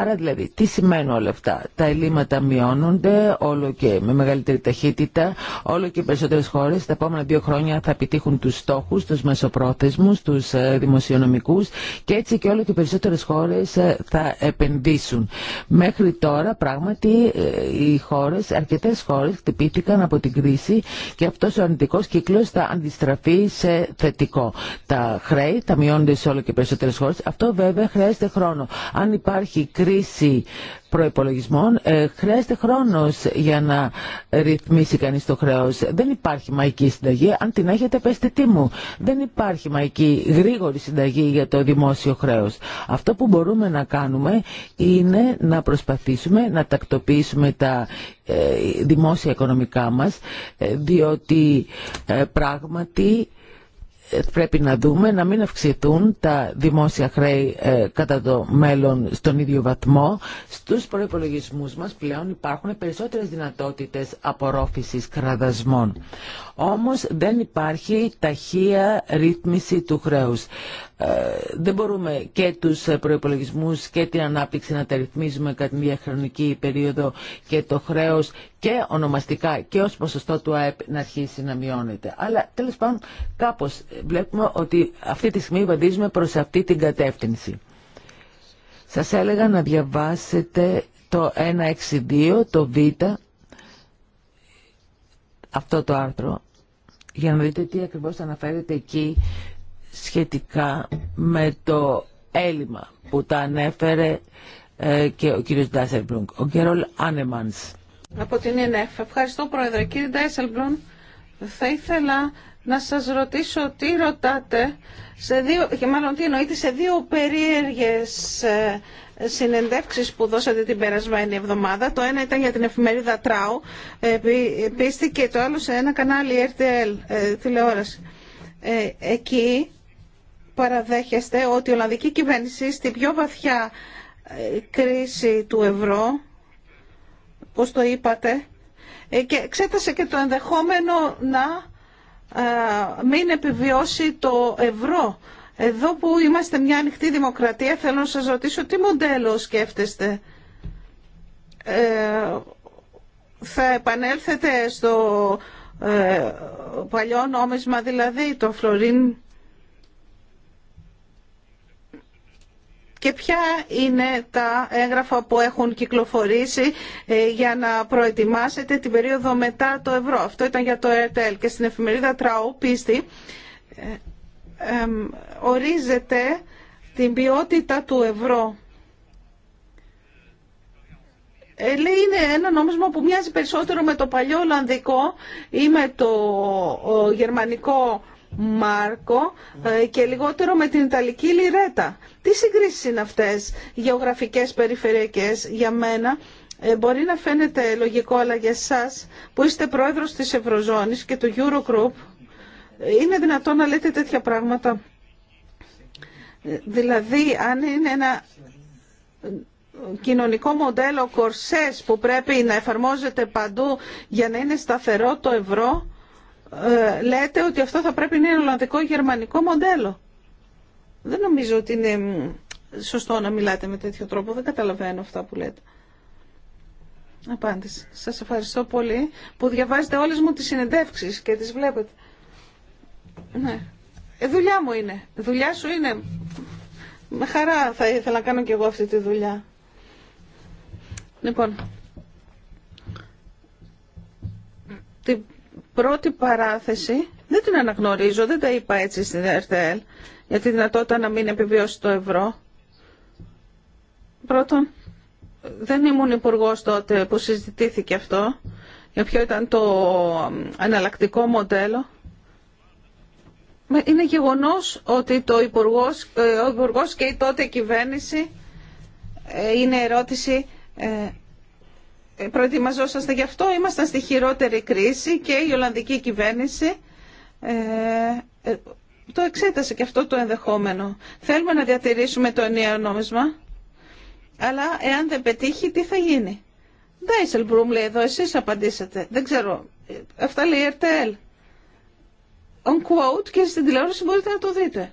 Άρα δηλαδή τι σημαίνουν όλα αυτά. Τα ελλείμματα μειώνονται όλο και με μεγαλύτερη ταχύτητα. Όλο και περισσότερε χώρε τα επόμενα δύο χρόνια θα επιτύχουν του στόχου, του μεσοπρόθεσμου, του ε, δημοσιονομικού και έτσι και όλο και περισσότερε χώρε ε, θα επενδύσουν. Μέχρι τώρα πράγματι ε, οι χώρε, αρκετέ χώρε χτυπήθηκαν από την κρίση και αυτό ο αρνητικό κύκλο θα αντιστραφεί σε θετικό. Τα χρέη θα μειώνονται σε όλο και περισσότερε χώρε. Αυτό βέβαια χρειάζεται χρόνο. Αν υπάρχει κρίση προϋπολογισμών ε, χρειάζεται χρόνος για να ρυθμίσει κανείς το χρέος. Δεν υπάρχει μαϊκή συνταγή. Αν την έχετε πέστε τι μου. Δεν υπάρχει μαϊκή γρήγορη συνταγή για το δημόσιο χρέος. Αυτό που μπορούμε να κάνουμε είναι να προσπαθήσουμε να τακτοποιήσουμε τα ε, δημόσια οικονομικά μας ε, διότι πράγματι πρέπει να δούμε να μην αυξηθούν τα δημόσια χρέη ε, κατά το μέλλον στον ίδιο βαθμό. Στους προϋπολογισμούς μας πλέον υπάρχουν περισσότερες δυνατότητες απορρόφησης κραδασμών. Όμως δεν υπάρχει ταχεία ρύθμιση του χρέους. Ε, δεν μπορούμε και τους προϋπολογισμούς και την ανάπτυξη να τα ρυθμίζουμε κατά μια χρονική περίοδο και το χρέος και ονομαστικά και ως ποσοστό του ΑΕΠ να αρχίσει να μειώνεται. Αλλά τέλος πάντων κάπως βλέπουμε ότι αυτή τη στιγμή βαδίζουμε προς αυτή την κατεύθυνση. Σας έλεγα να διαβάσετε το 162, το Β, αυτό το άρθρο, για να δείτε τι ακριβώς αναφέρεται εκεί σχετικά με το έλλειμμα που τα ανέφερε ε, και ο κύριος Ντάσελμπλουνκ, ο Γκέρολ Άνεμανς. Από την ΕΝΕΦ. Ευχαριστώ Πρόεδρε. Κύριε Ντάσελμπλουνκ, θα ήθελα να σας ρωτήσω τι ρωτάτε, σε δύο, και μάλλον τι εννοείτε, σε δύο περίεργες ε, συνεντεύξεις που δώσατε την περασμένη εβδομάδα. Το ένα ήταν για την εφημερίδα Τράου, πίστη και το άλλο σε ένα κανάλι RTL ε, τηλεόραση. εκεί παραδέχεστε ότι η Ολλανδική κυβέρνηση στην πιο βαθιά ε, κρίση του ευρώ, πώς το είπατε, ε, και εξέτασε και το ενδεχόμενο να ε, μην επιβιώσει το ευρώ. Εδώ που είμαστε μια ανοιχτή δημοκρατία θέλω να σας ρωτήσω τι μοντέλο σκέφτεστε. Ε, θα επανέλθετε στο ε, παλιό νόμισμα δηλαδή το φλωρίν και ποια είναι τα έγγραφα που έχουν κυκλοφορήσει ε, για να προετοιμάσετε την περίοδο μετά το ευρώ. Αυτό ήταν για το RTL και στην εφημερίδα Τραού πίστη ε, ορίζεται την ποιότητα του ευρώ. Ε, είναι ένα νόμισμα που μοιάζει περισσότερο με το παλιό Ολλανδικό ή με το γερμανικό Μάρκο ε, και λιγότερο με την Ιταλική Λιρέτα. Τι συγκρίσεις είναι αυτές γεωγραφικές, περιφερειακές για μένα. Ε, μπορεί να φαίνεται λογικό, αλλά για εσά που είστε πρόεδρος της Ευρωζώνης και του Eurogroup, είναι δυνατόν να λέτε τέτοια πράγματα. Ε, δηλαδή, αν είναι ένα κοινωνικό μοντέλο κορσές που πρέπει να εφαρμόζεται παντού για να είναι σταθερό το ευρώ, ε, λέτε ότι αυτό θα πρέπει να είναι ολλανδικό-γερμανικό μοντέλο. Δεν νομίζω ότι είναι σωστό να μιλάτε με τέτοιο τρόπο. Δεν καταλαβαίνω αυτά που λέτε. Απάντηση. Σας ευχαριστώ πολύ που διαβάζετε όλες μου τις συνεντεύξεις και τις βλέπετε. Ναι. Ε, δουλειά μου είναι. Δουλειά σου είναι. Με χαρά θα ήθελα να κάνω κι εγώ αυτή τη δουλειά. Λοιπόν, πρώτη παράθεση, δεν την αναγνωρίζω, δεν τα είπα έτσι στην RTL, για τη δυνατότητα να μην επιβιώσει το ευρώ. Πρώτον, δεν ήμουν υπουργό τότε που συζητήθηκε αυτό, για ποιο ήταν το εναλλακτικό μοντέλο. Είναι γεγονός ότι το υπουργός, ε, ο υπουργό και η τότε κυβέρνηση ε, είναι ερώτηση ε, προετοιμαζόσαστε γι' αυτό, ήμασταν στη χειρότερη κρίση και η Ολλανδική κυβέρνηση ε, ε, το εξέτασε και αυτό το ενδεχόμενο. Θέλουμε να διατηρήσουμε το ενιαίο νόμισμα, αλλά εάν δεν πετύχει, τι θα γίνει. Ντάισελμπρουμ λέει εδώ, εσείς απαντήσατε. Δεν ξέρω. Αυτά λέει η RTL. On quote και στην τηλεόραση μπορείτε να το δείτε.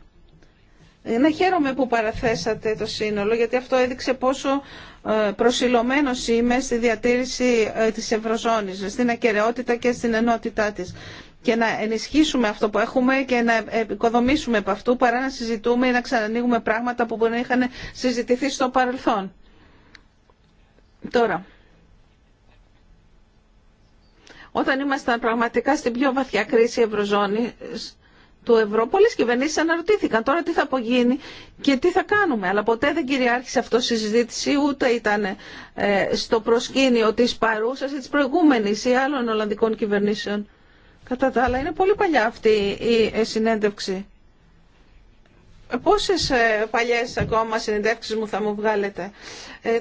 Ε, να χαίρομαι που παραθέσατε το σύνολο, γιατί αυτό έδειξε πόσο ε, Προσιλωμένο είμαι στη διατήρηση ε, της Ευρωζώνης, στην ακαιρεότητα και στην ενότητά της και να ενισχύσουμε αυτό που έχουμε και να ε, οικοδομήσουμε από αυτού παρά να συζητούμε ή να ξανανοίγουμε πράγματα που μπορεί να είχαν συζητηθεί στο παρελθόν. Τώρα, όταν ήμασταν πραγματικά στην πιο βαθιά κρίση Ευρωζώνης, του ευρώ, πολλέ κυβερνήσει αναρωτήθηκαν τώρα τι θα απογίνει και τι θα κάνουμε. Αλλά ποτέ δεν κυριάρχησε αυτό η συζήτηση, ούτε ήταν ε, στο προσκήνιο τη παρούσα ή τη προηγούμενη ή άλλων Ολλανδικών κυβερνήσεων. Κατά τα άλλα, είναι πολύ παλιά αυτή η ε, συνέντευξη. Ε, πόσες παλιές ακόμα παλιε ακομα συνεντεύξει μου θα μου βγάλετε.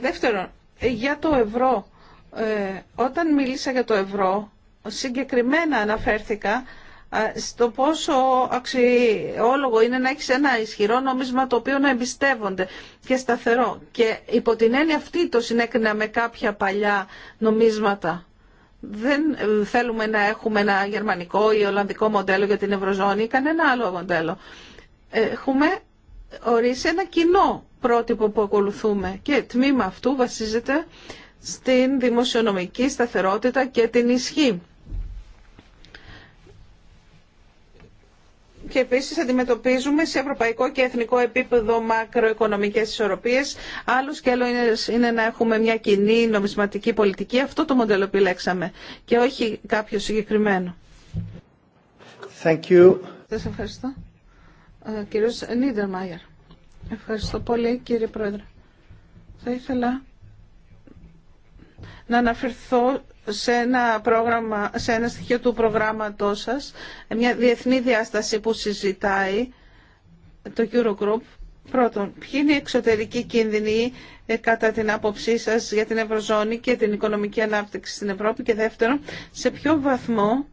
δεύτερον, για το ευρώ. όταν μίλησα για το ευρώ, συγκεκριμένα αναφέρθηκα στο πόσο αξιόλογο είναι να έχεις ένα ισχυρό νόμισμα το οποίο να εμπιστεύονται και σταθερό. Και υπό την έννοια αυτή το συνέκρινα με κάποια παλιά νομίσματα. Δεν ε, θέλουμε να έχουμε ένα γερμανικό ή ολλανδικό μοντέλο για την Ευρωζώνη ή κανένα άλλο μοντέλο. Έχουμε ορίσει ένα κοινό πρότυπο που ακολουθούμε και τμήμα αυτού βασίζεται στην δημοσιονομική σταθερότητα και την ισχύ και επίσης αντιμετωπίζουμε σε ευρωπαϊκό και εθνικό επίπεδο μακροοικονομικές ισορροπίες. Άλλο και είναι, είναι να έχουμε μια κοινή νομισματική πολιτική. Αυτό το μοντέλο επιλέξαμε και όχι κάποιο συγκεκριμένο. Thank you. Σας ευχαριστώ. Ε, κύριος Νίδερμαγερ. Ευχαριστώ πολύ κύριε Πρόεδρε. Θα ήθελα να αναφερθώ σε ένα, πρόγραμμα, σε ένα στοιχείο του προγράμματός σας, μια διεθνή διάσταση που συζητάει το Eurogroup. Πρώτον, ποιοι είναι οι εξωτερικοί κίνδυνοι ε, κατά την άποψή σας για την Ευρωζώνη και την οικονομική ανάπτυξη στην Ευρώπη και δεύτερον, σε ποιο βαθμό,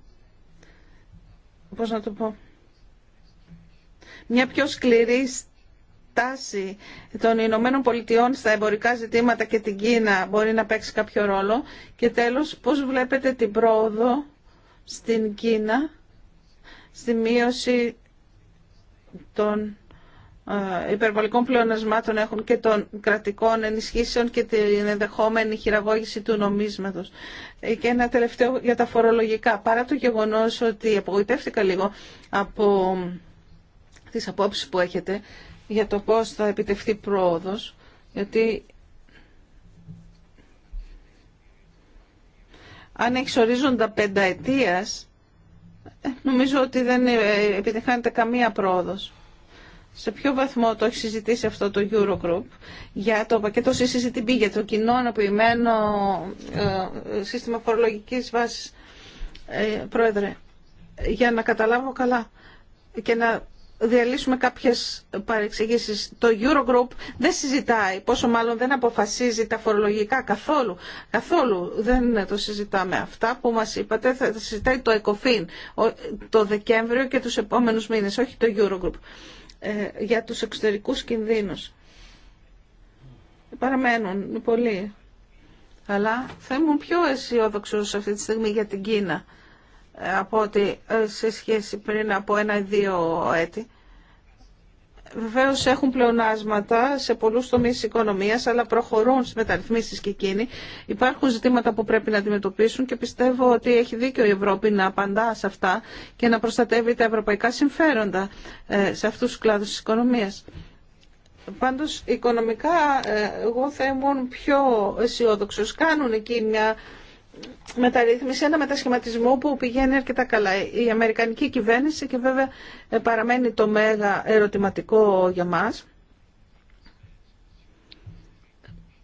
πώς να το πω, μια πιο σκληρή τάση των Ηνωμένων Πολιτειών στα εμπορικά ζητήματα και την Κίνα μπορεί να παίξει κάποιο ρόλο. Και τέλος, πώς βλέπετε την πρόοδο στην Κίνα, στη μείωση των ε, υπερβολικών πλεονασμάτων έχουν και των κρατικών ενισχύσεων και την ενδεχόμενη χειραγώγηση του νομίσματος. Ε, και ένα τελευταίο για τα φορολογικά. Παρά το γεγονός ότι απογοητεύτηκα λίγο από τις απόψεις που έχετε για το πώς θα επιτευχθεί πρόοδος, γιατί αν έχει ορίζοντα πενταετίας, ε, νομίζω ότι δεν ε, επιτυχάνεται καμία πρόοδος. Σε ποιο βαθμό το έχει συζητήσει αυτό το Eurogroup για το πακέτο για το κοινό αναποιημένο ε, σύστημα φορολογικής βάσης. πρόεδρε, για να καταλάβω καλά και να διαλύσουμε κάποιες παρεξηγήσεις. Το Eurogroup δεν συζητάει, πόσο μάλλον δεν αποφασίζει τα φορολογικά καθόλου. Καθόλου δεν το συζητάμε. Αυτά που μας είπατε θα συζητάει το ECOFIN το Δεκέμβριο και τους επόμενους μήνες, όχι το Eurogroup, ε, για τους εξωτερικούς κινδύνους. Παραμένουν πολλοί. Αλλά θα ήμουν πιο αισιόδοξο αυτή τη στιγμή για την Κίνα από ε, σε σχέση πριν από ένα-δύο έτη. Βεβαίω έχουν πλεονάσματα σε πολλού τομεις τη οικονομία, αλλά προχωρούν στι μεταρρυθμίσει και εκείνοι. Υπάρχουν ζητήματα που πρέπει να αντιμετωπίσουν και πιστεύω ότι έχει δίκιο η Ευρώπη να απαντά σε αυτά και να προστατεύει τα ευρωπαϊκά συμφέροντα ε, σε αυτού του κλάδου τη οικονομία. Πάντω, οικονομικά, ε, εγώ θα ήμουν πιο αισιόδοξο. Κάνουν εκεί μια μεταρρύθμιση, ένα μετασχηματισμό που πηγαίνει αρκετά καλά. Η Αμερικανική κυβέρνηση και βέβαια ε, παραμένει το μέγα ερωτηματικό για μας.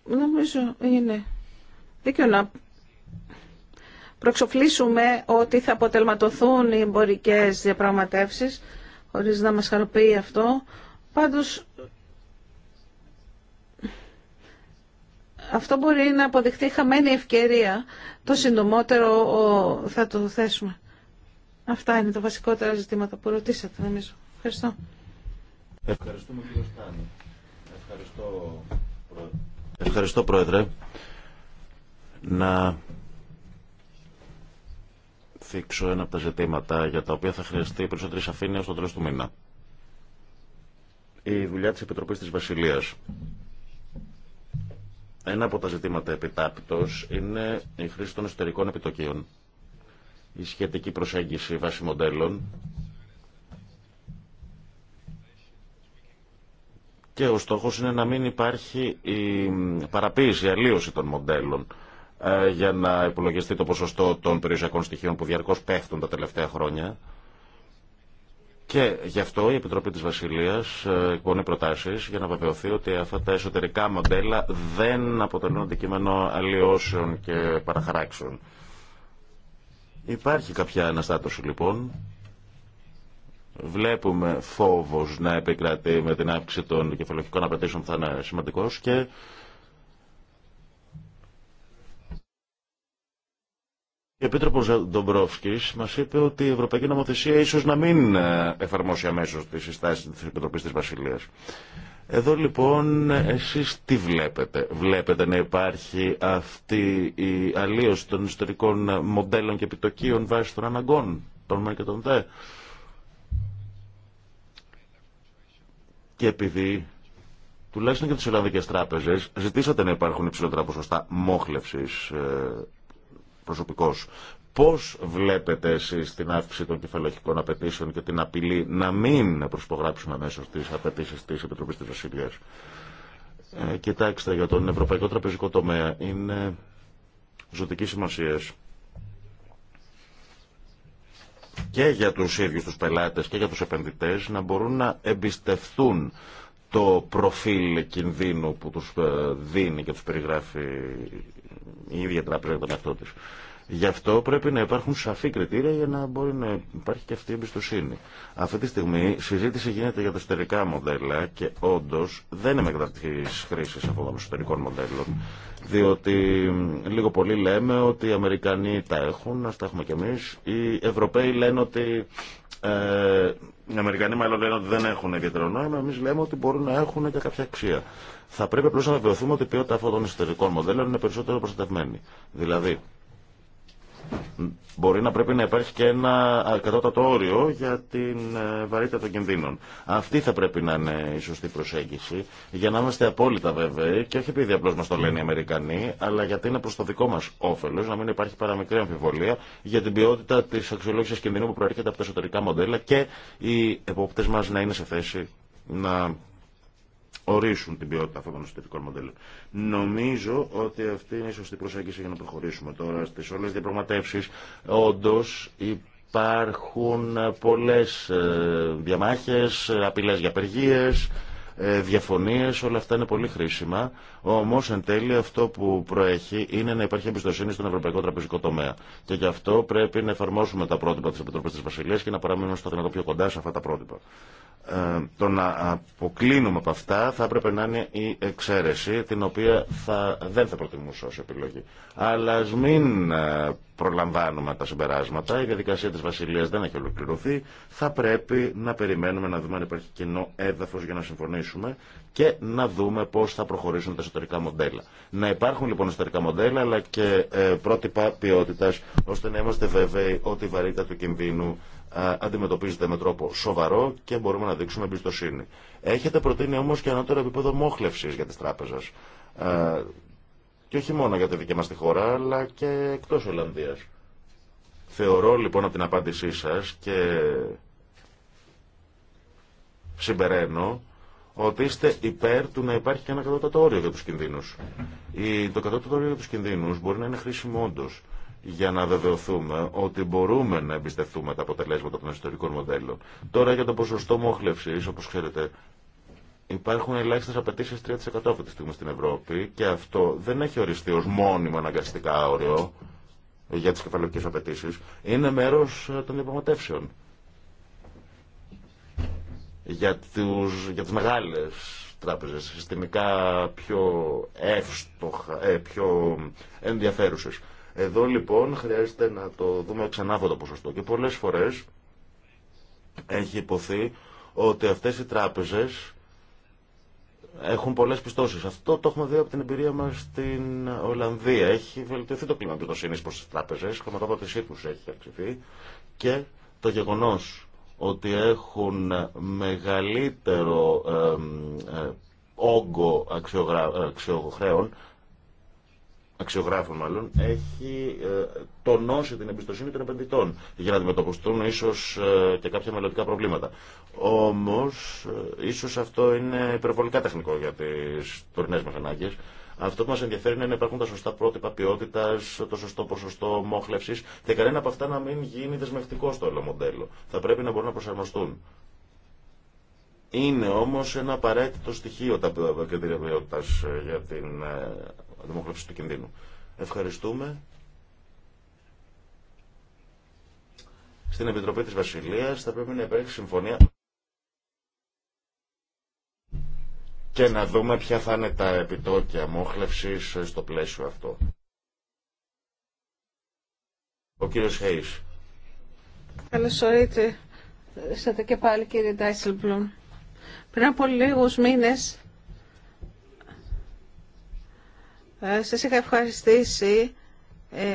Νομίζω είναι δίκαιο να προξοφλήσουμε ότι θα αποτελματωθούν οι εμπορικές διαπραγματεύσεις, χωρίς να μας χαροποιεί αυτό. Πάντως αυτό μπορεί να αποδειχθεί χαμένη ευκαιρία. Το συντομότερο θα το θέσουμε. Αυτά είναι τα βασικότερα ζητήματα που ρωτήσατε, νομίζω. Ευχαριστώ. Ευχαριστούμε κύριε Στάνη. Ευχαριστώ, πρόεδρε. Ευχαριστώ, Πρόεδρε. Να θίξω ένα από τα ζητήματα για τα οποία θα χρειαστεί περισσότερη σαφήνεια στο τέλος του μήνα. Η δουλειά της Επιτροπής της Βασιλείας ένα από τα ζητήματα επιτάπητος είναι η χρήση των εσωτερικών επιτοκίων. Η σχετική προσέγγιση βάση μοντέλων και ο στόχος είναι να μην υπάρχει η παραποίηση, η αλλίωση των μοντέλων ε, για να υπολογιστεί το ποσοστό των περιουσιακών στοιχείων που διαρκώς πέφτουν τα τελευταία χρόνια και γι' αυτό η Επιτροπή της Βασιλείας ε, εκπονεί προτάσεις για να βεβαιωθεί ότι αυτά τα εσωτερικά μοντέλα δεν αποτελούν αντικείμενο αλλοιώσεων και παραχαράξεων. Υπάρχει κάποια αναστάτωση λοιπόν. Βλέπουμε φόβος να επικρατεί με την αύξηση των κεφαλογικών απαιτήσεων που θα είναι σημαντικός και Ο Επίτροπο Ντομπρόφσκη μα είπε ότι η Ευρωπαϊκή Νομοθεσία ίσω να μην ε, εφαρμόσει αμέσω τι συστάσει τη Επιτροπή τη Βασιλεία. Εδώ λοιπόν εσεί τι βλέπετε. Βλέπετε να υπάρχει αυτή η αλλίωση των ιστορικών μοντέλων και επιτοκίων βάσει των αναγκών των ΜΕ και των ΔΕ. Και επειδή τουλάχιστον και τι Ολλανδικέ τράπεζε, ζητήσατε να υπάρχουν υψηλότερα ποσοστά μόχλευση ε, προσωπικός. Πώς βλέπετε εσείς την αύξηση των κεφαλαχικών απαιτήσεων και την απειλή να μην προσπογράψουμε αμέσω τι απαιτήσει τη Επιτροπή τη Βασίλεια. Ε, κοιτάξτε, για τον Ευρωπαϊκό Τραπεζικό Τομέα είναι ζωτική σημασία και για τους ίδιου τους πελάτες και για τους επενδυτές να μπορούν να εμπιστευτούν το προφίλ κινδύνου που τους ε, δίνει και τους περιγράφει η ίδια τράπεζα για τον εαυτό τη. Γι' αυτό πρέπει να υπάρχουν σαφή κριτήρια για να μπορεί να υπάρχει και αυτή η εμπιστοσύνη. Αυτή τη στιγμή συζήτηση γίνεται για τα εσωτερικά μοντέλα και όντω δεν είμαι κατά χρήση αυτών των εσωτερικών μοντέλων. Διότι λίγο πολύ λέμε ότι οι Αμερικανοί τα έχουν, α τα έχουμε κι εμεί. Οι Ευρωπαίοι λένε ότι ε, οι Αμερικανοί μάλλον λένε ότι δεν έχουν ιδιαίτερο νόημα, εμεί λέμε ότι μπορούν να έχουν και κάποια αξία. Θα πρέπει απλώ να βεβαιωθούμε ότι η ποιότητα αυτών των εσωτερικών μοντέλων είναι περισσότερο προστατευμένη. Δηλαδή, Μπορεί να πρέπει να υπάρχει και ένα κατώτατο όριο για την ε, βαρύτητα των κινδύνων. Αυτή θα πρέπει να είναι η σωστή προσέγγιση, για να είμαστε απόλυτα βέβαιοι, και όχι επειδή απλώ μα το λένε οι Αμερικανοί, αλλά γιατί είναι προ το δικό μα όφελο να μην υπάρχει παραμικρή αμφιβολία για την ποιότητα τη αξιολόγηση κινδύνου που προέρχεται από τα εσωτερικά μοντέλα και οι επόπτε μα να είναι σε θέση να ορίσουν την ποιότητα αυτών των εσωτερικών μοντέλων. Νομίζω ότι αυτή είναι η σωστή προσέγγιση για να προχωρήσουμε τώρα στι όλε τις διαπραγματεύσεις. Όντω υπάρχουν πολλές ε, διαμάχε, απειλέ για ε, διαφωνίες, όλα αυτά είναι πολύ χρήσιμα Όμω, εν τέλει, αυτό που προέχει είναι να υπάρχει εμπιστοσύνη στον Ευρωπαϊκό Τραπεζικό Τομέα. Και γι' αυτό πρέπει να εφαρμόσουμε τα πρότυπα τη Επιτροπή τη Βασιλεία και να παραμείνουμε στο δυνατό πιο κοντά σε αυτά τα πρότυπα. Ε, το να αποκλίνουμε από αυτά θα έπρεπε να είναι η εξαίρεση, την οποία θα, δεν θα προτιμούσα ω επιλογή. Αλλά α μην ε, προλαμβάνουμε τα συμπεράσματα. Η διαδικασία τη Βασιλεία δεν έχει ολοκληρωθεί. Θα πρέπει να περιμένουμε να δούμε αν υπάρχει κοινό έδαφο για να συμφωνήσουμε και να δούμε πώ θα προχωρήσουν τα εσωτερικά μοντέλα. Να υπάρχουν λοιπόν εσωτερικά μοντέλα αλλά και ε, πρότυπα ποιοτητα, ώστε να είμαστε βέβαιοι ότι η βαρύτητα του κινδύνου αντιμετωπίζεται με τρόπο σοβαρό και μπορούμε να δείξουμε εμπιστοσύνη. Έχετε προτείνει όμω και ανώτερο επίπεδο μόχλευση για τις τράπεζες. Και όχι μόνο για τη δική μα τη χώρα, αλλά και εκτό Ολλανδία. Θεωρώ λοιπόν από την απάντησή σας και συμπεραίνω ότι είστε υπέρ του να υπάρχει και ένα κατώτατο όριο για του κινδύνου. Το κατώτατο όριο για του κινδύνου μπορεί να είναι χρήσιμο όντω για να βεβαιωθούμε ότι μπορούμε να εμπιστευτούμε τα αποτελέσματα των ιστορικών μοντέλων. Τώρα για το ποσοστό μόχλευσης, όπω ξέρετε, Υπάρχουν ελάχιστε απαιτήσει 3% αυτή τη στιγμή στην Ευρώπη και αυτό δεν έχει οριστεί ω μόνιμο αναγκαστικά όριο για τι κεφαλαιοκέ απαιτήσει. Είναι μέρο ε, των διαπραγματεύσεων για, τους, για τις μεγάλες τράπεζες, συστημικά πιο εύστοχα, ε, πιο ενδιαφέρουσες. Εδώ λοιπόν χρειάζεται να το δούμε ξανά αυτό το ποσοστό και πολλές φορές έχει υποθεί ότι αυτές οι τράπεζες έχουν πολλές πιστώσεις. Αυτό το έχουμε δει από την εμπειρία μας στην Ολλανδία. Έχει βελτιωθεί το κλίμα του προς τις τράπεζες, η χρηματοδότησή τους έχει αυξηθεί και το γεγονός ότι έχουν μεγαλύτερο ε, όγκο αξιοχρέων, αξιογράφων μάλλον, έχει ε, τονώσει την εμπιστοσύνη των επενδυτών για να αντιμετωπιστούν ίσως ε, και κάποια μελλοντικά προβλήματα. Όμως, ίσως αυτό είναι υπερβολικά τεχνικό για τις τωρινές μας ανάγκες αυτό που μα ενδιαφέρει είναι να υπάρχουν τα σωστά πρότυπα ποιότητα, το σωστό ποσοστό μόχλευση και κανένα από αυτά να μην γίνει δεσμευτικό στο όλο μοντέλο. Θα πρέπει να μπορούν να προσαρμοστούν. Είναι όμω ένα απαραίτητο στοιχείο τα κριτήρια ποιότητα ε, για την ε, μόχλευση του κινδύνου. Ευχαριστούμε. Στην Επιτροπή τη Βασιλείας θα πρέπει να υπάρχει συμφωνία και να δούμε ποια θα είναι τα επιτόκια μόχλευσης στο πλαίσιο αυτό. Ο κύριος Χέης. Καλώς ήρθατε και πάλι κύριε Ντάισελμπλουμ. Πριν από λίγους μήνες ε, σας είχα ευχαριστήσει ε,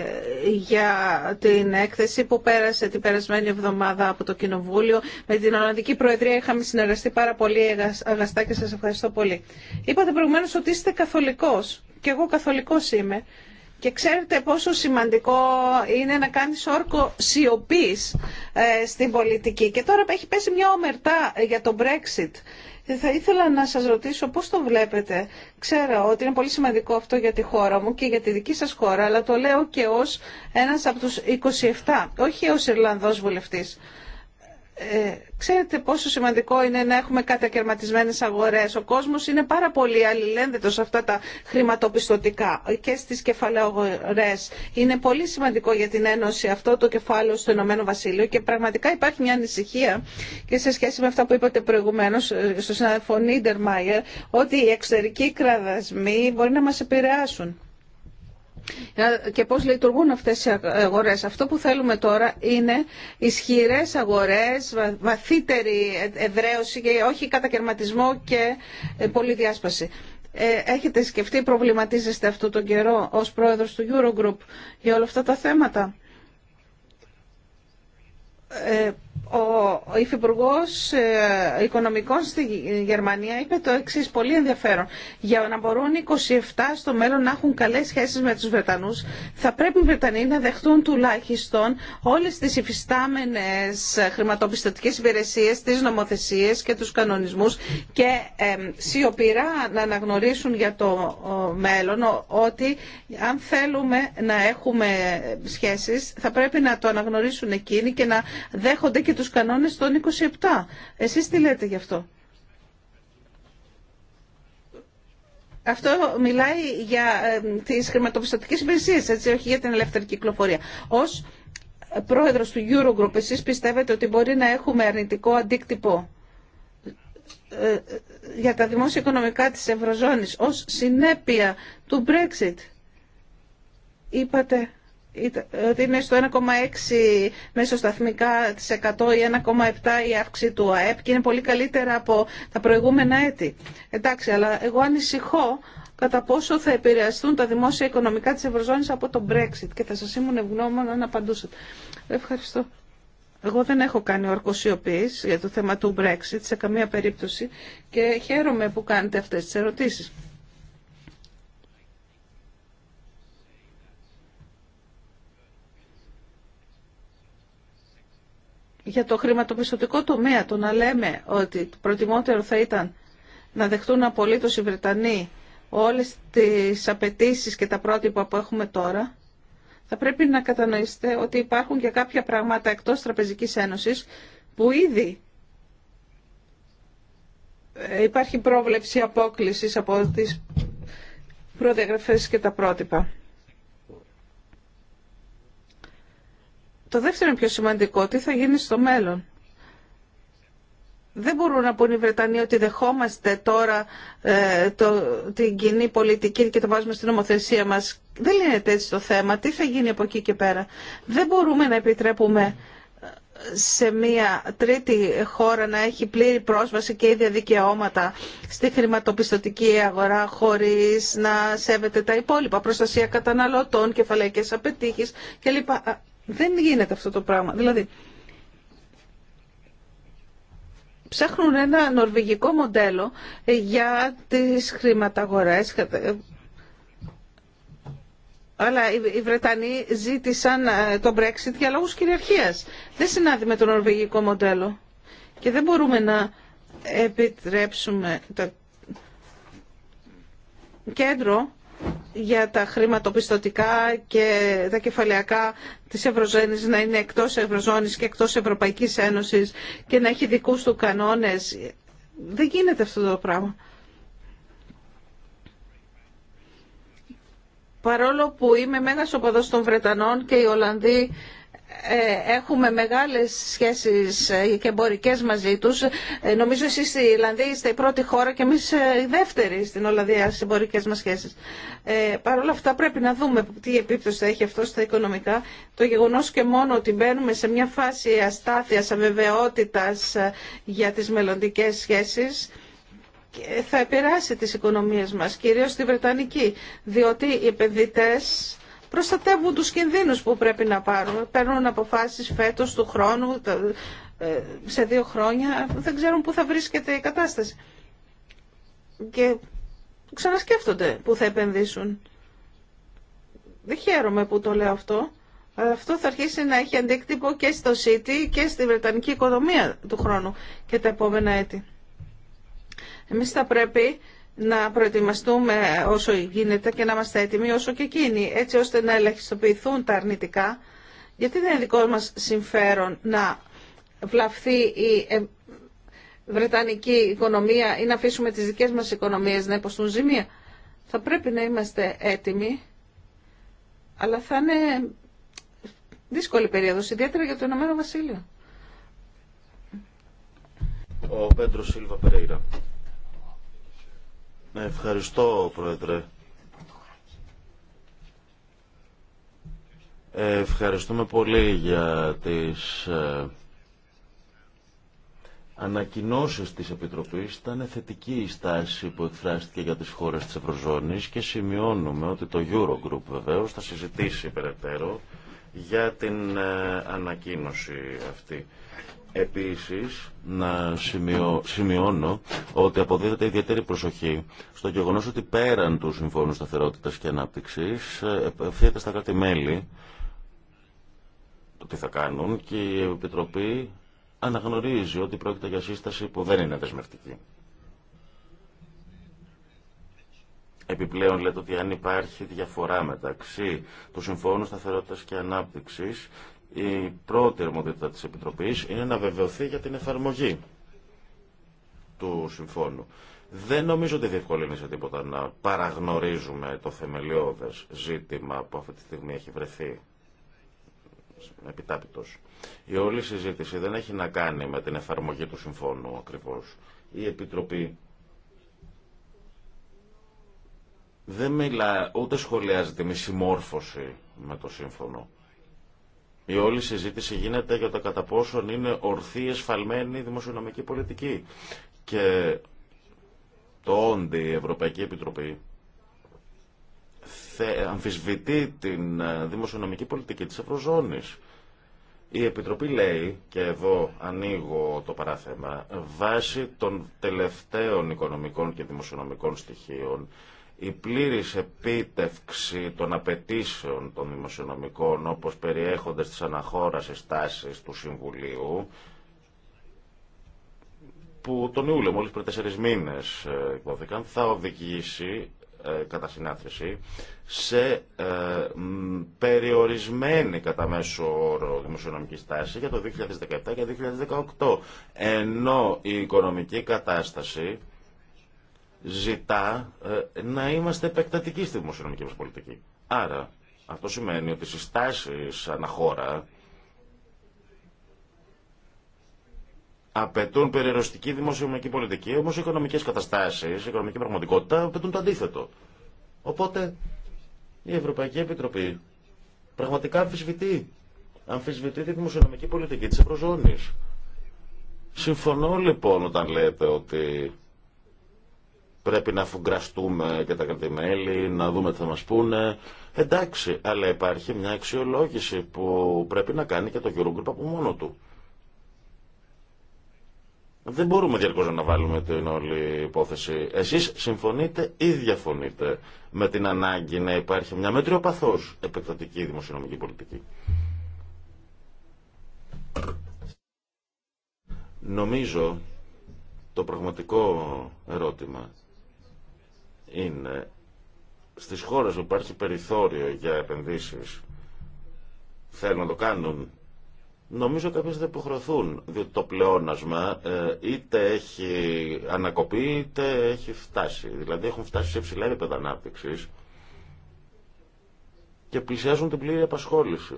για την έκθεση που πέρασε την περασμένη εβδομάδα από το Κοινοβούλιο. Με την Ολλανδική Προεδρία είχαμε συνεργαστεί πάρα πολύ αγαστά και σας ευχαριστώ πολύ. Είπατε προηγουμένως ότι είστε καθολικός και εγώ καθολικός είμαι. Και ξέρετε πόσο σημαντικό είναι να κάνεις όρκο σιωπής ε, στην πολιτική. Και τώρα έχει πέσει μια ομερτά για το Brexit. Ε, θα ήθελα να σας ρωτήσω πώς το βλέπετε. Ξέρω ότι είναι πολύ σημαντικό αυτό για τη χώρα μου και για τη δική σας χώρα, αλλά το λέω και ως ένας από τους 27, όχι ως Ιρλανδός βουλευτής. Ε, ξέρετε πόσο σημαντικό είναι να έχουμε κατακαιρματισμένε αγορές. Ο κόσμος είναι πάρα πολύ αλληλένδετο σε αυτά τα χρηματοπιστωτικά και στις κεφαλαίες Είναι πολύ σημαντικό για την Ένωση αυτό το κεφάλαιο στο Ηνωμένο Βασίλειο και πραγματικά υπάρχει μια ανησυχία και σε σχέση με αυτά που είπατε προηγουμένω ε, στον συνάδελφο Μάιερ, ότι οι εξωτερικοί κραδασμοί μπορεί να μα επηρεάσουν. Ε, και πώς λειτουργούν αυτές οι αγορές. Αυτό που θέλουμε τώρα είναι ισχυρές αγορές, βαθύτερη εδραίωση και όχι κατακαιρματισμό και ε, πολυδιάσπαση. Ε, έχετε σκεφτεί, προβληματίζεστε αυτό τον καιρό ως πρόεδρος του Eurogroup για όλα αυτά τα θέματα. Ο Υφυπουργό ε, Οικονομικών στη Γερμανία είπε το εξή πολύ ενδιαφέρον. Για να μπορούν 27 στο μέλλον να έχουν καλέ σχέσει με τους Βρετανού, θα πρέπει οι Βρετανοί να δεχτούν τουλάχιστον όλες τις υφιστάμενες χρηματοπιστωτικές υπηρεσίε, τις νομοθεσίες και τους κανονισμούς και σιωπηρά να αναγνωρίσουν για το μέλλον ότι αν θέλουμε να έχουμε σχέσει, θα πρέπει να το αναγνωρίσουν εκείνοι και να δέχονται και τους κανόνες των 27. Εσείς τι λέτε γι' αυτό. Αυτό μιλάει για ε, τις χρηματοπιστωτικές υπηρεσίες, έτσι, όχι για την ελεύθερη κυκλοφορία. Ως πρόεδρος του Eurogroup, εσείς πιστεύετε ότι μπορεί να έχουμε αρνητικό αντίκτυπο ε, ε, για τα δημόσια οικονομικά της Ευρωζώνης ως συνέπεια του Brexit. Είπατε ότι είναι στο 1,6 σταθμικά της 100 ή 1,7 η αύξηση του ΑΕΠ και είναι πολύ καλύτερα από τα προηγούμενα έτη. Εντάξει, αλλά εγώ ανησυχώ κατά πόσο θα επηρεαστούν τα δημόσια οικονομικά της Ευρωζώνης από το Brexit και θα σας ήμουν ευγνώμων αν απαντούσατε. Ευχαριστώ. Εγώ δεν έχω κάνει ορκοσιοποίηση για το θέμα του Brexit σε καμία περίπτωση και χαίρομαι που κάνετε αυτές τις ερωτήσεις. για το χρηματοπιστωτικό τομέα, το να λέμε ότι προτιμότερο θα ήταν να δεχτούν απολύτως οι Βρετανοί όλες τις απαιτήσει και τα πρότυπα που έχουμε τώρα, θα πρέπει να κατανοήσετε ότι υπάρχουν και κάποια πράγματα εκτός Τραπεζικής Ένωσης που ήδη ε, υπάρχει πρόβλεψη απόκλησης από τις προδιαγραφές και τα πρότυπα. Το δεύτερο είναι πιο σημαντικό. Τι θα γίνει στο μέλλον. Δεν μπορούν να πούν οι Βρετανοί ότι δεχόμαστε τώρα ε, το, την κοινή πολιτική και το βάζουμε στην ομοθεσία μας. Δεν λύνεται έτσι το θέμα. Τι θα γίνει από εκεί και πέρα. Δεν μπορούμε να επιτρέπουμε ε, σε μια τρίτη χώρα να έχει πλήρη πρόσβαση και ίδια δικαιώματα στη χρηματοπιστωτική αγορά χωρίς να σέβεται τα υπόλοιπα προστασία καταναλωτών, κεφαλαϊκές απαιτήσεις κλπ. Δεν γίνεται αυτό το πράγμα. Δηλαδή, ψάχνουν ένα νορβηγικό μοντέλο ε, για τις χρηματαγορές, ε, αλλά οι Βρετανοί ζήτησαν ε, το Brexit για λόγους κυριαρχίας. Δεν συνάδει με το νορβηγικό μοντέλο. Και δεν μπορούμε να επιτρέψουμε το κέντρο για τα χρηματοπιστωτικά και τα κεφαλαιακά της Ευρωζώνης να είναι εκτός Ευρωζώνης και εκτός Ευρωπαϊκής Ένωσης και να έχει δικούς του κανόνες. Δεν γίνεται αυτό το πράγμα. Παρόλο που είμαι μέγας οπαδός των Βρετανών και οι Ολλανδοί ε, έχουμε μεγάλες σχέσεις ε, και εμπορικέ μαζί τους. Ε, νομίζω εσείς στη Ιρλανδία είστε η πρώτη χώρα και εμείς η δεύτερη στην Ολλανδία στι εμπορικέ μας σχέσεις. Ε, Παρ' όλα αυτά πρέπει να δούμε τι επίπτωση θα έχει αυτό στα οικονομικά. Το γεγονός και μόνο ότι μπαίνουμε σε μια φάση αστάθειας, αβεβαιότητας για τις μελλοντικέ σχέσεις θα επηρεάσει τις οικονομίες μας, κυρίως τη Βρετανική, διότι οι επενδυτές προστατεύουν τους κινδύνους που πρέπει να πάρουν. Παίρνουν αποφάσεις φέτος του χρόνου, ε, σε δύο χρόνια, δεν ξέρουν πού θα βρίσκεται η κατάσταση. Και ξανασκέφτονται πού θα επενδύσουν. Δεν χαίρομαι που το λέω αυτό. Αλλά αυτό θα αρχίσει να έχει αντίκτυπο και στο City και στη Βρετανική οικονομία του χρόνου και τα επόμενα έτη. Εμείς θα πρέπει να προετοιμαστούμε όσο γίνεται και να είμαστε έτοιμοι όσο και εκείνοι, έτσι ώστε να ελαχιστοποιηθούν τα αρνητικά, γιατί δεν είναι δικό μας συμφέρον να βλαφθεί η ε, Βρετανική οικονομία ή να αφήσουμε τις δικές μας οικονομίες να υποστούν ζημία. Θα πρέπει να είμαστε έτοιμοι, αλλά θα είναι δύσκολη περίοδος, ιδιαίτερα για το Ηνωμένο Βασίλειο. Ο Σίλβα Περέιρα. Ναι, ευχαριστώ, Πρόεδρε. Ε, ευχαριστούμε πολύ για τις ε, ανακοινώσεις της Επιτροπής. Ήταν θετική η στάση που εκφράστηκε για τις χώρες της Ευρωζώνης και σημειώνουμε ότι το Eurogroup βεβαίως θα συζητήσει περαιτέρω για την ε, ανακοίνωση αυτή. Επίσης, να σημειώνω ότι αποδίδεται ιδιαίτερη προσοχή στο γεγονός ότι πέραν του Συμφώνου Σταθερότητας και Ανάπτυξης ε, ευθύνεται στα κράτη-μέλη το τι θα κάνουν και η Επιτροπή αναγνωρίζει ότι πρόκειται για σύσταση που δεν είναι δεσμευτική. Επιπλέον λέτε ότι αν υπάρχει διαφορά μεταξύ του Συμφώνου Σταθερότητας και Ανάπτυξης η πρώτη αρμοδιότητα της Επιτροπής είναι να βεβαιωθεί για την εφαρμογή του συμφώνου. Δεν νομίζω ότι διευκολύνει τίποτα να παραγνωρίζουμε το θεμελιώδες ζήτημα που αυτή τη στιγμή έχει βρεθεί επιτάπητος. Η όλη συζήτηση δεν έχει να κάνει με την εφαρμογή του συμφώνου ακριβώς. Η Επιτροπή δεν μιλά, ούτε σχολιάζεται με συμμόρφωση με το σύμφωνο. Η όλη συζήτηση γίνεται για το κατά πόσον είναι ορθή, εσφαλμένη δημοσιονομική πολιτική. Και το όντι η Ευρωπαϊκή Επιτροπή θε, αμφισβητεί την ε, δημοσιονομική πολιτική της Ευρωζώνης. Η Επιτροπή λέει, και εδώ ανοίγω το παράθεμα, βάσει των τελευταίων οικονομικών και δημοσιονομικών στοιχείων, η πλήρης επίτευξη των απαιτήσεων των δημοσιονομικών όπως περιέχονται στις αναχώρασεις τάσεις του Συμβουλίου που τον Ιούλιο μόλις πριν τέσσερις μήνες ε, υπόθηκαν θα οδηγήσει ε, κατά συνάθρηση σε ε, περιορισμένη κατά μέσο όρο δημοσιονομική στάση για το 2017 και 2018 ενώ η οικονομική κατάσταση ζητά ε, να είμαστε επεκτατικοί στη δημοσιονομική μας πολιτική. Άρα, αυτό σημαίνει ότι οι τάσεις αναχώρα απαιτούν περιοριστική δημοσιονομική πολιτική, όμως οι οικονομικές καταστάσεις, η οικονομική πραγματικότητα απαιτούν το αντίθετο. Οπότε, η Ευρωπαϊκή Επιτροπή πραγματικά αμφισβητεί. Αμφισβητεί τη δημοσιονομική πολιτική της Ευρωζώνης. Συμφωνώ λοιπόν όταν λέτε ότι πρέπει να φουγκραστούμε και τα κρατημέλη, να δούμε τι θα μας πούνε. Εντάξει, αλλά υπάρχει μια αξιολόγηση που πρέπει να κάνει και το Eurogroup από μόνο του. Δεν μπορούμε διαρκώς να βάλουμε την όλη υπόθεση. Εσείς συμφωνείτε ή διαφωνείτε με την ανάγκη να υπάρχει μια μετριοπαθώς επεκτατική δημοσιονομική πολιτική. Νομίζω το πραγματικό ερώτημα είναι στις χώρες που υπάρχει περιθώριο για επενδύσεις θέλουν να το κάνουν Νομίζω κάποιες δεν υποχρεωθούν, διότι το πλεόνασμα ε, είτε έχει ανακοπεί είτε έχει φτάσει. Δηλαδή έχουν φτάσει σε ψηλά επίπεδα και πλησιάζουν την πλήρη απασχόληση.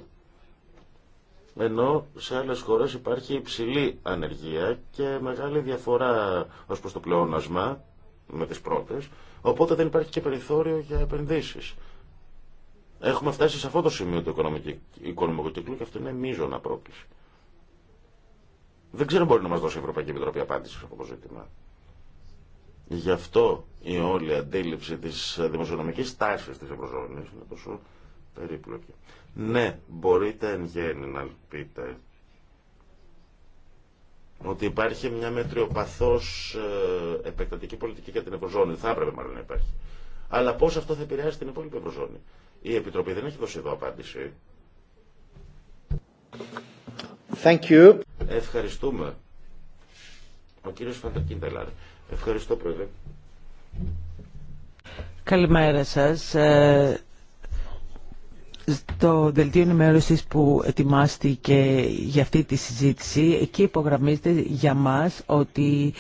Ενώ σε άλλες χώρες υπάρχει υψηλή ανεργία και μεγάλη διαφορά ως προς το πλεόνασμα με τις πρώτες, οπότε δεν υπάρχει και περιθώριο για επενδύσεις. Έχουμε φτάσει σε αυτό το σημείο του οικονομικού κύκλου και αυτό είναι μείζωνα πρόκληση. Δεν ξέρω μπορεί να μας δώσει η Ευρωπαϊκή Επιτροπή απάντηση σε αυτό το ζήτημα. Γι' αυτό η όλη αντίληψη της δημοσιονομικής τάσης της Ευρωζώνης είναι τόσο περίπλοκη. Ναι, μπορείτε εν γέννη να πείτε ότι υπάρχει μια μετριοπαθώς ε, επεκτατική πολιτική για την Ευρωζώνη. Θα έπρεπε μάλλον να υπάρχει. Αλλά πώς αυτό θα επηρεάσει την υπόλοιπη Ευρωζώνη. Η Επιτροπή δεν έχει δώσει εδώ απάντηση. Thank you. Ευχαριστούμε. Ο κύριος Φαντακίντελαρ. Ευχαριστώ, Πρόεδρε. Καλημέρα σας. Ε, στο δελτίο ενημέρωση που ετοιμάστηκε για αυτή τη συζήτηση, εκεί υπογραμμίζεται για μας ότι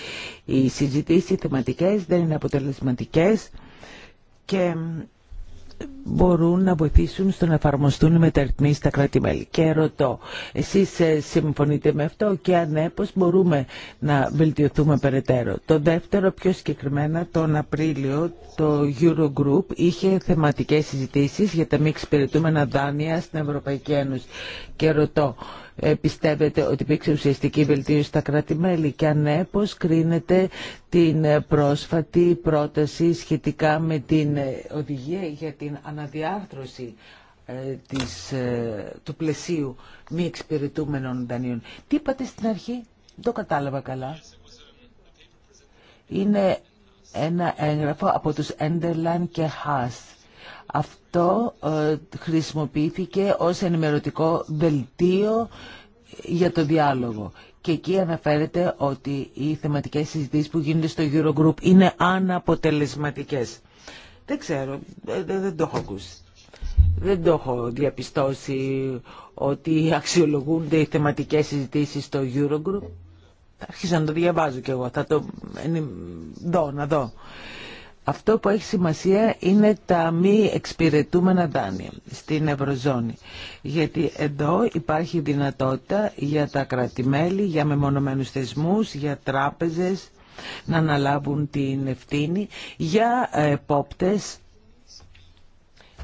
οι συζητήσεις θεματικές δεν είναι αποτελεσματικές και μπορούν να βοηθήσουν στο να εφαρμοστούν οι μεταρρυθμίσεις στα κράτη-μέλη. Και ρωτώ, εσείς ε, συμφωνείτε με αυτό και αν ναι, μπορούμε να βελτιωθούμε περαιτέρω. Το δεύτερο, πιο συγκεκριμένα, τον Απρίλιο, το Eurogroup είχε θεματικές συζητήσεις για τα μη εξυπηρετούμενα δάνεια στην Ευρωπαϊκή Ένωση. Και ρωτώ, πιστεύετε ότι υπήρξε ουσιαστική βελτίωση στα κράτη-μέλη και αν ναι, την πρόσφατη πρόταση σχετικά με την οδηγία για την αναδιάρθρωση ε, της, ε, του πλαισίου μη εξυπηρετούμενων δανείων. Τι είπατε στην αρχή, το κατάλαβα καλά. Είναι ένα έγγραφο από τους Έντερλαν και Χάσ. Αυτό ε, χρησιμοποιήθηκε ως ενημερωτικό δελτίο για το διάλογο. Και εκεί αναφέρεται ότι οι θεματικές συζητήσεις που γίνονται στο Eurogroup είναι αναποτελεσματικές. Δεν ξέρω, ε, δεν το έχω ακούσει. Δεν το έχω διαπιστώσει ότι αξιολογούνται οι θεματικές συζητήσεις στο Eurogroup. Άρχισα να το διαβάζω κι εγώ, θα το δω, να δω. Αυτό που έχει σημασία είναι τα μη εξυπηρετούμενα δάνεια στην Ευρωζώνη. Γιατί εδώ υπάρχει δυνατότητα για τα κρατημέλη, για μεμονωμένους θεσμούς, για τράπεζες να αναλάβουν την ευθύνη, για επόπτες,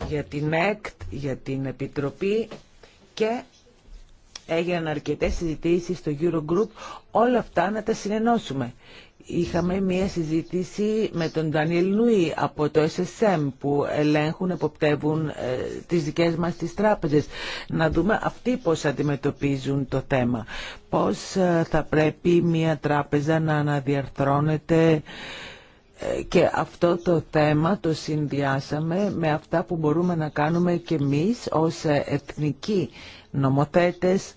για την ΕΚΤ, για την Επιτροπή και έγιναν αρκετές συζητήσεις στο Eurogroup όλα αυτά να τα συνενώσουμε Είχαμε μία συζήτηση με τον Ντανιέλ Νουή από το SSM που ελέγχουν, εποπτεύουν ε, τις δικές μας τις τράπεζες. Να δούμε αυτοί πώς αντιμετωπίζουν το θέμα. Πώς ε, θα πρέπει μία τράπεζα να αναδιαρθρώνεται ε, και αυτό το θέμα το συνδυάσαμε με αυτά που μπορούμε να κάνουμε και εμείς ως εθνικοί νομοθέτες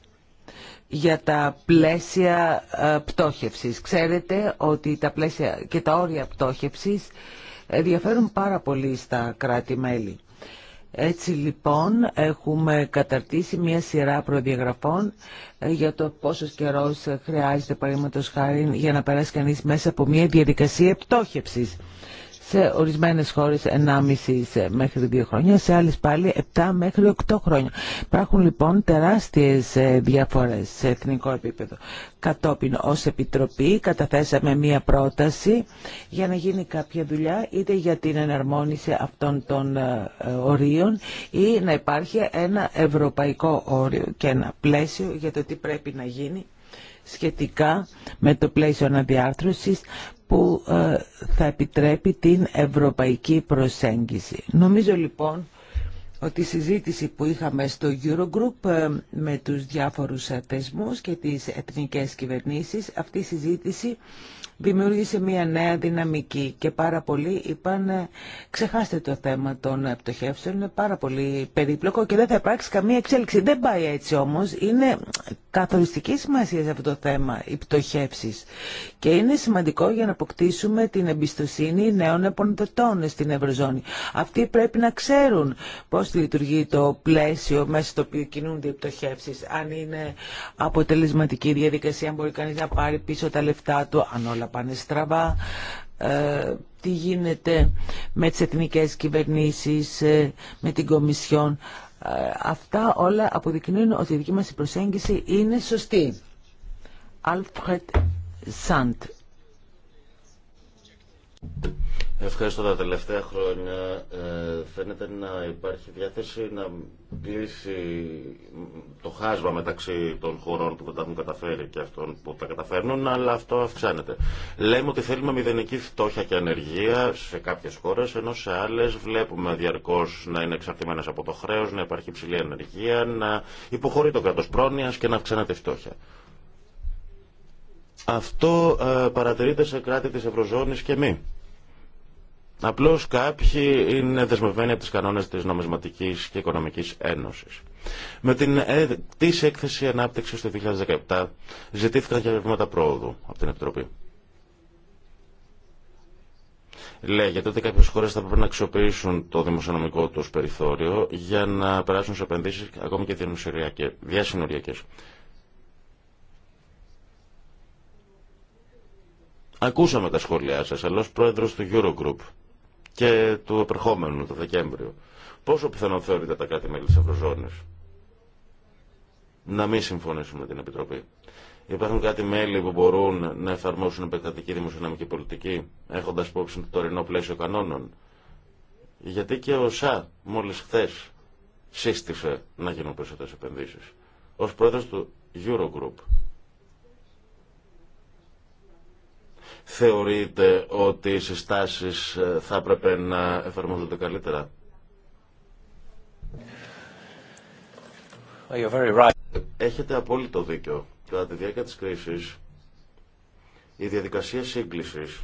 για τα πλαίσια ε, πτώχευσης. Ξέρετε ότι τα πλαίσια και τα όρια πτώχευσης ε, διαφέρουν πάρα πολύ στα κράτη-μέλη. Έτσι λοιπόν έχουμε καταρτήσει μια σειρά προδιαγραφών ε, για το πόσο καιρό χρειάζεται παραδείγματος χάρη για να περάσει κανείς μέσα από μια διαδικασία πτώχευσης σε ορισμένες χώρες 1,5 μέχρι 2 χρόνια, σε άλλες πάλι 7 μέχρι 8 χρόνια. Υπάρχουν λοιπόν τεράστιες ε, διαφορές σε εθνικό επίπεδο. Κατόπιν ως Επιτροπή καταθέσαμε μία πρόταση για να γίνει κάποια δουλειά είτε για την εναρμόνιση αυτών των ε, ορίων ή να υπάρχει ένα ευρωπαϊκό όριο και ένα πλαίσιο για το τι πρέπει να γίνει σχετικά με το πλαίσιο αναδιάρθρωσης που ε, θα επιτρέπει την ευρωπαϊκή προσέγγιση. Νομίζω λοιπόν ότι η συζήτηση που είχαμε στο Eurogroup ε, με τους διάφορους θεσμούς και τις εθνικές κυβερνήσεις, αυτή η συζήτηση δημιούργησε μια νέα δυναμική και πάρα πολλοί είπαν ε, ξεχάστε το θέμα των πτωχεύσεων, είναι πάρα πολύ περίπλοκο και δεν θα υπάρξει καμία εξέλιξη. Δεν πάει έτσι όμως, είναι καθοριστική σημασία σε αυτό το θέμα οι πτωχεύσεις και είναι σημαντικό για να αποκτήσουμε την εμπιστοσύνη νέων επονδετών στην Ευρωζώνη. Αυτοί πρέπει να ξέρουν πώς λειτουργεί το πλαίσιο μέσα στο οποίο κινούνται οι πτωχεύσεις, αν είναι αποτελεσματική διαδικασία, αν μπορεί κανείς να πάρει πίσω τα λεφτά του, αν όλα πάνε στραβά, ε, τι γίνεται με τις εθνικές κυβερνήσεις, ε, με την Κομισιόν. Ε, αυτά όλα αποδεικνύουν ότι η δική μας προσέγγιση είναι σωστή. Alfred Sand. Ευχαριστώ τα τελευταία χρόνια. Ε, φαίνεται να υπάρχει διάθεση να πλήσει το χάσμα μεταξύ των χωρών που τα έχουν καταφέρει και αυτών που τα καταφέρνουν, αλλά αυτό αυξάνεται. Λέμε ότι θέλουμε μηδενική φτώχεια και ανεργία σε κάποιε χώρε ενώ σε άλλε βλέπουμε διαρκώ να είναι εξαρτημένε από το χρέο, να υπάρχει υψηλή ανεργία, να υποχωρεί το κράτο πρόνοια και να αυξάνεται η φτώχεια. Αυτό ε, παρατηρείται σε κράτη τη Ευρωζώνη και μη. Απλώ κάποιοι είναι δεσμευμένοι από τι κανόνες τη νομισματικής και οικονομικής ένωσης. Με την ε, τη έκθεση ανάπτυξη του 2017 ζητήθηκαν για βήματα πρόοδου από την Επιτροπή. Λέγεται ότι κάποιε χώρε θα πρέπει να αξιοποιήσουν το δημοσιονομικό του περιθώριο για να περάσουν σε επενδύσει ακόμη και διασυνοριακέ. Ακούσαμε τα σχόλιά σα, αλλά ω πρόεδρο του Eurogroup και του επερχόμενου, το Δεκέμβριο. Πόσο πιθανό θεωρείτε τα κάτι μέλη τη Ευρωζώνη να μην συμφωνήσουν με την Επιτροπή. Υπάρχουν κάτι μέλη που μπορούν να εφαρμόσουν επεκτατική δημοσιονομική πολιτική, έχοντα υπόψη το τωρινό πλαίσιο κανόνων. Γιατί και ο ΣΑ μόλι χθε σύστησε να γίνουν περισσότερε επενδύσει. Ω πρόεδρο του Eurogroup, Θεωρείτε ότι οι συστάσεις ε, θα έπρεπε να εφαρμόζονται καλύτερα. right. Έχετε απόλυτο δίκιο. Κατά τη διάρκεια της κρίσης, η διαδικασία σύγκλησης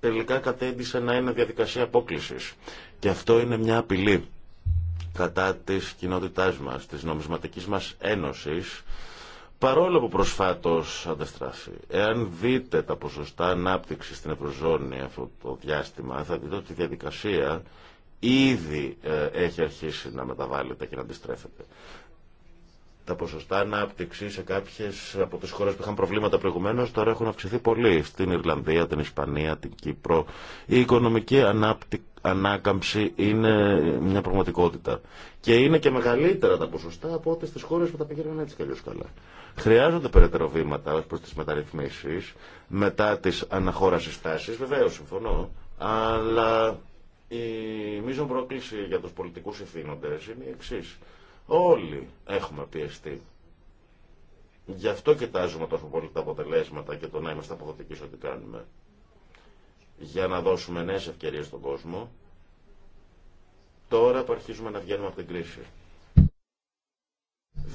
τελικά κατέντησε να είναι διαδικασία απόκλησης. Και αυτό είναι μια απειλή κατά της κοινότητάς μας, της νομισματικής μας ένωσης, παρόλο που προσφάτως αντεστράφει, Εάν δείτε τα ποσοστά ανάπτυξη στην Ευρωζώνη αυτό το διάστημα, θα δείτε ότι η διαδικασία ήδη ε, έχει αρχίσει να μεταβάλλεται και να αντιστρέφεται. Τα ποσοστά ανάπτυξη σε κάποιε από τι χώρε που είχαν προβλήματα προηγουμένω τώρα έχουν αυξηθεί πολύ. Στην Ιρλανδία, την Ισπανία, την Κύπρο. Η οικονομική ανάπτυξη ανάκαμψη είναι μια πραγματικότητα. Και είναι και μεγαλύτερα τα ποσοστά από ό,τι στι χώρε που τα πηγαίνουν έτσι κι καλά. Χρειάζονται περαιτέρω βήματα ω προ τι μεταρρυθμίσει μετά τι αναχώρασει τάση. Βεβαίω, συμφωνώ. Αλλά η μείζων πρόκληση για του πολιτικού ευθύνοντε είναι η εξή. Όλοι έχουμε πιεστεί. Γι' αυτό κοιτάζουμε τόσο πολύ τα αποτελέσματα και το να είμαστε αποδοτικοί σε ό,τι κάνουμε για να δώσουμε νέες ευκαιρίες στον κόσμο, τώρα που αρχίζουμε να βγαίνουμε από την κρίση.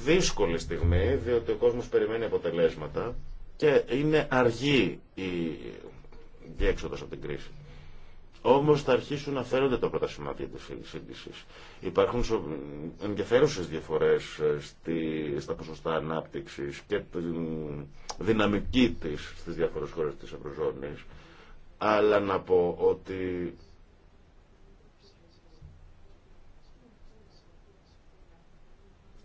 Δύσκολη στιγμή, διότι ο κόσμος περιμένει αποτελέσματα και είναι αργή η διέξοδος από την κρίση. Όμω θα αρχίσουν να φέρονται τα πρώτα σημάδια τη σύγκριση. Υπάρχουν ενδιαφέρουσε διαφορέ ε, στα ποσοστά ανάπτυξη και τη δυναμική τη στι διάφορε χώρε τη Ευρωζώνη αλλά να πω ότι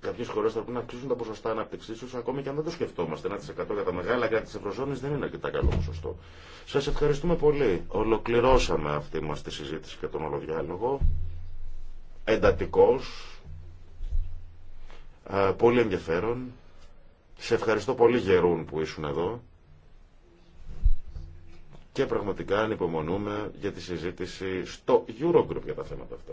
Κάποιε χώρε θα πρέπει να αυξήσουν τα ποσοστά ανάπτυξή του, ακόμη και αν δεν το σκεφτόμαστε. 1% για τα μεγάλα κράτη τη Ευρωζώνη δεν είναι αρκετά καλό ποσοστό. Σα ευχαριστούμε πολύ. Ολοκληρώσαμε αυτή μα τη συζήτηση και τον ολοδιάλογο. Εντατικό. Πολύ ενδιαφέρον. Σε ευχαριστώ πολύ, Γερούν, που ήσουν εδώ και πραγματικά ανυπομονούμε για τη συζήτηση στο Eurogroup για τα θέματα αυτά.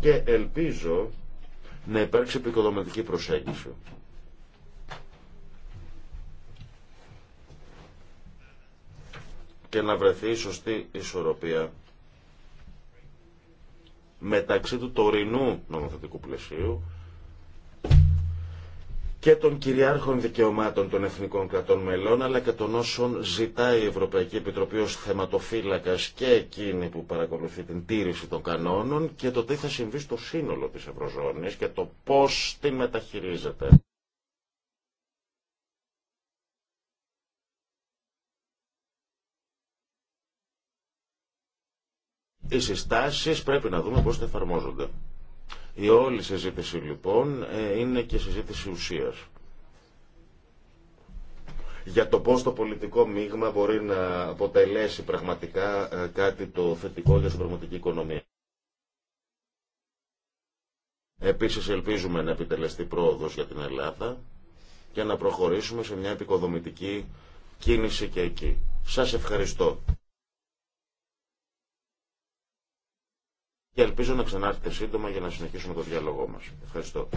Και ελπίζω να υπάρξει επικοδομητική προσέγγιση. και να βρεθεί η σωστή ισορροπία μεταξύ του τωρινού νομοθετικού πλαισίου και των κυριάρχων δικαιωμάτων των εθνικών κρατών μελών, αλλά και των όσων ζητάει η Ευρωπαϊκή Επιτροπή ως θεματοφύλακας και εκείνη που παρακολουθεί την τήρηση των κανόνων και το τι θα συμβεί στο σύνολο της Ευρωζώνης και το πώς τη μεταχειρίζεται. Οι συστάσεις πρέπει να δούμε πώς θα εφαρμόζονται. Η όλη συζήτηση λοιπόν ε, είναι και συζήτηση ουσίας για το πώς το πολιτικό μείγμα μπορεί να αποτελέσει πραγματικά ε, κάτι το θετικό για την πραγματική οικονομία. Επίσης ελπίζουμε να επιτελεστεί πρόοδος για την Ελλάδα και να προχωρήσουμε σε μια επικοδομητική κίνηση και εκεί. Σας ευχαριστώ. και ελπίζω να ξανάρθετε σύντομα για να συνεχίσουμε το διάλογό μας. Ευχαριστώ.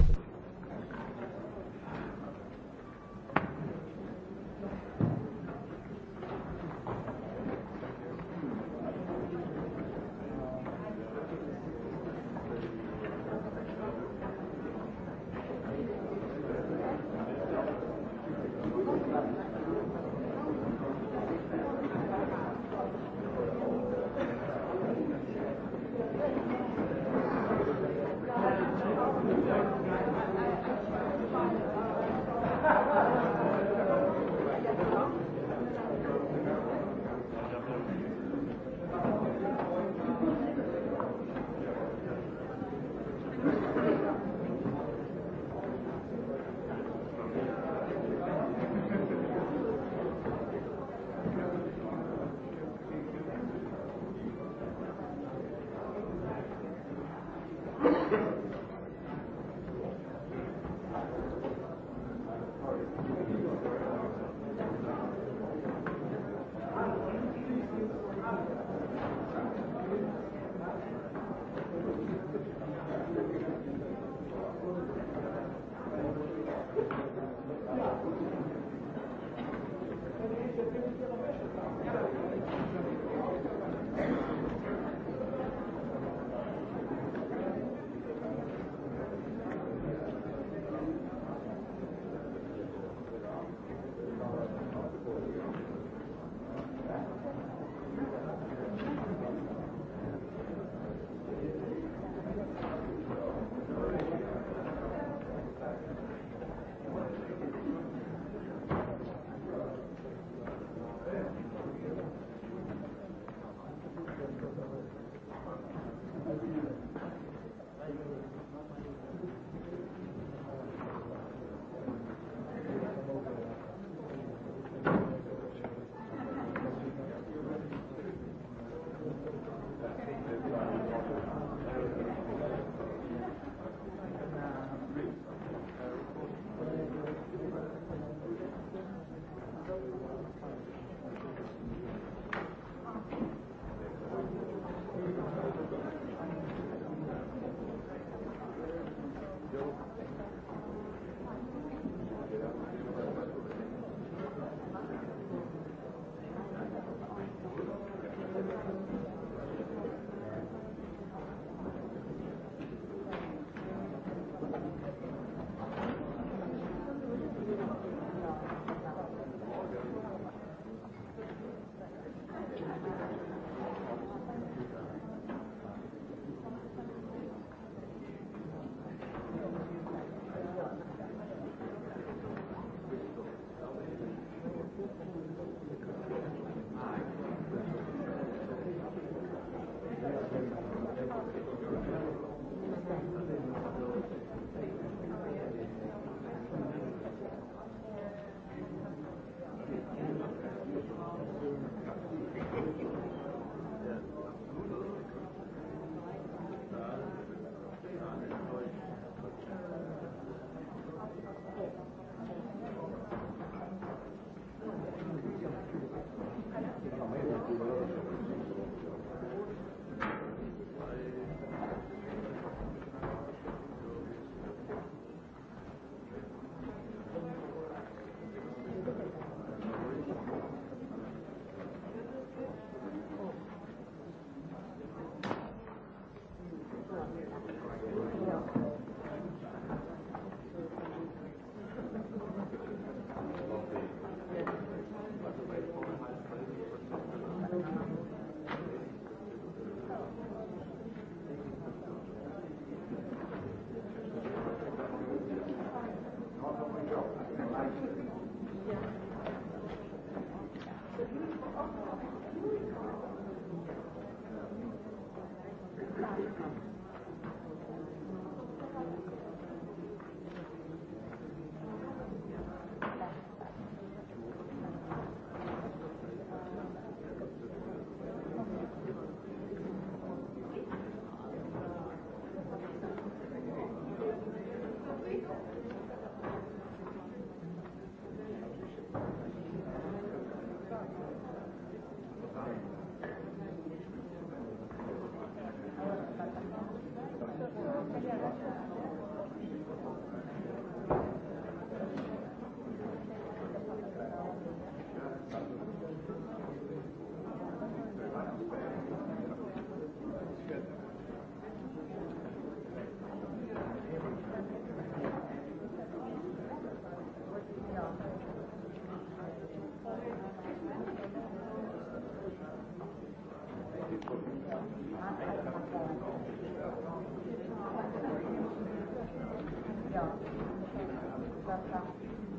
Thank you.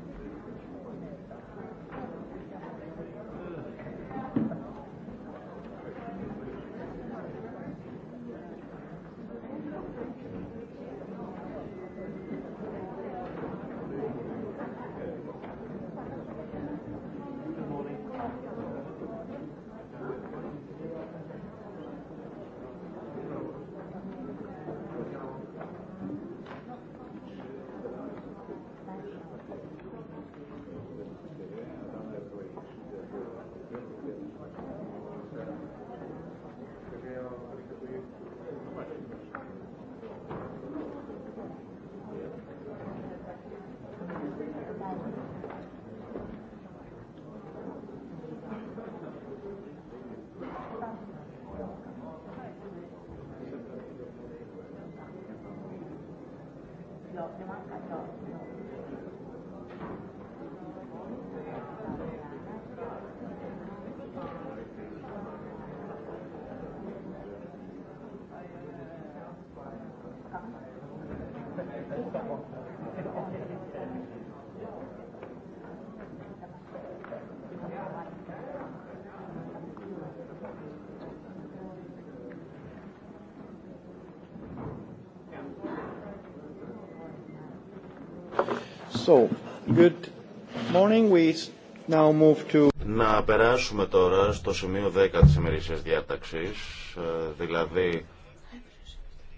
Να περάσουμε τώρα στο σημείο 10 της ημερήσιας διάταξης, ε, δηλαδή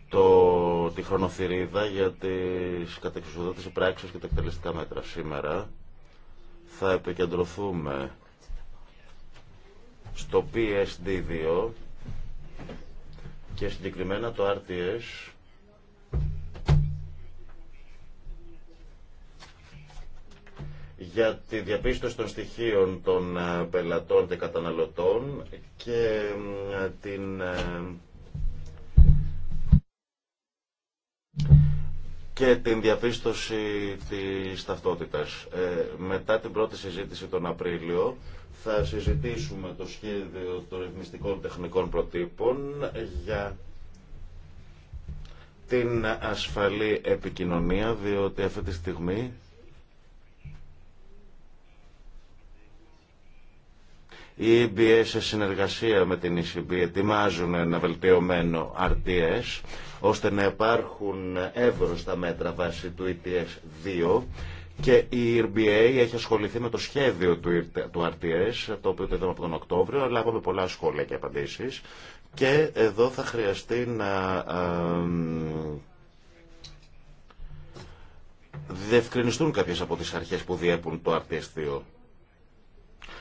το, τη χρονοθυρίδα για τις κατεξουσιοδότηση πράξεις και τα εκτελεστικά μέτρα. Σήμερα θα επικεντρωθούμε στο PSD2 και συγκεκριμένα το RTS για τη διαπίστωση των στοιχείων των ε, πελατών και καταναλωτών και ε, την ε, και την διαπίστωση της ταυτότητας. μετά την πρώτη συζήτηση τον Απρίλιο θα συζητήσουμε το σχέδιο των ρυθμιστικών τεχνικών προτύπων για την ασφαλή επικοινωνία, διότι αυτή τη στιγμή Η EBS σε συνεργασία με την ECB ετοιμάζουν ένα βελτιωμένο RTS ώστε να υπάρχουν εύρωστα μέτρα βάσει του ETS 2 και η EBA έχει ασχοληθεί με το σχέδιο του RTS, e το οποίο το είδαμε από τον Οκτώβριο, αλλά έχουμε πολλά σχόλια και απαντήσεις. Και εδώ θα χρειαστεί να διευκρινιστούν κάποιες από τις αρχές που διέπουν το RTS2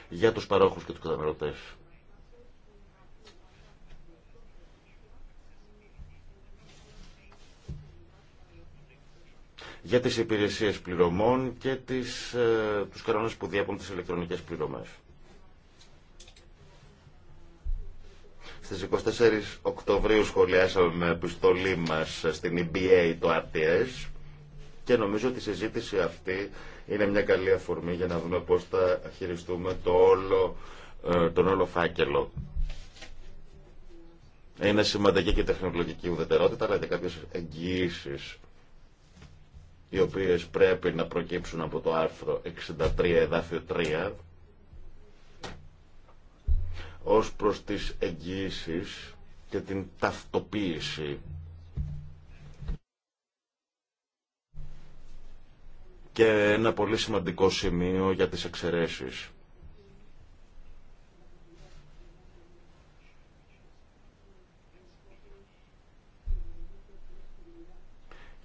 για τους παρόχους και τους καταναλωτές. για τις υπηρεσίες πληρωμών και τις, ε, τους κανόνες που διέπουν τις ηλεκτρονικές πληρωμές. Στις 24 Οκτωβρίου σχολιάσαμε με επιστολή μας στην EBA το RTS και νομίζω ότι η συζήτηση αυτή είναι μια καλή αφορμή για να δούμε πώς θα χειριστούμε το όλο, ε, τον όλο φάκελο. Είναι σημαντική και τεχνολογική ουδετερότητα, αλλά και κάποιες εγγυήσεις οι οποίες πρέπει να προκύψουν από το άρθρο 63 εδάφιο 3 ως προς τις εγγυήσεις και την ταυτοποίηση και ένα πολύ σημαντικό σημείο για τις εξαιρέσεις.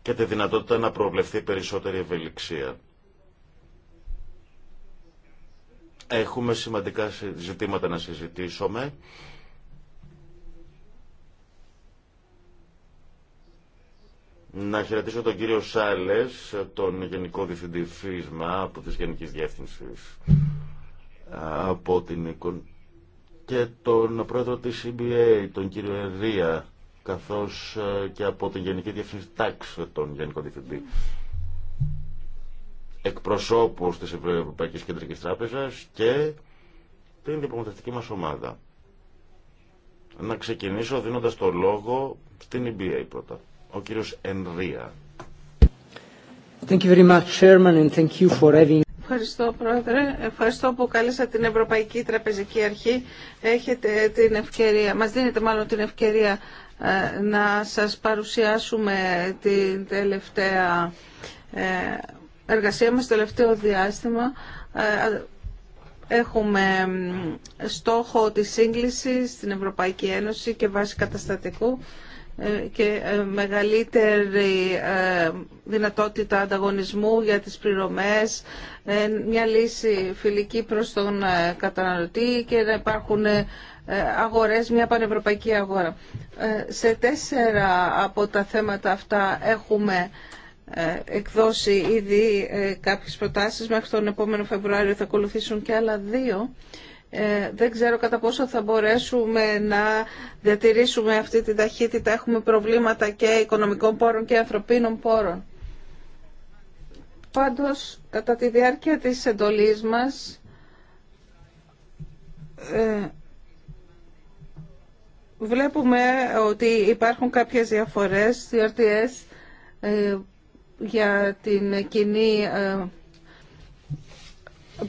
και τη δυνατότητα να προβλεφθεί περισσότερη ευελιξία. Έχουμε σημαντικά ζητήματα να συζητήσουμε Να χαιρετήσω τον κύριο Σάλε, τον Γενικό Διευθυντή Φίσμα από της Γενική Διεύθυνσης από την και τον πρόεδρο της CBA, τον κύριο Ερία, καθώς ε, και από την Γενική Διεύθυνση Τάξη τον Γενικό Διευθυντή εκπροσώπους της Ευρωπαϊκής Κεντρικής Τράπεζας και την διπλωματική μας ομάδα. Να ξεκινήσω δίνοντα το λόγο στην EBA πρώτα. Ο κύριος Ενρία. Ευχαριστώ, Πρόεδρε. Ευχαριστώ που κάλεσα την Ευρωπαϊκή Τραπεζική Αρχή. Έχετε την ευκαιρία, μας δίνετε μάλλον την ευκαιρία ε, να σας παρουσιάσουμε την τελευταία ε, εργασία μας, το τελευταίο διάστημα. Ε, έχουμε στόχο τη σύγκληση στην Ευρωπαϊκή Ένωση και βάση καταστατικού ε, και ε, μεγαλύτερη ε, δυνατότητα ανταγωνισμού για τις πληρωμές, μια λύση φιλική προς τον καταναλωτή και να υπάρχουν αγορές, μια πανευρωπαϊκή αγορά. Σε τέσσερα από τα θέματα αυτά έχουμε εκδώσει ήδη κάποιες προτάσεις. Μέχρι τον επόμενο Φεβρουάριο θα ακολουθήσουν και άλλα δύο. Ε, δεν ξέρω κατά πόσο θα μπορέσουμε να διατηρήσουμε αυτή την ταχύτητα. Έχουμε προβλήματα και οικονομικών πόρων και ανθρωπίνων πόρων. Πάντως, κατά τη διάρκεια της εντολής μας, ε, βλέπουμε ότι υπάρχουν κάποιες διαφορές, διόρτιες, ε, για την κοινή ε,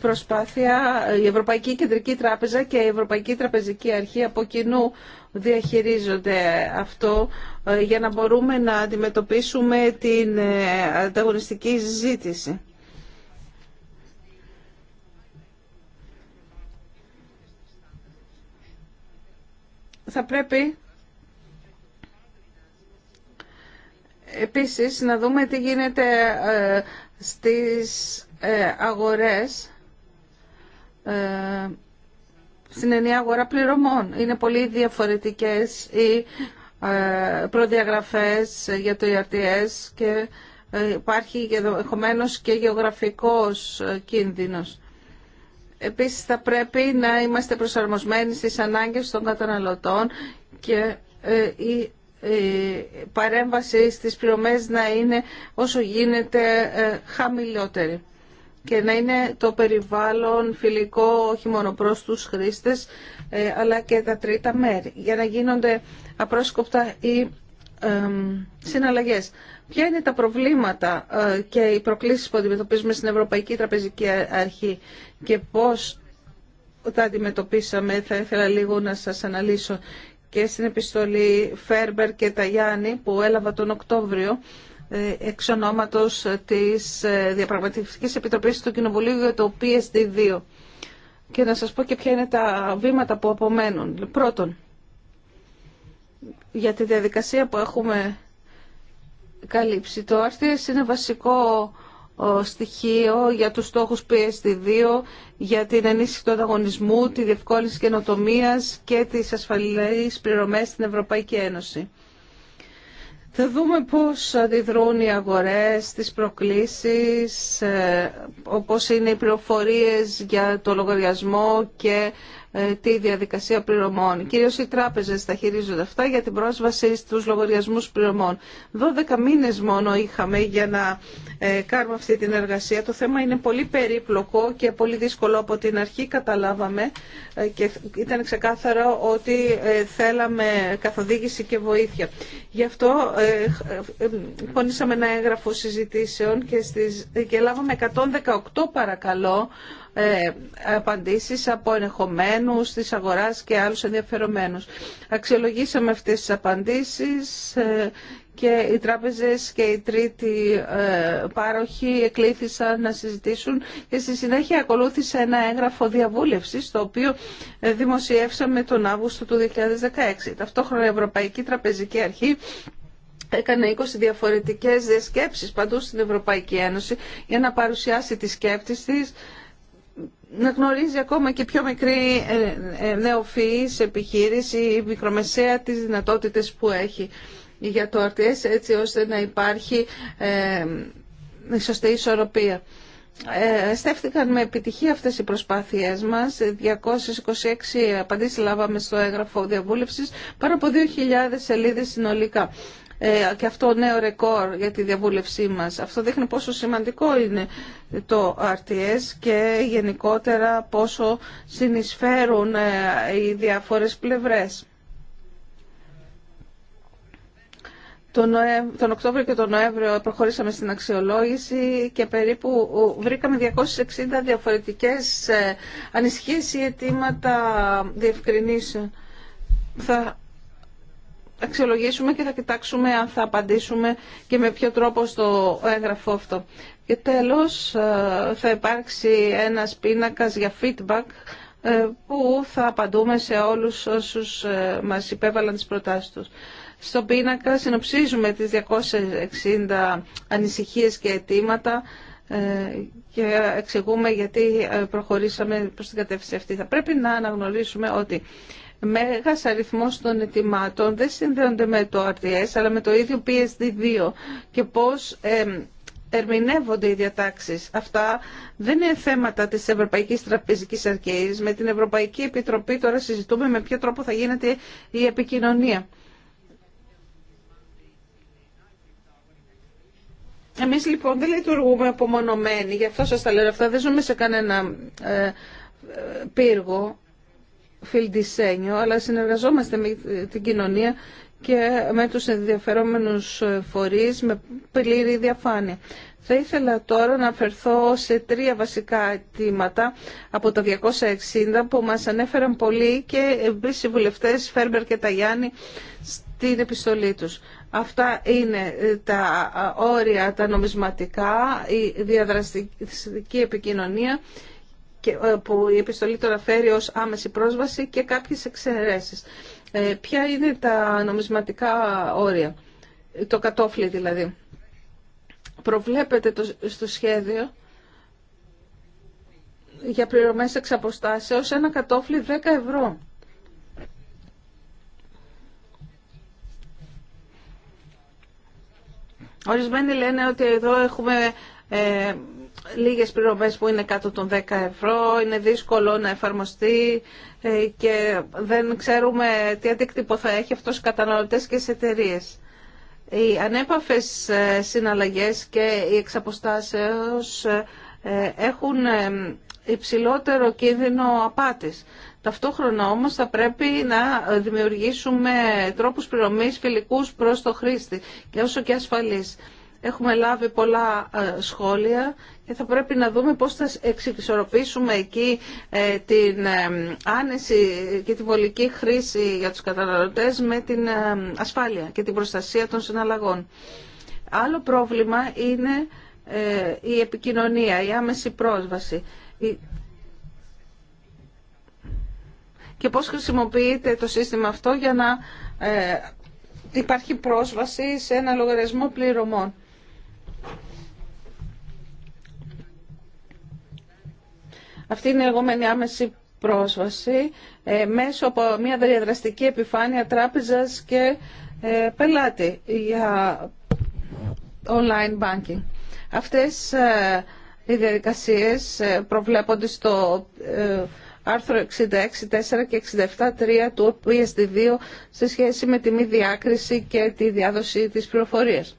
προσπάθεια η Ευρωπαϊκή Κεντρική Τράπεζα και η Ευρωπαϊκή Τραπεζική Αρχή από κοινού διαχειρίζονται αυτό ε, για να μπορούμε να αντιμετωπίσουμε την ε, ανταγωνιστική ζήτηση. Θα πρέπει επίσης να δούμε τι γίνεται ε, στις αγορές ε, στην ενιαία αγορά πληρωμών. Είναι πολύ διαφορετικές οι ε, προδιαγραφές για το ERTS και ε, υπάρχει ενδεχομένω και γεωγραφικός κίνδυνος. Επίσης θα πρέπει να είμαστε προσαρμοσμένοι στις ανάγκες των καταναλωτών και η παρέμβαση στις πληρωμές να είναι όσο γίνεται χαμηλότερη και να είναι το περιβάλλον φιλικό όχι μόνο προς τους χρήστες ε, αλλά και τα τρίτα μέρη για να γίνονται απρόσκοπτα οι συναλλαγές. Ποια είναι τα προβλήματα ε, και οι προκλήσεις που αντιμετωπίζουμε στην Ευρωπαϊκή Τραπεζική Αρχή και πώς τα αντιμετωπίσαμε, θα ήθελα λίγο να σας αναλύσω και στην επιστολή Φέρμπερ και Ταγιάννη που έλαβα τον Οκτώβριο ε, εξ ονόματος της ε, Διαπραγματευτικής Επιτροπής του Κοινοβουλίου για το PSD2 και να σας πω και ποια είναι τα βήματα που απομένουν. Πρώτον, για τη διαδικασία που έχουμε καλύψει. Το RTS είναι βασικό στοιχείο για τους στόχους PSD2, για την ενίσχυση του ανταγωνισμού, τη διευκόλυνση καινοτομία και τις ασφαλείς πληρωμές στην Ευρωπαϊκή Ένωση. Θα δούμε πώς αντιδρούν οι αγορές, τις προκλήσεις, ε, όπως είναι οι πληροφορίε για το λογαριασμό και ε, τη διαδικασία πληρωμών. Κυρίως οι Τράπεζε τα χειρίζονται αυτά για την πρόσβαση στους λογαριασμούς πληρωμών. 12 μήνες μόνο είχαμε για να ε, κάνουμε αυτή την εργασία. Το θέμα είναι πολύ περίπλοκο και πολύ δύσκολο από την αρχή καταλάβαμε ε, και ήταν ξεκάθαρο ότι θέλαμε καθοδήγηση και βοήθεια. Γι' αυτό πονήσαμε ένα έγγραφο συζητήσεων και, στις, και λάβαμε 118 παρακαλώ ε, απαντήσεις από ενεχομένους της αγοράς και άλλους ενδιαφερομένους. Αξιολογήσαμε αυτές τις απαντήσεις ε, και οι τράπεζες και οι τρίτοι ε, πάροχοι εκλήθησαν να συζητήσουν και στη συνέχεια ακολούθησε ένα έγγραφο διαβούλευσης το οποίο δημοσιεύσαμε τον Αύγουστο του 2016. Ταυτόχρονα η Ευρωπαϊκή Τραπεζική Αρχή έκανε 20 διαφορετικές διασκέψεις παντού στην Ευρωπαϊκή Ένωση για να παρουσιάσει τις σκέψεις της να γνωρίζει ακόμα και πιο μικρή ε, ε, νεοφυής επιχείρηση ή μικρομεσαία τις δυνατότητες που έχει για το RTS έτσι ώστε να υπάρχει ε, σωστή ισορροπία. Ε, με επιτυχία αυτές οι προσπάθειές μας. 226 απαντήσεις λάβαμε στο έγγραφο διαβούλευσης, πάνω από 2.000 σελίδες συνολικά. Ε, και αυτό νέο ρεκόρ για τη διαβούλευσή μας. Αυτό δείχνει πόσο σημαντικό είναι το RTS και γενικότερα πόσο συνεισφέρουν ε, οι διάφορες πλευρές. Τον Οκτώβριο και τον Νοέμβριο προχωρήσαμε στην αξιολόγηση και περίπου βρήκαμε 260 διαφορετικές ε, ανησυχίες ή αιτήματα διευκρινήσεων αξιολογήσουμε και θα κοιτάξουμε αν θα απαντήσουμε και με ποιο τρόπο στο έγγραφο αυτό. Και τέλος ε, θα υπάρξει ένας πίνακας για feedback ε, που θα απαντούμε σε όλους όσους ε, μας υπέβαλαν τις προτάσεις τους. Στον πίνακα συνοψίζουμε τις 260 ανησυχίες και αιτήματα και εξηγούμε γιατί προχωρήσαμε προς την κατεύθυνση αυτή. Θα πρέπει να αναγνωρίσουμε ότι Μέγα αριθμό των ετοιμάτων δεν συνδέονται με το RDS αλλά με το ίδιο PSD2 και πώς ερμηνεύονται οι διατάξει. Αυτά δεν είναι θέματα τη Ευρωπαϊκή Τραπεζικής Αρχής. Με την Ευρωπαϊκή Επιτροπή τώρα συζητούμε με ποιο τρόπο θα γίνεται η επικοινωνία. Εμεί λοιπόν δεν λειτουργούμε απομονωμένοι, γι' αυτό σα τα λέω αυτά, δεν ζούμε σε κανένα ε, ε, πύργο φιλντισένιο, αλλά συνεργαζόμαστε με την κοινωνία και με τους ενδιαφερόμενους φορείς με πλήρη διαφάνεια. Θα ήθελα τώρα να αφαιρθώ σε τρία βασικά αιτήματα από τα 260 που μας ανέφεραν πολλοί και επίσης οι βουλευτές Φέρμπερ και Ταγιάννη στην επιστολή τους. Αυτά είναι τα όρια, τα νομισματικά, η διαδραστική επικοινωνία ε, που η επιστολή τώρα φέρει ως άμεση πρόσβαση και κάποιες εξαιρέσεις. Ε, ποια είναι τα νομισματικά όρια, το κατόφλι δηλαδή. Προβλέπεται στο σχέδιο για πληρωμές εξ αποστάσεως ένα κατόφλι 10 ευρώ. Ορισμένοι λένε ότι εδώ έχουμε ε, λίγες πληρωμές που είναι κάτω των 10 ευρώ, είναι δύσκολο να εφαρμοστεί ε, και δεν ξέρουμε τι αντίκτυπο θα έχει αυτός... στους καταναλωτές και στις εταιρείε. Οι ανέπαφες ε, συναλλαγές και οι εξαποστάσεως ε, έχουν υψηλότερο κίνδυνο απάτης. Ταυτόχρονα όμως θα πρέπει να δημιουργήσουμε τρόπους πληρωμής φιλικούς προς το χρήστη και όσο και ασφαλής. Έχουμε λάβει πολλά σχόλια και θα πρέπει να δούμε πώς θα εξισορροπήσουμε εκεί ε, την ε, άνεση και τη βολική χρήση για τους καταναλωτές με την ε, ασφάλεια και την προστασία των συναλλαγών. Άλλο πρόβλημα είναι η επικοινωνία, η άμεση πρόσβαση και πώς χρησιμοποιείται το σύστημα αυτό για να υπάρχει πρόσβαση σε ένα λογαριασμό πληρωμών. Αυτή είναι η λεγόμενη άμεση πρόσβαση ε, μέσω από μια διαδραστική επιφάνεια τράπεζας και ε, πελάτη για online banking. Αυτές ε, οι διαδικασίες προβλέπονται στο άρθρο 66.4 και 67.3 του PSD2 σε σχέση με τη μη διάκριση και τη διάδοση της πληροφορίας.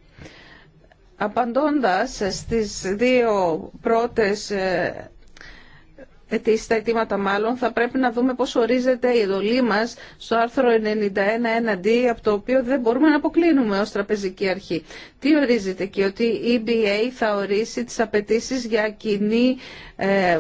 Απαντώντας στις δύο πρώτες αιτήσει, τα αιτήματα μάλλον, θα πρέπει να δούμε πώς ορίζεται η εντολή μας στο αρθρο 91 1 91.1d, από το οποίο δεν μπορούμε να αποκλίνουμε ως τραπεζική αρχή. Τι ορίζεται εκεί, ότι η EBA θα ορίσει τις απαιτήσει για κοινή ε,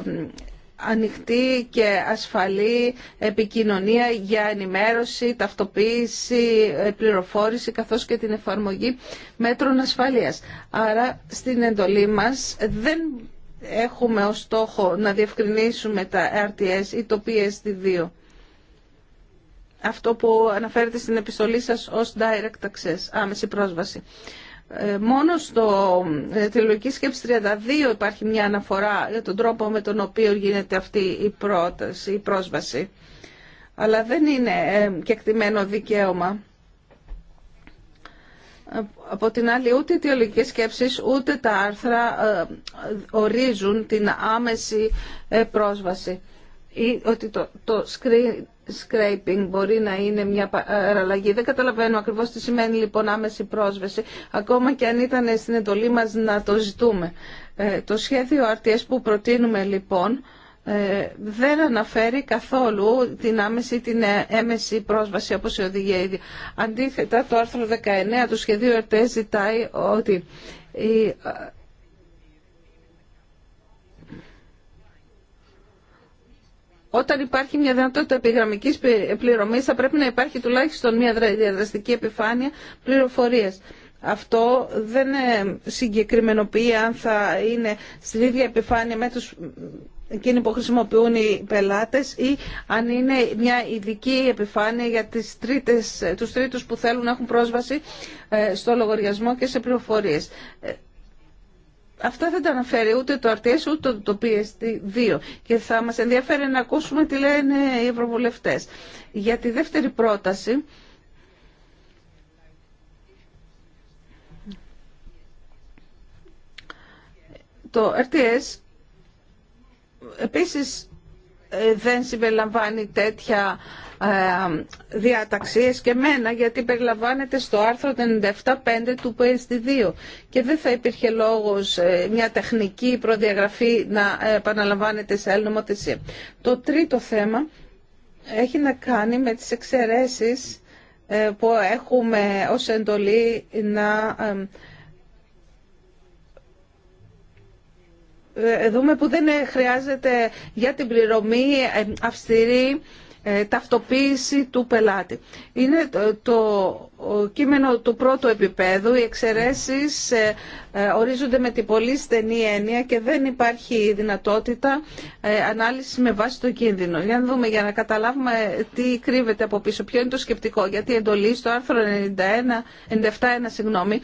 ανοιχτή και ασφαλή επικοινωνία για ενημέρωση, ταυτοποίηση, ε, πληροφόρηση καθώς και την εφαρμογή μέτρων ασφαλείας. Άρα στην εντολή μας δεν έχουμε ως στόχο να διευκρινίσουμε τα RTS ή το PSD2. Αυτό που αναφέρεται στην επιστολή σας ως direct access, άμεση πρόσβαση. Ε, μόνο στο ε, Τελογική Σκέψη 32 υπάρχει μια αναφορά για τον τρόπο με τον οποίο γίνεται αυτή η, πρόταση, η πρόσβαση. Αλλά δεν είναι ε, κεκτημένο δικαίωμα. Από την άλλη, ούτε οι αιτιολογικές σκέψεις, ούτε τα άρθρα ε, ορίζουν την άμεση ε, πρόσβαση. Ή ότι το, το scraping μπορεί να είναι μια παραλλαγή. Ε, Δεν καταλαβαίνω ακριβώς τι σημαίνει λοιπόν άμεση πρόσβαση, ακόμα και αν ήταν στην εντολή μας να το ζητούμε. το σχέδιο RTS που προτείνουμε λοιπόν, ε, δεν αναφέρει καθόλου την άμεση ή την έμεση πρόσβαση όπως η οδηγία ίδια. Αντίθετα, το άρθρο 19 του σχεδίου ΕΡΤΕ ζητάει ότι ε, Όταν υπάρχει μια δυνατότητα επιγραμμική πληρωμή, θα πρέπει να υπάρχει τουλάχιστον μια διαδραστική επιφάνεια πληροφορία. Αυτό δεν ε, συγκεκριμενοποιεί αν θα είναι στην ίδια επιφάνεια με του εκείνη που χρησιμοποιούν οι πελάτες ή αν είναι μια ειδική επιφάνεια για τις τρίτες, τους τρίτους που θέλουν να έχουν πρόσβαση ε, στο λογαριασμό και σε πληροφορίες. Ε, αυτά δεν τα αναφέρει ούτε το RTS ούτε το PSD2 και θα μας ενδιαφέρει να ακούσουμε τι λένε οι ευρωβουλευτές. Για τη δεύτερη πρόταση, το RTS Επίσης ε, δεν συμπεριλαμβάνει τέτοια ε, διαταξίες και μένα γιατί περιλαμβάνεται στο άρθρο 97.5 του PSD2 και δεν θα υπήρχε λόγος ε, μια τεχνική προδιαγραφή να επαναλαμβάνεται σε άλλη νομοθεσία. Το τρίτο θέμα έχει να κάνει με τις εξαιρέσεις που έχουμε ως εντολή να Ε, δούμε που δεν ε, χρειάζεται για την πληρωμή ε, αυστηρή ταυτοποίηση του πελάτη. Είναι το κείμενο του πρώτου επίπεδου. Οι εξαιρέσει ορίζονται με την πολύ στενή έννοια και δεν υπάρχει δυνατότητα ανάλυση με βάση το κίνδυνο. Για να δούμε, για να καταλάβουμε τι κρύβεται από πίσω, ποιο είναι το σκεπτικό. Γιατί η εντολή στο άρθρο 91, 97.1 συγγνώμη,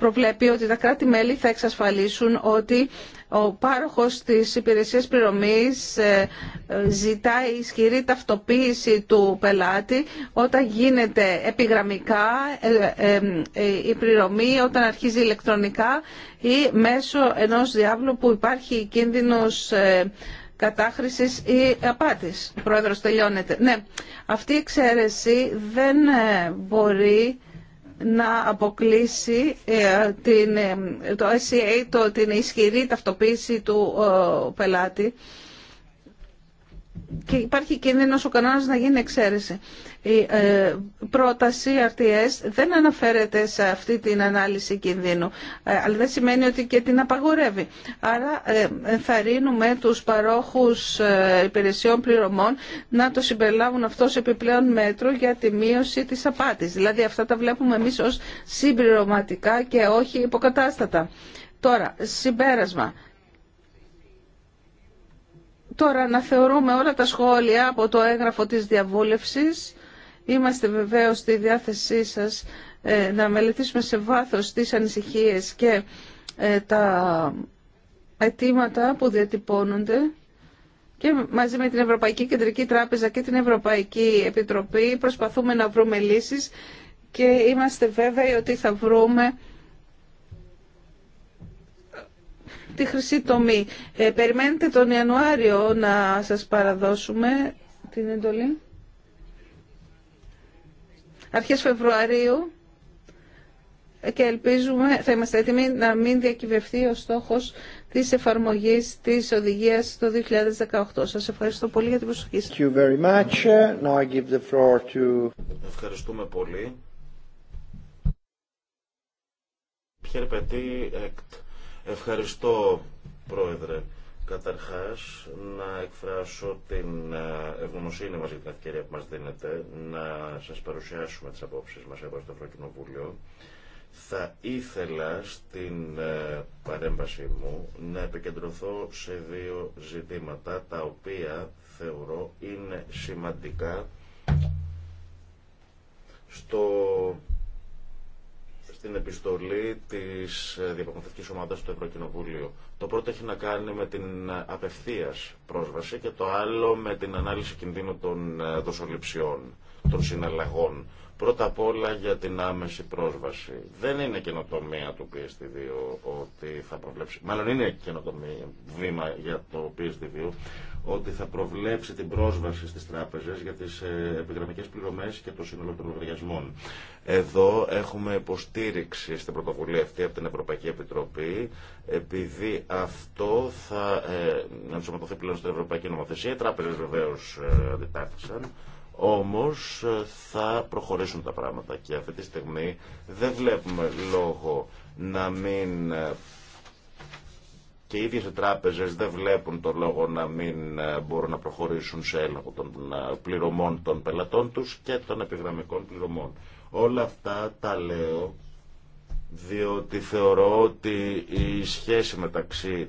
προβλέπει ότι τα κράτη-μέλη θα εξασφαλίσουν ότι ο πάροχος της υπηρεσίας πληρωμής ε, ε, ζητάει ισχυρή ταυτοποίηση του πελάτη όταν γίνεται επιγραμμικά ε, η πληρωμή, όταν αρχίζει ηλεκτρονικά ή μέσω ενός διάβλου που υπάρχει κίνδυνος κατάχρησης ή απάτης. Ο πρόεδρος τελειώνεται. Ναι, αυτή η μεσω ενος διαβλου που υπαρχει κινδυνος καταχρησης η απατης προεδρος τελειωνεται ναι αυτη η εξαιρεση δεν μπορεί να αποκλείσει ε, την, ε, το SCA το, την ισχυρή ταυτοποίηση του ε, πελάτη και υπάρχει κίνδυνο ο κανόνας να γίνει εξαίρεση. Η ε, πρόταση RTS δεν αναφέρεται σε αυτή την ανάλυση κινδύνου, ε, αλλά δεν σημαίνει ότι και την απαγορεύει. Άρα ε, τους παρόχους ε, υπηρεσιών πληρωμών να το συμπεριλάβουν αυτό σε επιπλέον μέτρο για τη μείωση της απάτης. Δηλαδή αυτά τα βλέπουμε εμείς ως συμπληρωματικά και όχι υποκατάστατα. Τώρα, συμπέρασμα. Τώρα να θεωρούμε όλα τα σχόλια από το έγγραφο της διαβούλευσης. Είμαστε βεβαίως στη διάθεσή σας ε, να μελετήσουμε σε βάθος τις ανησυχίες και ε, τα αιτήματα που διατυπώνονται και μαζί με την Ευρωπαϊκή Κεντρική Τράπεζα και την Ευρωπαϊκή Επιτροπή προσπαθούμε να βρούμε λύσεις και είμαστε βέβαιοι ότι θα βρούμε τη χρυσή τομή. Ε, περιμένετε τον Ιανουάριο να σας παραδώσουμε την εντολή. Αρχές Φεβρουαρίου ε, και ελπίζουμε, θα είμαστε έτοιμοι να μην διακυβευτεί ο στόχος της εφαρμογής της οδηγίας το 2018. Σας ευχαριστώ πολύ για την προσοχή σας. Ευχαριστούμε πολύ. Πιερ εκτ. Ευχαριστώ, Πρόεδρε. Καταρχάς, να εκφράσω την ε, ευγνωμοσύνη μας για την ευκαιρία που μας δίνεται να σας παρουσιάσουμε τις απόψεις μας εδώ στο Ευρωκοινοβούλιο. Θα ήθελα στην ε, παρέμβασή μου να επικεντρωθώ σε δύο ζητήματα τα οποία θεωρώ είναι σημαντικά στο στην επιστολή της διαπραγματευτικής ομάδα του Ευρωκοινοβούλιο. Το πρώτο έχει να κάνει με την απευθείας πρόσβαση και το άλλο με την ανάλυση κινδύνου των ε, δοσοληψιών, των συναλλαγών. Πρώτα απ' όλα για την άμεση πρόσβαση. Δεν είναι καινοτομία του PSD2 ότι θα προβλέψει. Μάλλον είναι καινοτομία βήμα για το PSD2 ότι θα προβλέψει την πρόσβαση στις τράπεζες για τις ε, επιγραμμικές πληρωμές και το σύνολο των λογαριασμών. Εδώ έχουμε υποστήριξη στην πρωτοβουλία αυτή από την Ευρωπαϊκή Επιτροπή, επειδή αυτό θα ε, ενσωματωθεί πλέον στην Ευρωπαϊκή Νομοθεσία. Οι τράπεζες βεβαίως ε, αντιτάχθησαν. Όμως θα προχωρήσουν τα πράγματα και αυτή τη στιγμή δεν βλέπουμε λόγο να μην και οι ίδιες οι τράπεζες δεν βλέπουν τον λόγο να μην ε, μπορούν να προχωρήσουν σε έλεγχο των ε, πληρωμών των πελατών τους και των επιγραμμικών πληρωμών. Όλα αυτά τα λέω διότι θεωρώ ότι η σχέση μεταξύ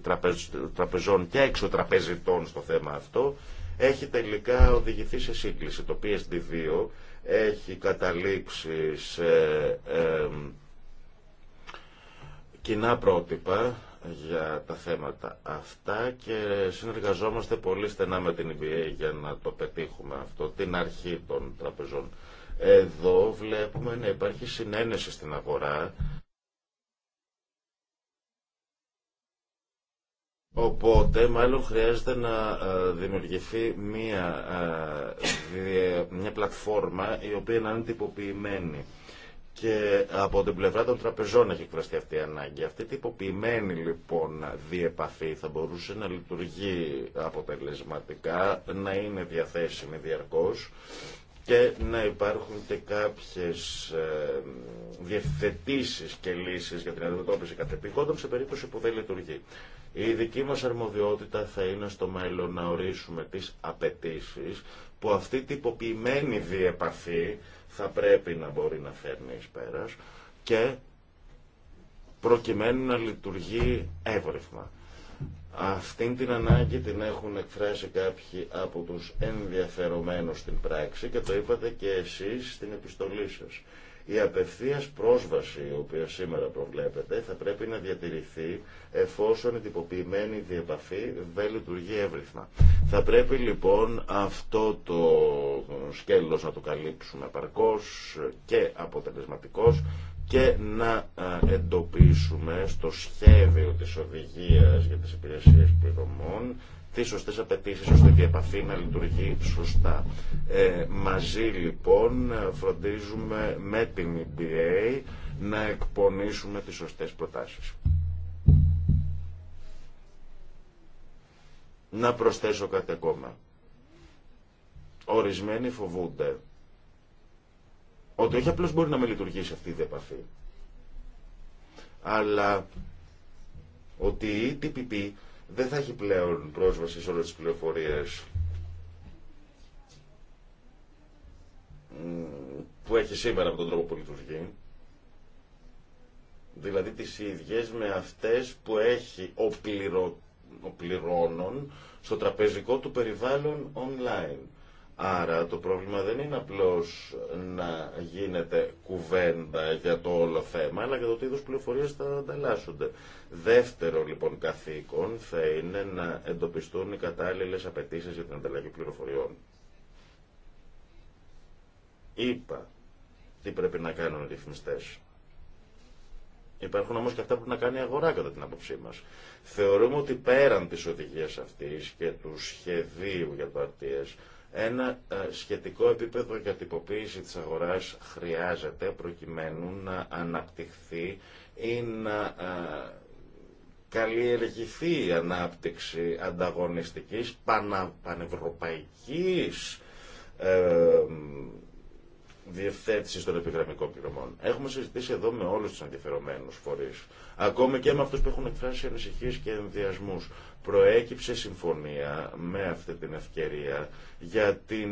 τραπεζών και εξωτραπεζιτών στο θέμα αυτό έχει τελικά οδηγηθεί σε σύγκληση. Το PSD2 έχει καταλήξει σε ε, κοινά πρότυπα για τα θέματα αυτά και συνεργαζόμαστε πολύ στενά με την EBA για να το πετύχουμε αυτό, την αρχή των τραπεζών. Εδώ βλέπουμε να υπάρχει συνένεση στην αγορά Οπότε, μάλλον χρειάζεται να ε, δημιουργηθεί μία, ε, μία πλατφόρμα η οποία να είναι τυποποιημένη. Και από την πλευρά των τραπεζών έχει εκφραστεί αυτή η ανάγκη. Αυτή η τυποποιημένη λοιπόν διεπαφή θα μπορούσε να λειτουργεί αποτελεσματικά, να είναι διαθέσιμη διαρκώς και να υπάρχουν και κάποιες ε, διευθετήσεις και λύσεις για την αντιμετώπιση κατεπηγόντων σε περίπτωση που δεν λειτουργεί. Η δική μας αρμοδιότητα θα είναι στο μέλλον να ορίσουμε τις απαιτήσει που αυτή η τυποποιημένη διεπαφή θα πρέπει να μπορεί να φέρνει εις πέρας και προκειμένου να λειτουργεί εύρυθμα. Αυτή την ανάγκη την έχουν εκφράσει κάποιοι από τους ενδιαφερομένους στην πράξη και το είπατε και εσείς στην επιστολή σας. Η απευθείας πρόσβαση, η οποία σήμερα προβλέπεται, θα πρέπει να διατηρηθεί εφόσον η τυποποιημένη διεπαφή δεν λειτουργεί εύρυθμα. Θα πρέπει λοιπόν αυτό το σκέλος να το καλύψουμε παρκώς και αποτελεσματικός και να εντοπίσουμε στο σχέδιο της οδηγίας για τις υπηρεσίες πληρωμών τι σωστέ απαιτήσει ώστε η επαφή να λειτουργεί σωστά. Ε, μαζί λοιπόν φροντίζουμε με την EPA να εκπονήσουμε τις σωστές προτάσεις. Να προσθέσω κάτι ακόμα. Ορισμένοι φοβούνται ότι όχι απλώς μπορεί να με λειτουργήσει αυτή η επαφή, αλλά ότι η e TPP δεν θα έχει πλέον πρόσβαση σε όλες τις πληροφορίες που έχει σήμερα με τον τρόπο που λειτουργεί. Δηλαδή τις ίδιες με αυτές που έχει ο, ο πληρώνων στο τραπεζικό του περιβάλλον online. Άρα το πρόβλημα δεν είναι απλώς να γίνεται κουβέντα για το όλο θέμα, αλλά για το τι είδους πληροφορίες θα ανταλλάσσονται. Δεύτερο λοιπόν καθήκον θα είναι να εντοπιστούν οι κατάλληλες απαιτήσει για την ανταλλαγή πληροφοριών. Είπα τι πρέπει να κάνουν οι ρυθμιστές. Υπάρχουν όμως και αυτά που να κάνει η αγορά κατά την άποψή μας. Θεωρούμε ότι πέραν της οδηγίας αυτή και του σχεδίου για το RTS, ένα ε, σχετικό επίπεδο για τυποποίηση της αγοράς χρειάζεται προκειμένου να αναπτυχθεί ή να ε, καλλιεργηθεί η ανάπτυξη ανταγωνιστικής πανα, πανευρωπαϊκής ε, διευθέτησης των επιγραμμικών πληρωμών. Έχουμε συζητήσει εδώ με όλους τους αντιφερομένους φορείς, ακόμη και με αυτούς που έχουν εκφράσει ανησυχίες και ενδιασμούς προέκυψε συμφωνία με αυτή την ευκαιρία για την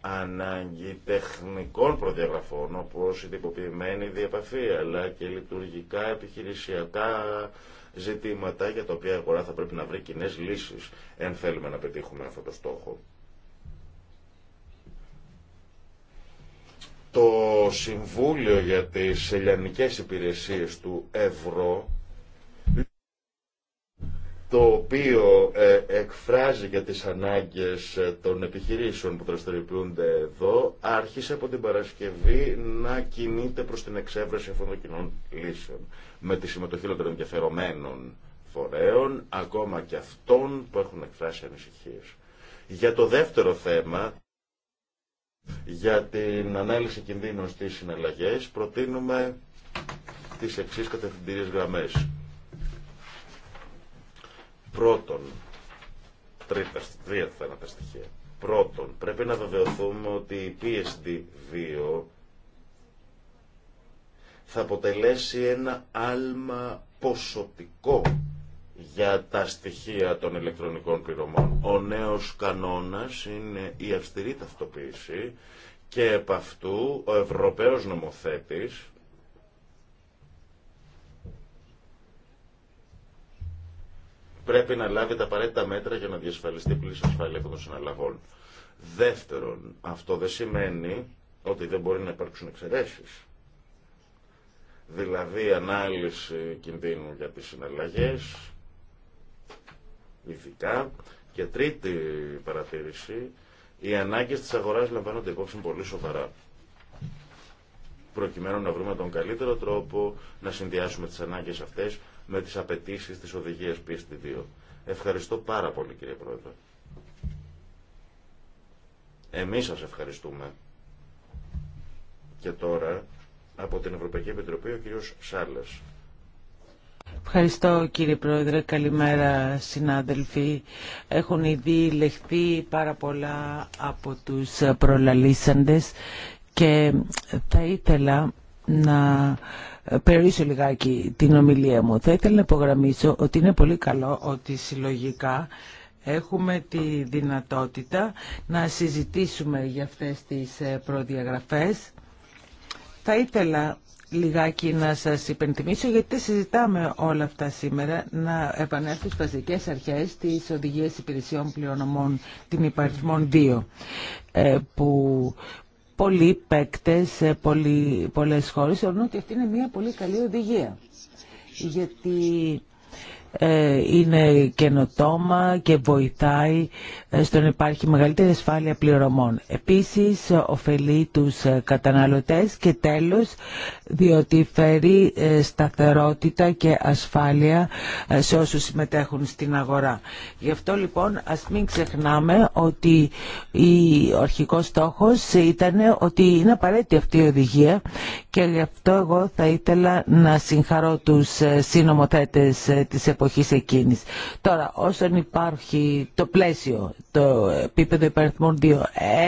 ανάγκη τεχνικών προδιαγραφών όπως η τυποποιημένη διαπαφή αλλά και λειτουργικά επιχειρησιακά ζητήματα για τα οποία η αγορά θα πρέπει να βρει κοινέ λύσεις εάν θέλουμε να πετύχουμε αυτό το στόχο. Το Συμβούλιο για τις Ελληνικές Υπηρεσίες του Ευρώ το οποίο ε, εκφράζει για τις ανάγκες ε, των επιχειρήσεων που δραστηριοποιούνται εδώ, άρχισε από την Παρασκευή να κινείται προς την εξέβρεση αυτών των κοινών λύσεων. Με τη συμμετοχή των ενδιαφερομένων φορέων, ακόμα και αυτών που έχουν εκφράσει ανησυχίες. Για το δεύτερο θέμα, για την ανάλυση κινδύνων στις συναλλαγές, προτείνουμε τις εξής κατευθυντήριες γραμμές Πρώτον, τρία θα στοιχεία. Πρώτον, πρέπει να βεβαιωθούμε ότι η PSD2 θα αποτελέσει ένα άλμα ποσοτικό για τα στοιχεία των ηλεκτρονικών πληρωμών. Ο νέος κανόνας είναι η αυστηρή ταυτοποίηση και επ' αυτού ο Ευρωπαίος νομοθέτης πρέπει να λάβει τα απαραίτητα μέτρα για να διασφαλιστεί πλήρη ασφάλεια των συναλλαγών. Δεύτερον, αυτό δεν σημαίνει ότι δεν μπορεί να υπάρξουν εξαιρέσει. Δηλαδή ανάλυση κινδύνου για τι συναλλαγέ, ειδικά. Και τρίτη παρατήρηση, οι ανάγκε τη αγορά λαμβάνονται υπόψη πολύ σοβαρά προκειμένου να βρούμε τον καλύτερο τρόπο να συνδυάσουμε τι ανάγκε αυτέ με τις απαιτήσει της οδηγίας πίστη 2. Ευχαριστώ πάρα πολύ κύριε Πρόεδρε. Εμείς σας ευχαριστούμε. Και τώρα από την Ευρωπαϊκή Επιτροπή ο κύριος Σάλλας. Ευχαριστώ κύριε Πρόεδρε. Καλημέρα συνάδελφοι. Έχουν ήδη λεχθεί πάρα πολλά από τους προλαλήσαντες και θα ήθελα να περιορίσω λιγάκι την ομιλία μου. Θα ήθελα να υπογραμμίσω ότι είναι πολύ καλό ότι συλλογικά έχουμε τη δυνατότητα να συζητήσουμε για αυτές τις ε, προδιαγραφές. Θα ήθελα λιγάκι να σας υπενθυμίσω γιατί συζητάμε όλα αυτά σήμερα να επανέλθω στις βασικές αρχές της Οδηγίας Υπηρεσιών Πλειονομών την υπαριθμών 2 ε, που πολλοί παίκτε σε πολλές χώρες θεωρούν ότι αυτή είναι μια πολύ καλή οδηγία. Γιατί ε, είναι καινοτόμα και βοηθάει ε, στο να υπάρχει μεγαλύτερη ασφάλεια πληρωμών. Επίσης, ωφελεί τους ε, καταναλωτές και τέλος, διότι φέρει σταθερότητα και ασφάλεια σε όσους συμμετέχουν στην αγορά. Γι' αυτό λοιπόν ας μην ξεχνάμε ότι ο αρχικός στόχος ήταν ότι είναι απαραίτητη αυτή η οδηγία και γι' αυτό εγώ θα ήθελα να συγχαρώ τους συνομοθέτες της Τώρα, όσον υπάρχει το πλαίσιο, το επίπεδο υπαριθμών 2,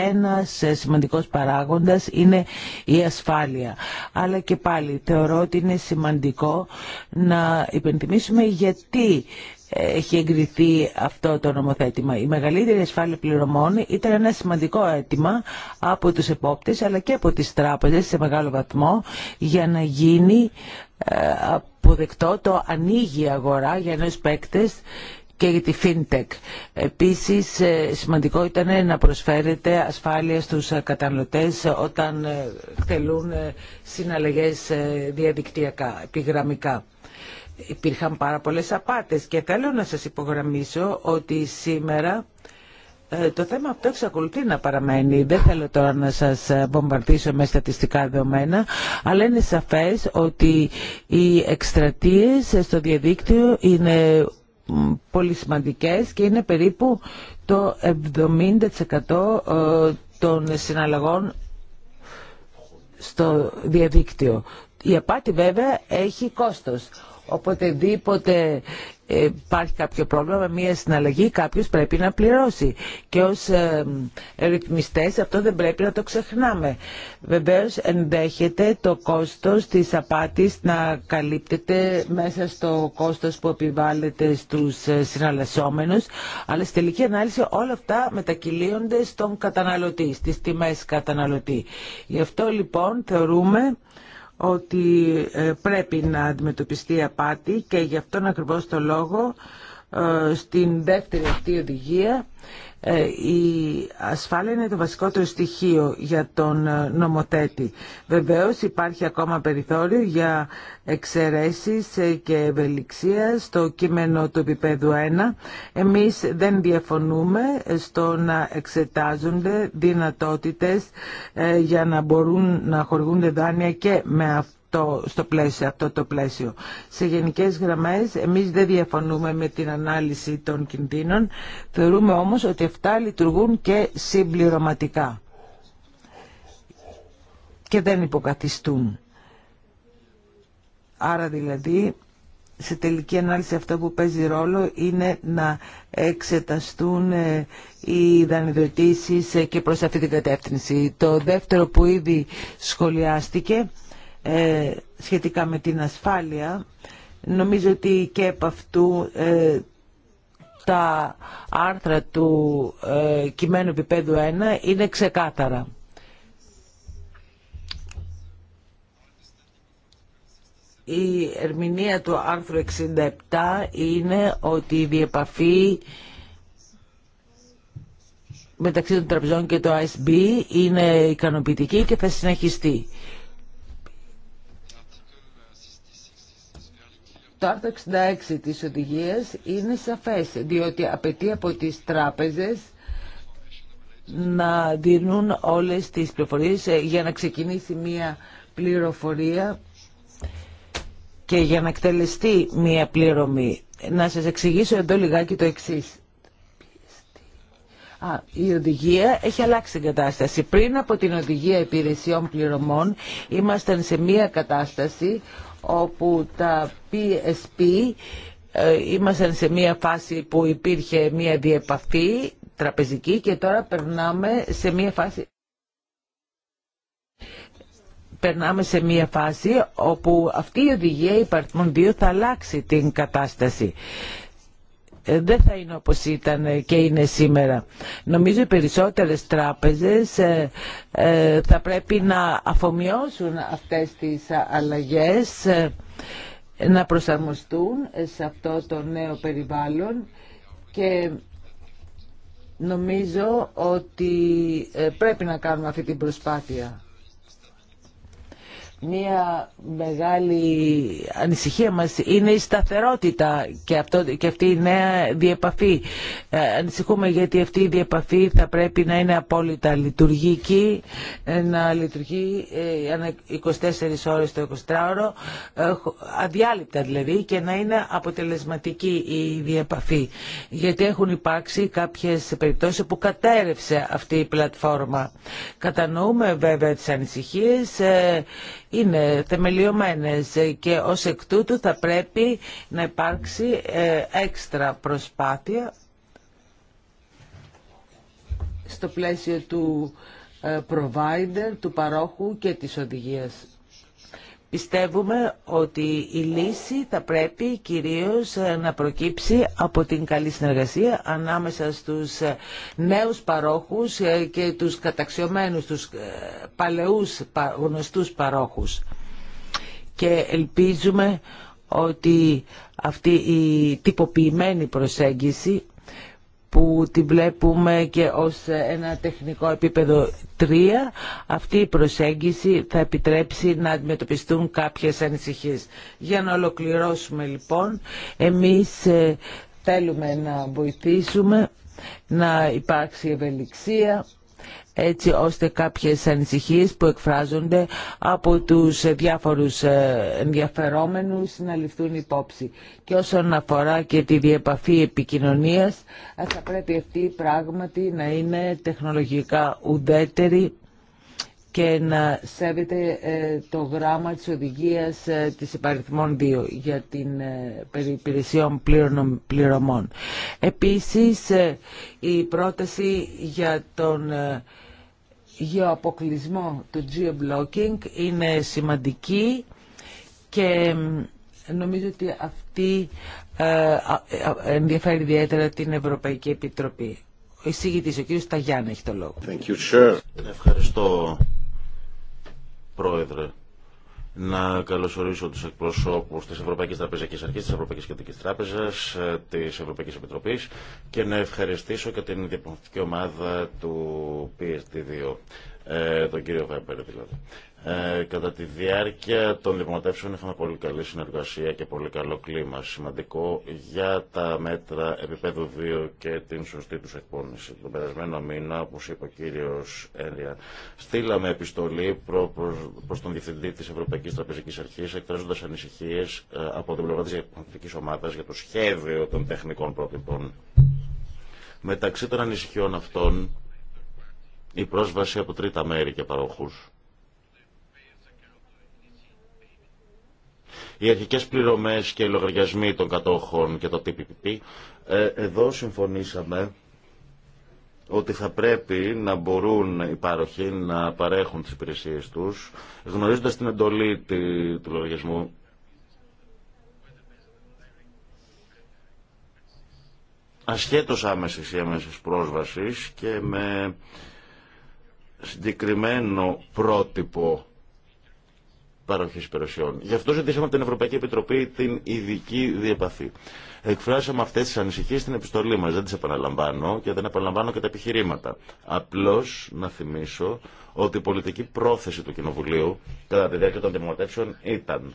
Ένα σημαντικό παράγοντα είναι η ασφάλεια. Αλλά και πάλι θεωρώ ότι είναι σημαντικό να υπενθυμίσουμε γιατί ε, έχει εγκριθεί αυτό το νομοθέτημα. Η μεγαλύτερη ασφάλεια πληρωμών ήταν ένα σημαντικό αίτημα από τους επόπτες αλλά και από τις τράπεζες σε μεγάλο βαθμό για να γίνει ε, αποδεκτό, το ανοίγει η αγορά για νέους παίκτες και για τη FinTech. Επίσης, ε, σημαντικό ήταν να προσφέρεται ασφάλεια στους καταναλωτές όταν θέλουν ε, συναλλαγές διαδικτυακά, επιγραμμικά. Υπήρχαν πάρα πολλές απάτες και θέλω να σας υπογραμμίσω ότι σήμερα ε, το θέμα αυτό εξακολουθεί να παραμένει. Δεν θέλω τώρα να σας ε, βομβαρδίσω με στατιστικά δεδομένα, αλλά είναι σαφές ότι οι εκστρατείες στο διαδίκτυο είναι πολύ σημαντικές και είναι περίπου το 70% ε, των συναλλαγών στο διαδίκτυο. Η απάτη βέβαια έχει κόστος. Οποτεδήποτε υπάρχει κάποιο πρόβλημα με μια συναλλαγή κάποιος πρέπει να πληρώσει και ως ε, ρυθμιστές αυτό δεν πρέπει να το ξεχνάμε βεβαίως ενδέχεται το κόστος της απάτης να καλύπτεται μέσα στο κόστος που επιβάλλεται στους ε, συναλλασσόμενους αλλά στη τελική ανάλυση όλα αυτά μετακυλίονται στον καταναλωτή στις τιμές καταναλωτή γι' αυτό λοιπόν θεωρούμε ότι ε, πρέπει να αντιμετωπιστεί απάτη και γι' αυτόν ακριβώς το λόγο ε, στην δεύτερη αυτή οδηγία ε, η ασφάλεια είναι το βασικότερο στοιχείο για τον ε, νομοθέτη. Βεβαίως υπάρχει ακόμα περιθώριο για εξαιρέσεις ε, και ευελιξία στο κείμενο του επίπεδου 1. Εμείς δεν διαφωνούμε στο να εξετάζονται δυνατότητες για να μπορούν να χορηγούνται δάνεια και με αυτό αυτό, στο πλαίσιο, αυτό το πλαίσιο. Σε γενικές γραμμές εμείς δεν διαφωνούμε με την ανάλυση των κινδύνων, θεωρούμε όμως ότι αυτά λειτουργούν και συμπληρωματικά και δεν υποκαθιστούν. Άρα δηλαδή σε τελική ανάλυση αυτό που παίζει ρόλο είναι να εξεταστούν ε, οι δανειδοτήσεις ε, και προς αυτή την κατεύθυνση. Το δεύτερο που ήδη σχολιάστηκε ε, σχετικά με την ασφάλεια. Νομίζω ότι και από αυτού ε, τα άρθρα του ε, κειμένου επίπεδου 1 είναι ξεκάθαρα. Η ερμηνεία του άρθρου 67 είναι ότι η διεπαφή μεταξύ των τραπεζών και το ISB είναι ικανοποιητική και θα συνεχιστεί. Το άρθρο 66 της οδηγίας είναι σαφές, διότι απαιτεί από τις τράπεζες να δίνουν όλες τις πληροφορίες ε, για να ξεκινήσει μία πληροφορία και για να εκτελεστεί μία πληρωμή. Να σας εξηγήσω εδώ λιγάκι το εξής. Α, η οδηγία έχει αλλάξει την κατάσταση. Πριν από την οδηγία υπηρεσιών πληρωμών ήμασταν σε μία κατάσταση όπου τα PSP ε, ήμασταν σε μια φάση που υπήρχε μια διεπαφή τραπεζική και τώρα περνάμε σε μια φάση περνάμε σε μια φάση όπου αυτή η οδηγία υπαρθμών 2 θα αλλάξει την κατάσταση. Ε, δεν θα είναι όπως ήταν και είναι σήμερα. Νομίζω οι περισσότερες τράπεζες ε, ε, θα πρέπει να αφομοιώσουν αυτές τις αλλαγές, να προσαρμοστούν σε αυτό το νέο περιβάλλον και νομίζω ότι πρέπει να κάνουμε αυτή την προσπάθεια. Μία μεγάλη ανησυχία μας είναι η σταθερότητα και, αυτό, και αυτή η νέα διεπαφή. Ε, ανησυχούμε γιατί αυτή η διεπαφή θα πρέπει να είναι απόλυτα λειτουργική, ε, να λειτουργεί 24 ε, ώρες το 24ωρο, αδιάλειπτα δηλαδή, και να είναι αποτελεσματική η διεπαφή. Γιατί έχουν υπάρξει κάποιες περιπτώσεις που κατέρευσε αυτή η πλατφόρμα. Κατανοούμε βέβαια τις ανησυχίες είναι θεμελιωμένες και ως εκ τούτου θα πρέπει να υπάρξει ε, έξτρα προσπάθεια στο πλαίσιο του ε, provider, του παρόχου και της οδηγίας Πιστεύουμε ότι η λύση θα πρέπει κυρίως ε, να προκύψει από την καλή συνεργασία ανάμεσα στους ε, νέους παρόχους ε, και τους καταξιωμένους, τους παλαιούς γνωστούς παρόχους. Και ελπίζουμε ότι αυτή η τυποποιημένη προσέγγιση που τη βλέπουμε και ως ένα τεχνικό επίπεδο 3, αυτή η προσέγγιση θα επιτρέψει να αντιμετωπιστούν κάποιες ανησυχίες. Για να ολοκληρώσουμε λοιπόν, εμείς ε, θέλουμε να βοηθήσουμε να υπάρξει ευελιξία έτσι ώστε κάποιες ανησυχίες που εκφράζονται από τους διάφορους ε, ενδιαφερόμενους να ληφθούν υπόψη. Και όσον αφορά και τη διεπαφή επικοινωνίας, ε, θα πρέπει αυτή πράγματι να είναι τεχνολογικά ουδέτερη και να σέβεται ε, το γράμμα της οδηγίας της υπαριθμών 2 για την περιπηρεσιών πληρωμών. Επίσης, η πρόταση για τον γεωαποκλεισμό του geo-blocking είναι σημαντική και νομίζω ότι αυτή ε, ε, ενδιαφέρει ιδιαίτερα την Ευρωπαϊκή Επιτροπή. Ο εισηγητής, ο κύριος Σταγιάννη έχει το λόγο. Thank you, Ευχαριστώ, Πρόεδρε. Να καλωσορίσω του εκπροσώπου τη Ευρωπαϊκή Τραπεζική Αρχή, τη Ευρωπαϊκή Κεντρική Τράπεζα, ε, τη Ευρωπαϊκή Επιτροπή και να ευχαριστήσω και την διαπραγματευτική ομάδα του PSD2, ε, τον κύριο Βέμπερ δηλαδή. Ε, κατά τη διάρκεια των δημοτεύσεων είχαμε πολύ καλή συνεργασία και πολύ καλό κλίμα. Σημαντικό για τα μέτρα επίπεδου 2 και την σωστή του εκπόνηση. Τον περασμένο μήνα, όπω είπε ο κύριο Ένρια, στείλαμε επιστολή προ προς, προς τον Διευθυντή τη Ευρωπαϊκή Τραπεζική Αρχή, εκφράζοντα ανησυχίε ε, από την πλευρά τη Διαπραγματική Ομάδα για το σχέδιο των τεχνικών πρότυπων. Μεταξύ των ανησυχιών αυτών, η πρόσβαση από τρίτα μέρη και παροχούς Οι αρχικές πληρωμές και οι λογαριασμοί των κατόχων και το TPP. Ε, εδώ συμφωνήσαμε ότι θα πρέπει να μπορούν οι πάροχοι να παρέχουν τις υπηρεσίες τους γνωρίζοντας την εντολή του λογαριασμού ασχέτως άμεσης ή άμεσης πρόσβασης και με συγκεκριμένο πρότυπο παροχή υπηρεσιών. Γι' αυτό ζητήσαμε από την Ευρωπαϊκή Επιτροπή την ειδική διεπαφή. Εκφράσαμε αυτέ τι ανησυχίε στην επιστολή μα. Δεν τι επαναλαμβάνω και δεν επαναλαμβάνω και τα επιχειρήματα. Απλώ να θυμίσω ότι η πολιτική πρόθεση του Κοινοβουλίου κατά τη διάρκεια των δημοκρατήσεων ήταν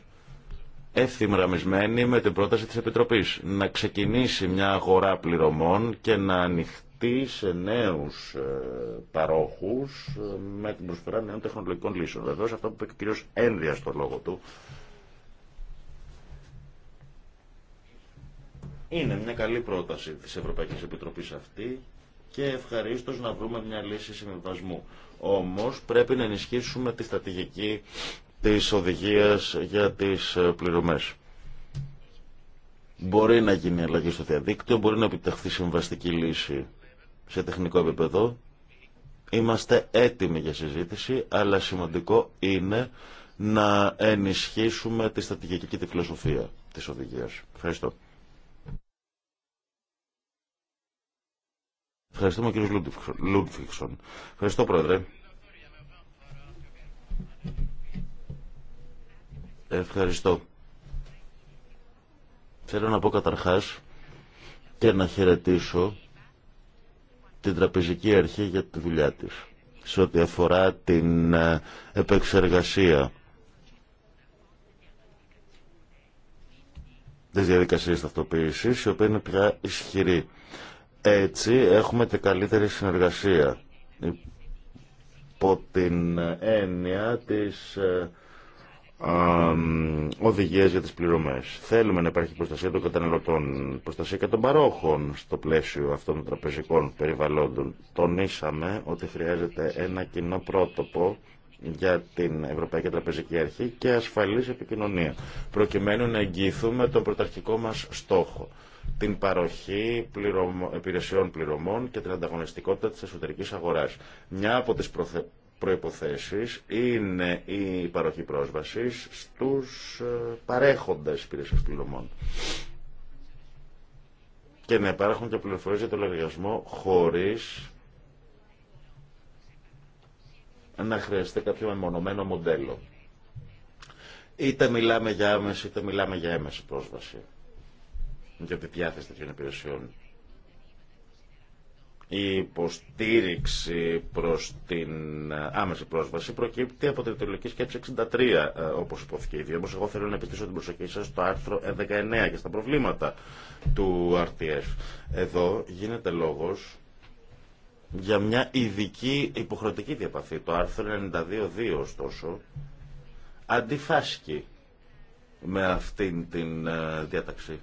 ευθυμραμισμένη με την πρόταση τη Επιτροπής να ξεκινήσει μια αγορά πληρωμών και να ανοιχτεί τι νέους ε, παρόχους παρόχου ε, με την προσφορά νέων τεχνολογικών λύσεων. Βεβαίω αυτό που είπε ο κ. Ένδια στο λόγο του. Είναι μια καλή πρόταση της Ευρωπαϊκής Επιτροπής αυτή και ευχαρίστως να βρούμε μια λύση συμβιβασμού. Όμως πρέπει να ενισχύσουμε τη στρατηγική της οδηγίας για τις ε, πληρωμές. Μπορεί να γίνει αλλαγή στο διαδίκτυο, μπορεί να επιτευχθεί συμβαστική λύση σε τεχνικό επίπεδο. Είμαστε έτοιμοι για συζήτηση, αλλά σημαντικό είναι να ενισχύσουμε τη στρατηγική και τη φιλοσοφία της οδηγίας. Ευχαριστώ. Ευχαριστούμε κύριο Λούντφιξον. Ευχαριστώ πρόεδρε. Ευχαριστώ. Θέλω να πω καταρχάς και να χαιρετήσω την τραπεζική αρχή για τη δουλειά της σε ό,τι αφορά την ε, επεξεργασία της διαδικασίας ταυτοποίησης, η οποία είναι πια ισχυρή. Έτσι έχουμε και καλύτερη συνεργασία υπό την ε, έννοια της ε, Οδηγίε για τις πληρωμέ. Θέλουμε να υπάρχει προστασία των καταναλωτών, προστασία και των παρόχων στο πλαίσιο αυτών των τραπεζικών περιβαλλόντων. Τονίσαμε ότι χρειάζεται ένα κοινό πρότοπο για την Ευρωπαϊκή Τραπεζική Αρχή και ασφαλή επικοινωνία, προκειμένου να εγγυηθούμε τον πρωταρχικό μα στόχο, την παροχή υπηρεσιών πληρωμών και την ανταγωνιστικότητα της εσωτερικής αγοράς. Μια από τις προθε προϋποθέσεις είναι η παροχή πρόσβασης στους ε, παρέχοντες υπηρεσίες πληρωμών. Και να υπάρχουν και πληροφορίες για το λογαριασμό χωρίς να χρειαστεί κάποιο μεμονωμένο μοντέλο. Είτε μιλάμε για άμεση, είτε μιλάμε για έμεση πρόσβαση για τη διάθεση τέτοιων υπηρεσιών. Η υποστήριξη προς την ε, άμεση πρόσβαση προκύπτει από την τελική σκέψη 63, ε, όπως υπόθηκε ήδη. Όμως εγώ θέλω να επιστήσω την προσοχή σας στο άρθρο 19 και στα προβλήματα του RTS. Εδώ γίνεται λόγος για μια ειδική υποχρεωτική διαπαθή. Το άρθρο 92.2 ωστόσο αντιφάσκει με αυτήν την ε, διάταξη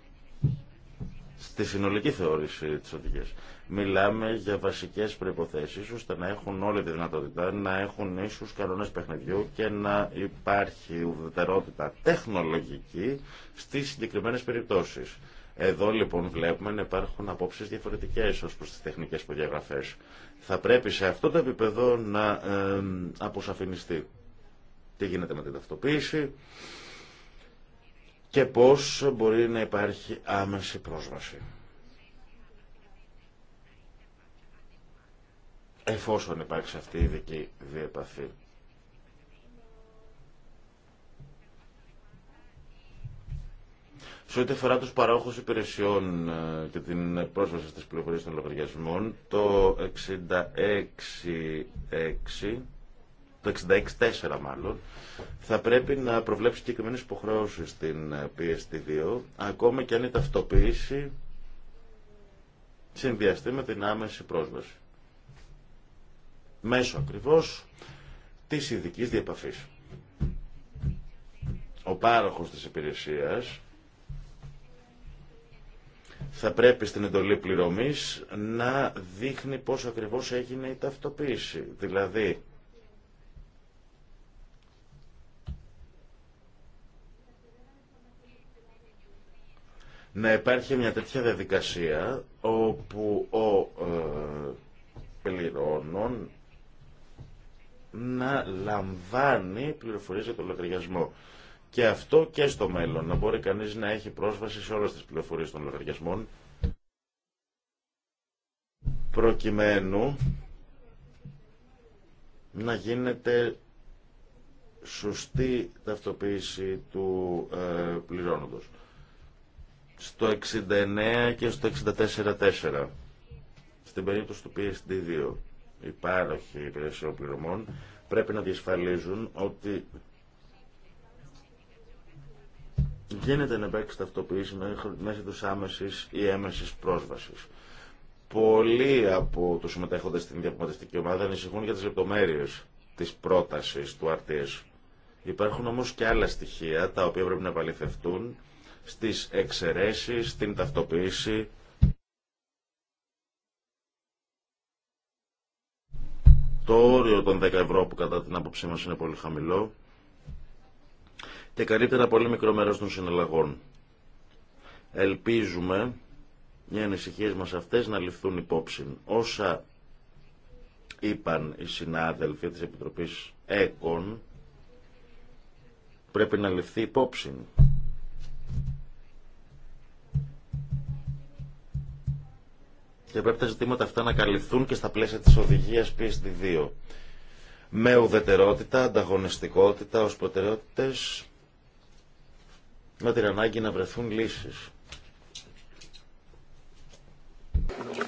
στη συνολική θεώρηση της οδηγίας. Μιλάμε για βασικές προϋποθέσεις ώστε να έχουν όλη τη δυνατότητα, να έχουν ίσους κανόνες παιχνιδιού και να υπάρχει ουδετερότητα τεχνολογική στις συγκεκριμένες περιπτώσεις. Εδώ λοιπόν βλέπουμε να υπάρχουν απόψεις διαφορετικές ως προς τις τεχνικές προδιαγραφέ. Θα πρέπει σε αυτό το επίπεδο να αποσαφινιστεί τι γίνεται με την ταυτοποίηση, και πώς μπορεί να υπάρχει άμεση πρόσβαση. Εφόσον υπάρξει αυτή η ειδική διεπαθή. Σε ό,τι αφορά του παρόχου υπηρεσιών ε, και την πρόσβαση στι πληροφορίε των λογαριασμών, το 66.6 το 66 μάλλον, θα πρέπει να προβλέψει συγκεκριμένε υποχρεώσει στην PST2, ε, ακόμα και αν η ταυτοποίηση συνδυαστεί με την άμεση πρόσβαση. Μέσω ακριβώς της ειδική διαπαφής. Ο πάροχος της υπηρεσίας θα πρέπει στην εντολή πληρωμής να δείχνει πώς ακριβώς έγινε η ταυτοποίηση. Δηλαδή, να υπάρχει μια τέτοια διαδικασία όπου ο ε, πληρώνων να λαμβάνει πληροφορίες για τον λογαριασμό. Και αυτό και στο μέλλον, να μπορεί κανείς να έχει πρόσβαση σε όλες τις πληροφορίες των λογαριασμών, προκειμένου να γίνεται σωστή ταυτοποίηση του ε, πληρώνοντος στο 69 και στο 64-4. Στην περίπτωση του PSD2, οι πάροχοι υπηρεσιών πληρωμών πρέπει να διασφαλίζουν ότι γίνεται να υπάρξει ταυτοποίηση μέσα τους άμεσης ή έμεσης πρόσβασης. Πολλοί από τους συμμετέχοντες στην διαπραγματευτική ομάδα ανησυχούν για τις λεπτομέρειες της πρότασης του RTS. Υπάρχουν όμως και άλλα στοιχεία τα οποία πρέπει να επαληθευτούν στις εξαιρέσεις, στην ταυτοποίηση. Το όριο των 10 ευρώ που κατά την άποψή μας είναι πολύ χαμηλό και καλύτερα πολύ μικρό μέρος των συναλλαγών. Ελπίζουμε οι ανησυχίε μας αυτές να ληφθούν υπόψη. Όσα είπαν οι συνάδελφοι της Επιτροπής ΕΚΟΝ πρέπει να ληφθεί υπόψη. και πρέπει τα ζητήματα αυτά να καλυφθούν και στα πλαίσια της οδηγίας PSD2. Με ουδετερότητα, ανταγωνιστικότητα ως προτεραιότητες, με την ανάγκη να βρεθούν λύσεις.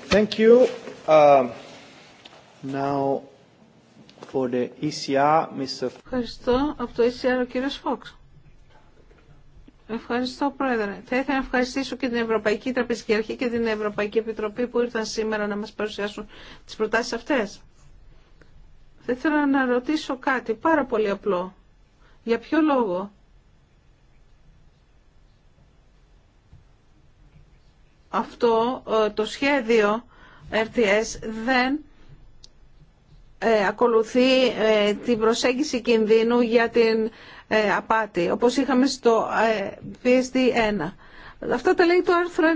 Thank you. Um, now for the ECR, Mr. Ευχαριστώ. Από το ECR ο κύριος Φόξ. Ευχαριστώ, Πρόεδρε. Θα ήθελα να ευχαριστήσω και την Ευρωπαϊκή Τραπεζική Αρχή και την Ευρωπαϊκή Επιτροπή που ήρθαν σήμερα να μας παρουσιάσουν τις προτάσεις αυτές. Θα ήθελα να ρωτήσω κάτι πάρα πολύ απλό. Για ποιο λόγο αυτό ε, το σχέδιο RTS δεν ε, ακολουθεί ε, την προσέγγιση κινδύνου για την ε, απάτη, όπως είχαμε στο ε, PSD1. Αυτά τα λέει το άρθρο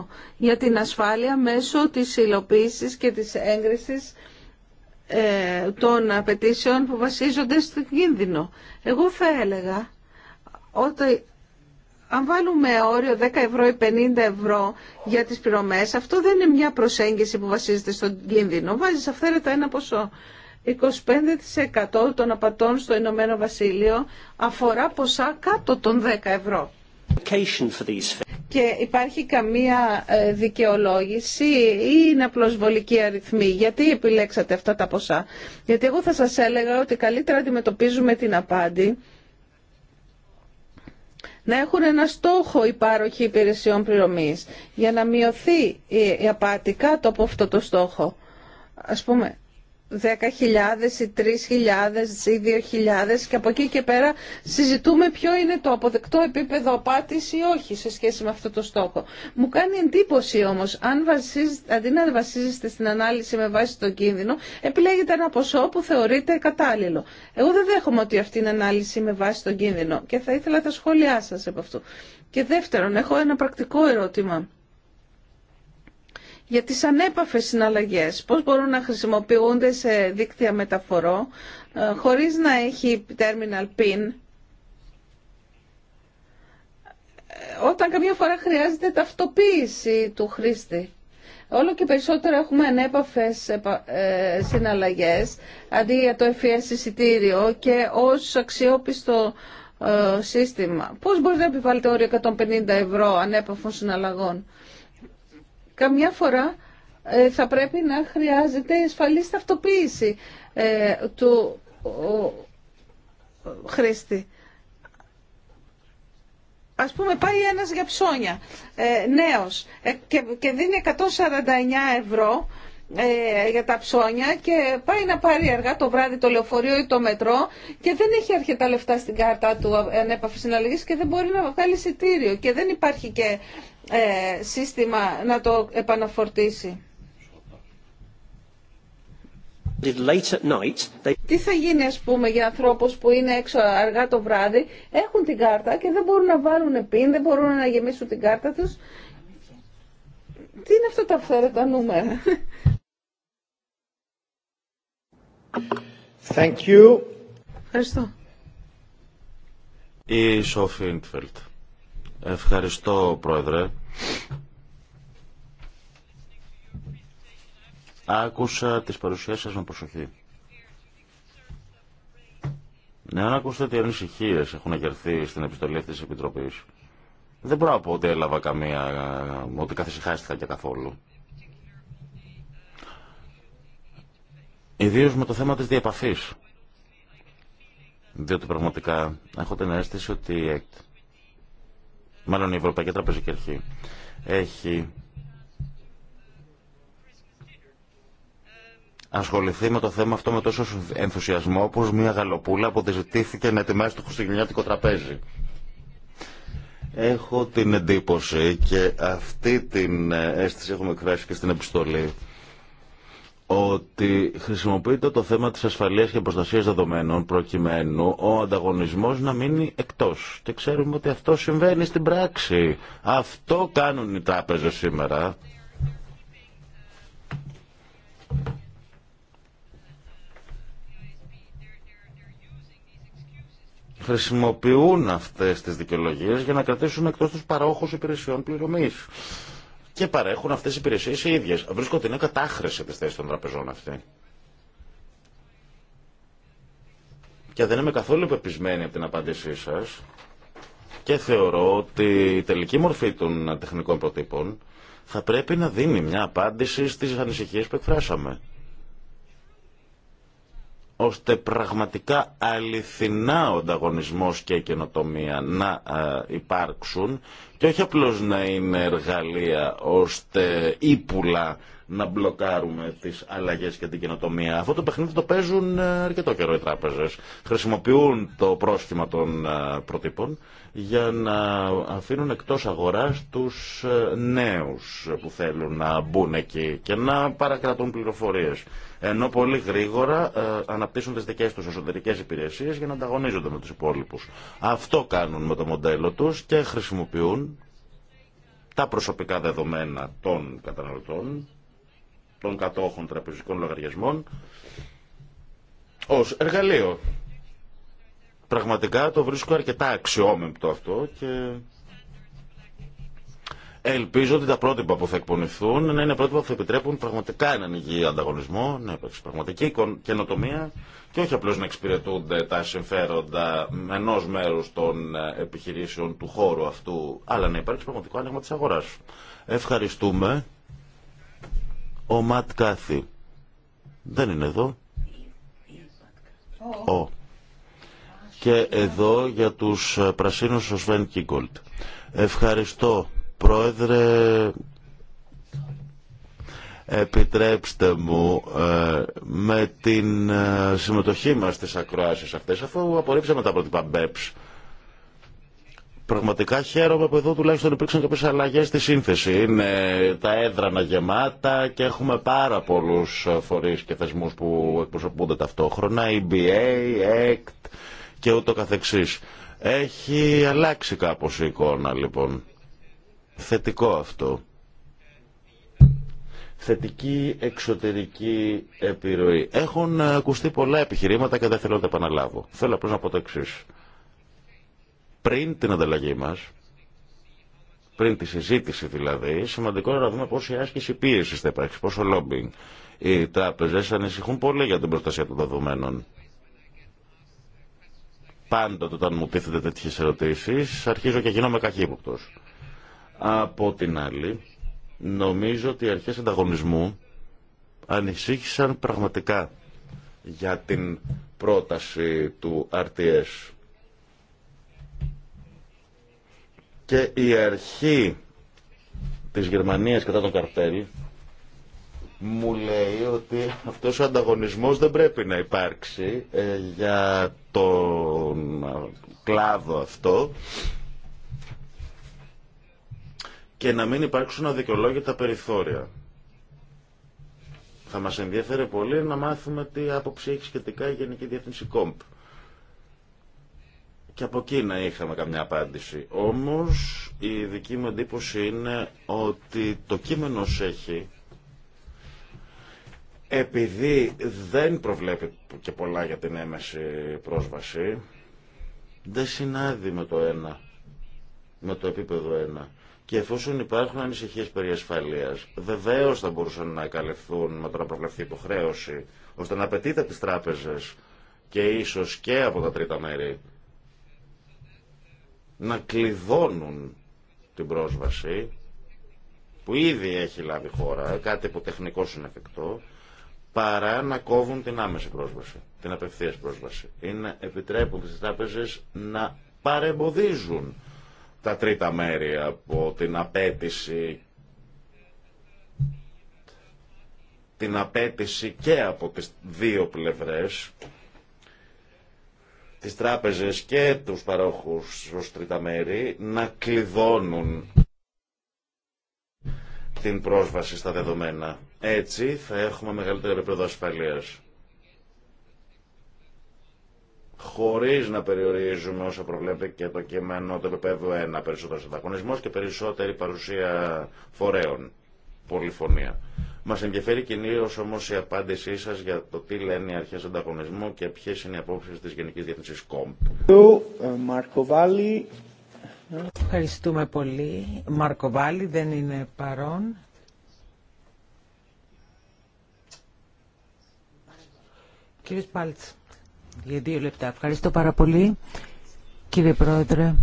98 για την ασφάλεια μέσω της υλοποίηση και της έγκρισης ε, των απαιτήσεων που βασίζονται στο κίνδυνο. Εγώ θα έλεγα ότι αν βάλουμε όριο 10 ευρώ ή 50 ευρώ για τις πληρωμές, αυτό δεν είναι μια προσέγγιση που βασίζεται στον κίνδυνο. Βάζεις αυθαίρετα ένα ποσό. 25% των απατών στο Ηνωμένο Βασίλειο αφορά ποσά κάτω των 10 ευρώ. Και υπάρχει καμία ε, δικαιολόγηση ή είναι βολική αριθμή. Γιατί επιλέξατε αυτά τα ποσά. Γιατί εγώ θα σας έλεγα ότι καλύτερα αντιμετωπίζουμε την απάντη να έχουν ένα στόχο η πάροχη υπηρεσιών πληρωμής για να μειωθεί η απάτη κάτω από αυτό το στόχο. Ας πούμε, 10.000 ή 3.000 ή 2.000 και από εκεί και πέρα συζητούμε ποιο είναι το αποδεκτό επίπεδο απάτης ή όχι σε σχέση με αυτό το στόχο. Μου κάνει εντύπωση όμως, αν αντί να βασίζεστε στην ανάλυση με βάση τον κίνδυνο, επιλέγετε ένα ποσό που θεωρείται κατάλληλο. Εγώ δεν δέχομαι ότι αυτή είναι ανάλυση με βάση τον κίνδυνο και θα ήθελα τα σχόλιά σας από αυτού. Και δεύτερον, έχω ένα πρακτικό ερώτημα για τις ανέπαφες συναλλαγές, πώς μπορούν να χρησιμοποιούνται σε δίκτυα μεταφορό ε, χωρίς να έχει terminal pin. Ε, όταν καμιά φορά χρειάζεται ταυτοποίηση του χρήστη. Όλο και περισσότερο έχουμε ανέπαφες ε, συναλλαγές αντί για το FES εισιτήριο και ως αξιόπιστο σύστημα. Πώς μπορείτε να επιβάλλετε όριο 150 ευρώ ανέπαφων συναλλαγών. Καμιά φορά ε, θα πρέπει να χρειάζεται ασφαλή ταυτοποίηση ε, του χρήστη. Ας πούμε πάει ένας για ψώνια, ε, νέος, και δίνει 149 ευρώ για τα ψώνια και πάει να πάρει αργά το βράδυ το λεωφορείο ή το μετρό και δεν έχει αρκετά λεφτά στην κάρτα του ανέπαφης συναλλαγής και δεν μπορεί να βγάλει εισιτήριο και δεν υπάρχει και ε, σύστημα να το επαναφορτήσει. Τι θα γίνει ας πούμε για ανθρώπους που είναι έξω αργά το βράδυ, έχουν την κάρτα και δεν μπορούν να βάλουν πιν, δεν μπορούν να γεμίσουν την κάρτα τους. Τι είναι αυτά τα αυθαίρετα νούμερα. Thank Ευχαριστώ. Η Σόφι Ευχαριστώ, Πρόεδρε. Άκουσα τις παρουσιάσεις σας με προσοχή. Ναι, αν ακούσετε τι ανησυχίες έχουν αγερθεί στην επιστολή αυτή τη Επιτροπή, δεν μπορώ να πω ότι έλαβα καμία. ότι καθυσυχάστηκα και καθόλου. Ιδίω με το θέμα της διαπαφή. Διότι πραγματικά έχω την αίσθηση ότι μάλλον η Ευρωπαϊκή Τραπεζική Αρχή, έχει ασχοληθεί με το θέμα αυτό με τόσο ενθουσιασμό όπως μια γαλοπούλα που διζητήθηκε ζητήθηκε να ετοιμάσει το χριστουγεννιάτικο τραπέζι. Έχω την εντύπωση και αυτή την αίσθηση έχουμε εκφράσει και στην επιστολή ότι χρησιμοποιείται το θέμα της ασφαλείας και προστασίας δεδομένων προκειμένου ο ανταγωνισμός να μείνει εκτός. Και ξέρουμε ότι αυτό συμβαίνει στην πράξη. Αυτό κάνουν οι τράπεζες σήμερα. Χρησιμοποιούν αυτές τις δικαιολογίες για να κρατήσουν εκτός τους παρόχους υπηρεσιών πληρωμής και παρέχουν αυτές οι υπηρεσίες οι ίδιες. Βρίσκω ότι είναι κατάχρηση της θέσης των τραπεζών αυτή. Και δεν είμαι καθόλου πεπισμένη από την απάντησή σας και θεωρώ ότι η τελική μορφή των τεχνικών προτύπων θα πρέπει να δίνει μια απάντηση στις ανησυχίες που εκφράσαμε ώστε πραγματικά αληθινά ο ανταγωνισμός και η καινοτομία να ε, υπάρξουν και όχι απλώς να είναι εργαλεία ώστε ύπουλα να μπλοκάρουμε τις αλλαγές και την καινοτομία. Αυτό το παιχνίδι το παίζουν ε, αρκετό καιρό οι τράπεζες. Χρησιμοποιούν το πρόσχημα των ε, προτύπων για να αφήνουν εκτός αγοράς τους ε, νέους που θέλουν να μπουν εκεί και να παρακρατούν πληροφορίες. Ενώ πολύ γρήγορα αναπτύσσουν τις δικές τους εσωτερικές υπηρεσίες για να ανταγωνίζονται με τους υπόλοιπους. Αυτό κάνουν με το μοντέλο τους και χρησιμοποιούν τα προσωπικά δεδομένα των καταναλωτών, των κατόχων τραπεζικών λογαριασμών, ως εργαλείο. Πραγματικά το βρίσκω αρκετά αξιόμεμπτο αυτό και Ελπίζω ότι τα πρότυπα που θα εκπονηθούν να είναι πρότυπα που θα επιτρέπουν πραγματικά έναν υγιή ανταγωνισμό, να υπάρξει πραγματική καινοτομία και όχι απλώ να εξυπηρετούνται τα συμφέροντα ενό μέρους των ε, επιχειρήσεων του χώρου αυτού, αλλά να υπάρξει πραγματικό άνοιγμα τη αγορά. Ευχαριστούμε. Ο Ματ Κάθι Δεν είναι εδώ. Ο. Και εδώ για τους ε, πρασίνους ο Σβέν Κίγκολτ. Ευχαριστώ Πρόεδρε, επιτρέψτε μου ε, με την ε, συμμετοχή μας στις ακροάσεις αυτές, αφού απορρίψαμε τα πρότυπα BEPS, Πραγματικά χαίρομαι που εδώ τουλάχιστον υπήρξαν κάποιες αλλαγές στη σύνθεση. Είναι τα έδρανα γεμάτα και έχουμε πάρα πολλούς ε, φορείς και θεσμούς που εκπροσωπούνται ταυτόχρονα. EBA, ACT και ούτω καθεξής. Έχει αλλάξει κάπως η εικόνα λοιπόν. Θετικό αυτό. Θετική εξωτερική επιρροή. Έχουν ακουστεί πολλά επιχειρήματα και δεν θέλω να τα επαναλάβω. Θέλω απλώς να πω το εξή. Πριν την ανταλλαγή μας, πριν τη συζήτηση δηλαδή, σημαντικό είναι να δούμε πόση άσκηση πίεση θα υπάρξει, πόσο λόμπινγκ. Οι τράπεζε ανησυχούν πολύ για την προστασία των δεδομένων. Πάντοτε όταν μου τίθεται τέτοιε ερωτήσει, αρχίζω και γίνομαι καχύποπτο. Από την άλλη, νομίζω ότι οι αρχές ανταγωνισμού ανησύχησαν πραγματικά για την πρόταση του RTS. Και η αρχή της Γερμανίας κατά τον καρτέλ μου λέει ότι αυτός ο ανταγωνισμός δεν πρέπει να υπάρξει ε, για τον κλάδο αυτό και να μην υπάρξουν αδικαιολόγητα περιθώρια. Θα μας ενδιαφέρει πολύ να μάθουμε τι άποψη έχει σχετικά η Γενική Διεύθυνση ΚΟΜΠ. Και από εκεί να είχαμε καμιά απάντηση. Όμως η δική μου εντύπωση είναι ότι το κείμενο έχει επειδή δεν προβλέπει και πολλά για την έμεση πρόσβαση, δεν συνάδει με το ένα, με το επίπεδο ένα. Και εφόσον υπάρχουν ανησυχίε περί ασφαλεία, βεβαίω θα μπορούσαν να καλυφθούν με το να προβλεφθεί υποχρέωση, ώστε να απαιτείται από τι τράπεζε και ίσω και από τα τρίτα μέρη να κλειδώνουν την πρόσβαση που ήδη έχει λάβει χώρα, κάτι που τεχνικώ είναι εφικτό, παρά να κόβουν την άμεση πρόσβαση, την απευθεία πρόσβαση. Ή να επιτρέπουν τι τράπεζε να παρεμποδίζουν τα τρίτα μέρη από την απέτηση την απέτηση και από τις δύο πλευρές τις τράπεζες και τους παρόχους ως τρίτα μέρη να κλειδώνουν την πρόσβαση στα δεδομένα. Έτσι θα έχουμε μεγαλύτερη επίπεδο ασφαλείας. Χωρί να περιορίζουμε όσο προβλέπει και το κείμενο του επίπεδου 1, περισσότερο ανταγωνισμό και περισσότερη παρουσία φορέων, πολυφωνία. Μα ενδιαφέρει κυρίω όμω η απάντησή σα για το τι λένε οι αρχές ανταγωνισμού και ποιε είναι οι απόψει τη γενική Διεύθυνσης ΚΟΜΠ. Ευχαριστούμε πολύ. Μάρκο δεν είναι παρόν. Κύριε Πάλτς για δύο λεπτά. Ευχαριστώ πάρα πολύ κύριε Πρόεδρε.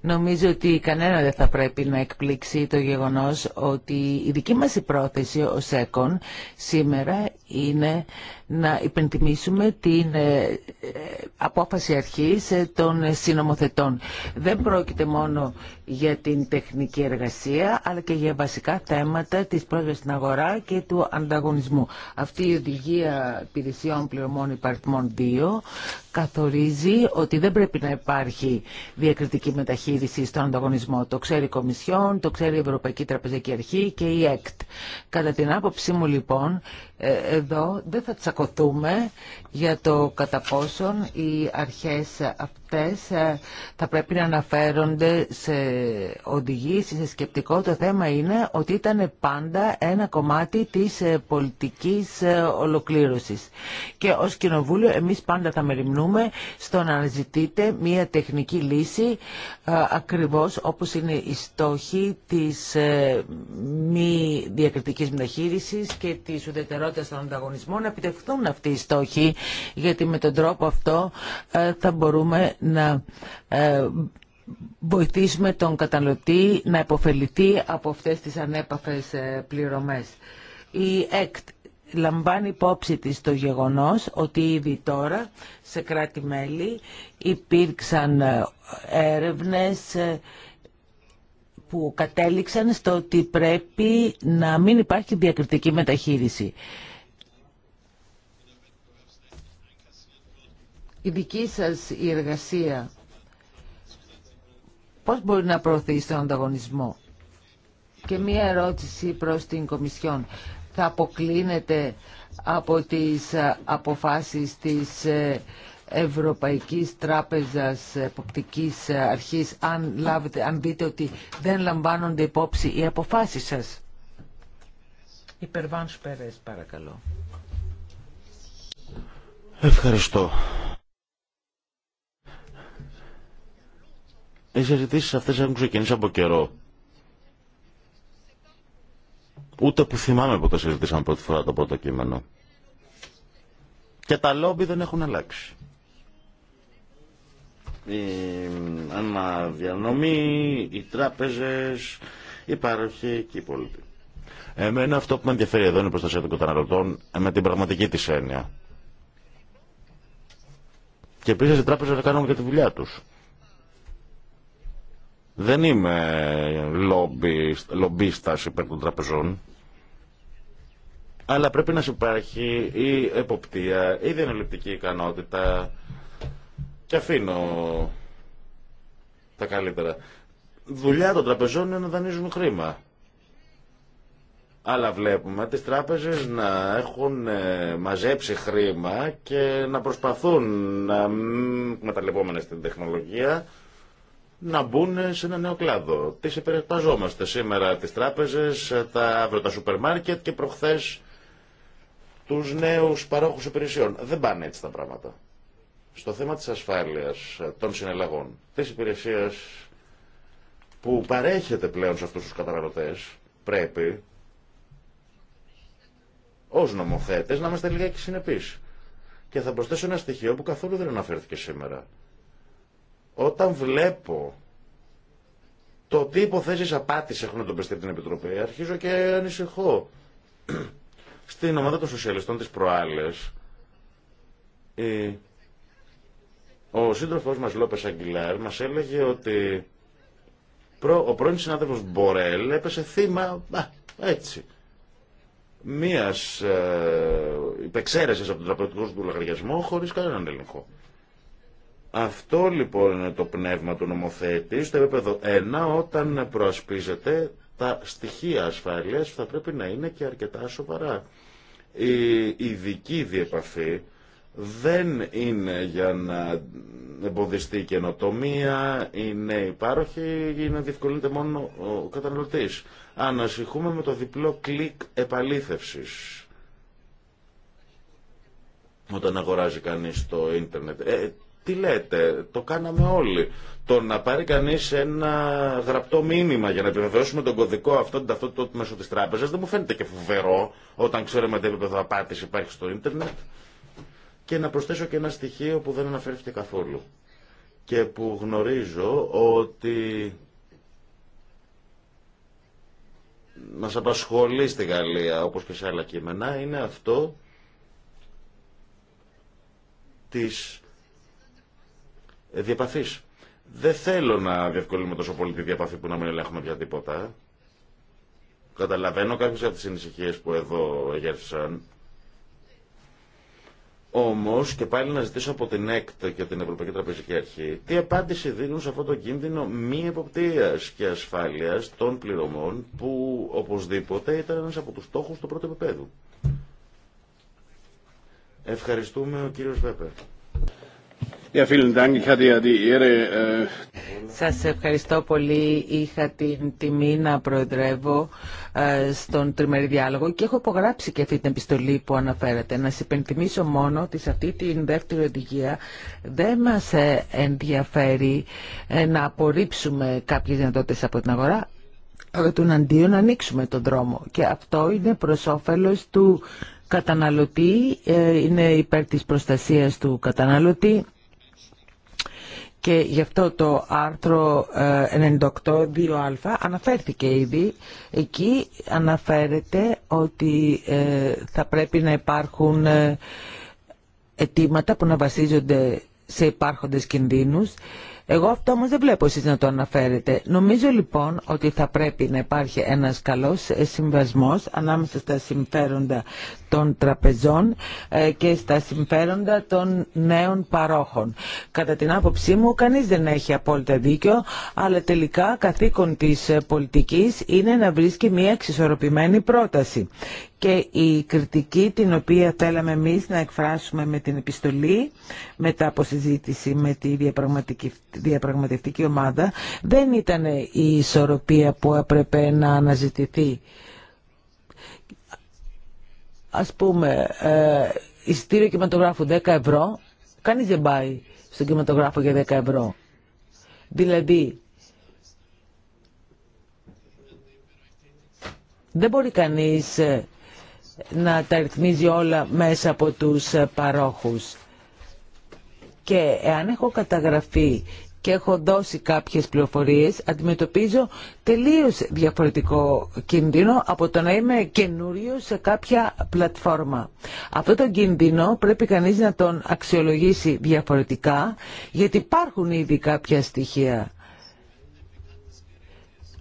Νομίζω ότι κανένα δεν θα πρέπει να εκπλήξει το γεγονός ότι η δική μας πρόθεση ως ΕΚΟΝ σήμερα είναι να υπενθυμίσουμε την ε, απόφαση αρχής ε, των συνομοθετών. Δεν πρόκειται μόνο για την τεχνική εργασία, αλλά και για βασικά θέματα της πρόσβασης στην αγορά και του ανταγωνισμού. Αυτή η οδηγία υπηρεσιών πληρωμών υπαριθμών 2 καθορίζει ότι δεν πρέπει να υπάρχει διακριτική μεταχείριση στον ανταγωνισμό. Το ξέρει η Κομισιόν, το ξέρει η Ευρωπαϊκή Τραπεζική Αρχή και η ΕΚΤ. Κατά την άποψή μου λοιπόν ε, εδώ δεν θα τσακωθούμε για το κατά πόσον οι αρχές αυτές ε, θα πρέπει να αναφέρονται σε οδηγήσεις σε σκεπτικό. Το θέμα είναι ότι ήταν πάντα ένα κομμάτι της ε, πολιτικής ολοκλήρωσης. Και ως Κοινοβούλιο εμείς πάντα θα μεριμνούμε στο να αναζητείτε μια τεχνική λύση ακριβώς όπως είναι η στόχη της μη διακριτικής μεταχείρισης και της ουδετερότητας ισότητα στον ανταγωνισμό να επιτευχθούν αυτοί οι στόχοι γιατί με τον τρόπο αυτό ε, θα μπορούμε να ε, βοηθήσουμε τον καταναλωτή να υποφεληθεί από αυτές τις ανέπαφες ε, πληρωμές. Η ΕΚΤ λαμβάνει υπόψη της το γεγονός ότι ήδη τώρα σε κράτη-μέλη υπήρξαν έρευνες που κατέληξαν στο ότι πρέπει να μην υπάρχει διακριτική μεταχείριση. Η δική σας η εργασία πώς μπορεί να προωθεί στον ανταγωνισμό. Και μία ερώτηση προς την Κομισιόν. Θα αποκλίνεται από τις ε, αποφάσεις της ε, Ευρωπαϊκής Τράπεζας Εποπτικής Αρχής αν, λάβετε, δείτε ότι δεν λαμβάνονται υπόψη οι αποφάσεις σας. Υπερβάνσου Σπέρες, παρακαλώ. Ευχαριστώ. Οι συζητήσει αυτές έχουν ξεκινήσει από καιρό. Ούτε που θυμάμαι πότε συζητήσαμε πρώτη φορά το πρώτο κείμενο. Και τα λόμπι δεν έχουν αλλάξει η αναδιανομή, οι τράπεζες, η παροχή και οι υπόλοιποι. Εμένα αυτό που με ενδιαφέρει εδώ είναι η προστασία των καταναλωτών ε, με την πραγματική της έννοια. Και επίσης οι τράπεζες θα κάνουν και τη δουλειά τους. Δεν είμαι λομπίστας υπέρ των τραπεζών. Αλλά πρέπει να υπάρχει η εποπτεία, η διανοητική ικανότητα, και αφήνω τα καλύτερα. Δουλειά των τραπεζών είναι να δανείζουν χρήμα. Αλλά βλέπουμε τις τράπεζες να έχουν ε, μαζέψει χρήμα και να προσπαθούν να μεταλλευόμενε την τεχνολογία να μπουν σε ένα νέο κλάδο. Τι υπερεταζόμαστε σήμερα τις τράπεζες, τα, αύριο τα σούπερ μάρκετ και προχθές τους νέους παρόχους υπηρεσιών. Δεν πάνε έτσι τα πράγματα στο θέμα της ασφάλειας ε, των συνελλαγών της υπηρεσίας που παρέχεται πλέον σε αυτούς τους καταναλωτές, πρέπει ως νομοθέτες να είμαστε λιγάκι συνεπείς. Και θα προσθέσω ένα στοιχείο που καθόλου δεν αναφέρθηκε σήμερα. Όταν βλέπω το τι υποθέσει απάτη έχουν τον πεστεί την Επιτροπή, αρχίζω και ανησυχώ. Στην ομάδα των Σοσιαλιστών τη προάλλε, η ο σύντροφός μας Λόπες Αγγιλάρ μας έλεγε ότι ο πρώην συνάδελφος Μπορέλ έπεσε θύμα, α, έτσι, μίας ε, υπεξαίρεσης από τον τραπεζικό του λογαριασμό χωρίς κανέναν έλεγχο. Αυτό λοιπόν είναι το πνεύμα του νομοθέτη στο επίπεδο 1 όταν προασπίζεται τα στοιχεία ασφάλειας θα πρέπει να είναι και αρκετά σοβαρά. Η ειδική διεπαφή δεν είναι για να εμποδιστεί η καινοτομία, οι νέοι πάροχοι ή να διευκολύνεται μόνο ο καταναλωτής. Ανασυχούμε με το διπλό κλικ επαλήθευσης όταν αγοράζει κανείς το ίντερνετ. Ε, τι λέτε, το κάναμε όλοι. Το να πάρει κανεί ένα γραπτό μήνυμα για να επιβεβαιώσουμε τον κωδικό αυτό την ταυτότητα μέσω τη τράπεζα δεν μου φαίνεται και φοβερό όταν ξέρουμε τι επίπεδο απάτη υπάρχει στο ίντερνετ. Και να προσθέσω και ένα στοιχείο που δεν αναφέρθηκε καθόλου και που γνωρίζω ότι μας απασχολεί στη Γαλλία όπως και σε άλλα κείμενα είναι αυτό της διαπαθής. Δεν θέλω να διευκολύνουμε τόσο πολύ τη διαπαθή που να μην ελέγχουμε πια τίποτα. Καταλαβαίνω κάποιες από τις ανησυχίε που εδώ εγέρθησαν Όμω και πάλι να ζητήσω από την ΕΚΤ και την Ευρωπαϊκή Τραπεζική Αρχή τι απάντηση δίνουν σε αυτό το κίνδυνο μη εποπτεία και ασφάλεια των πληρωμών που οπωσδήποτε ήταν ένα από του στόχου του πρώτου επίπεδου. Ευχαριστούμε ο κύριος Βέπερ. Äh, σας ευχαριστώ πολύ. Είχα την τιμή να προεδρεύω ε, στον τριμερή διάλογο και έχω υπογράψει και αυτή την επιστολή που αναφέρατε. Να σας υπενθυμίσω μόνο ότι σε αυτή την δεύτερη οδηγία δεν μας ε, ενδιαφέρει ε, να απορρίψουμε κάποιες δυνατότητες από την αγορά, αλλά του αντίον να ανοίξουμε τον δρόμο. Και αυτό είναι προς όφελος του καταναλωτή, είναι υπέρ της προστασίας του καταναλωτή και γι' αυτό το άρθρο 98.2α ε, αναφέρθηκε ήδη. Εκεί αναφέρεται ότι ε, θα πρέπει να υπάρχουν ε, αιτήματα που να βασίζονται σε υπάρχοντες κινδύνους εγώ αυτό όμως δεν βλέπω εσείς να το αναφέρετε. Νομίζω λοιπόν ότι θα πρέπει να υπάρχει ένας καλός ε, συμβασμός ανάμεσα στα συμφέροντα των τραπεζών ε, και στα συμφέροντα των νέων παρόχων. Κατά την άποψή μου κανείς δεν έχει απόλυτα δίκιο, αλλά τελικά καθήκον της ε, πολιτικής είναι να βρίσκει μια εξισορροπημένη πρόταση και η κριτική την οποία θέλαμε εμείς να εκφράσουμε με την επιστολή μετά από συζήτηση με τη διαπραγματευτική ομάδα δεν ήταν η ισορροπία που έπρεπε να αναζητηθεί. Ας πούμε, ε, εισιτήριο κινηματογράφου 10 ευρώ, κανείς δεν πάει στον κινηματογράφο για 10 ευρώ. Δηλαδή, δεν μπορεί κανείς ε, να τα ρυθμίζει όλα μέσα από τους παρόχους. Και εάν έχω καταγραφεί και έχω δώσει κάποιες πληροφορίες, αντιμετωπίζω τελείως διαφορετικό κίνδυνο από το να είμαι καινούριο σε κάποια πλατφόρμα. Αυτό το κίνδυνο πρέπει κανείς να τον αξιολογήσει διαφορετικά, γιατί υπάρχουν ήδη κάποια στοιχεία.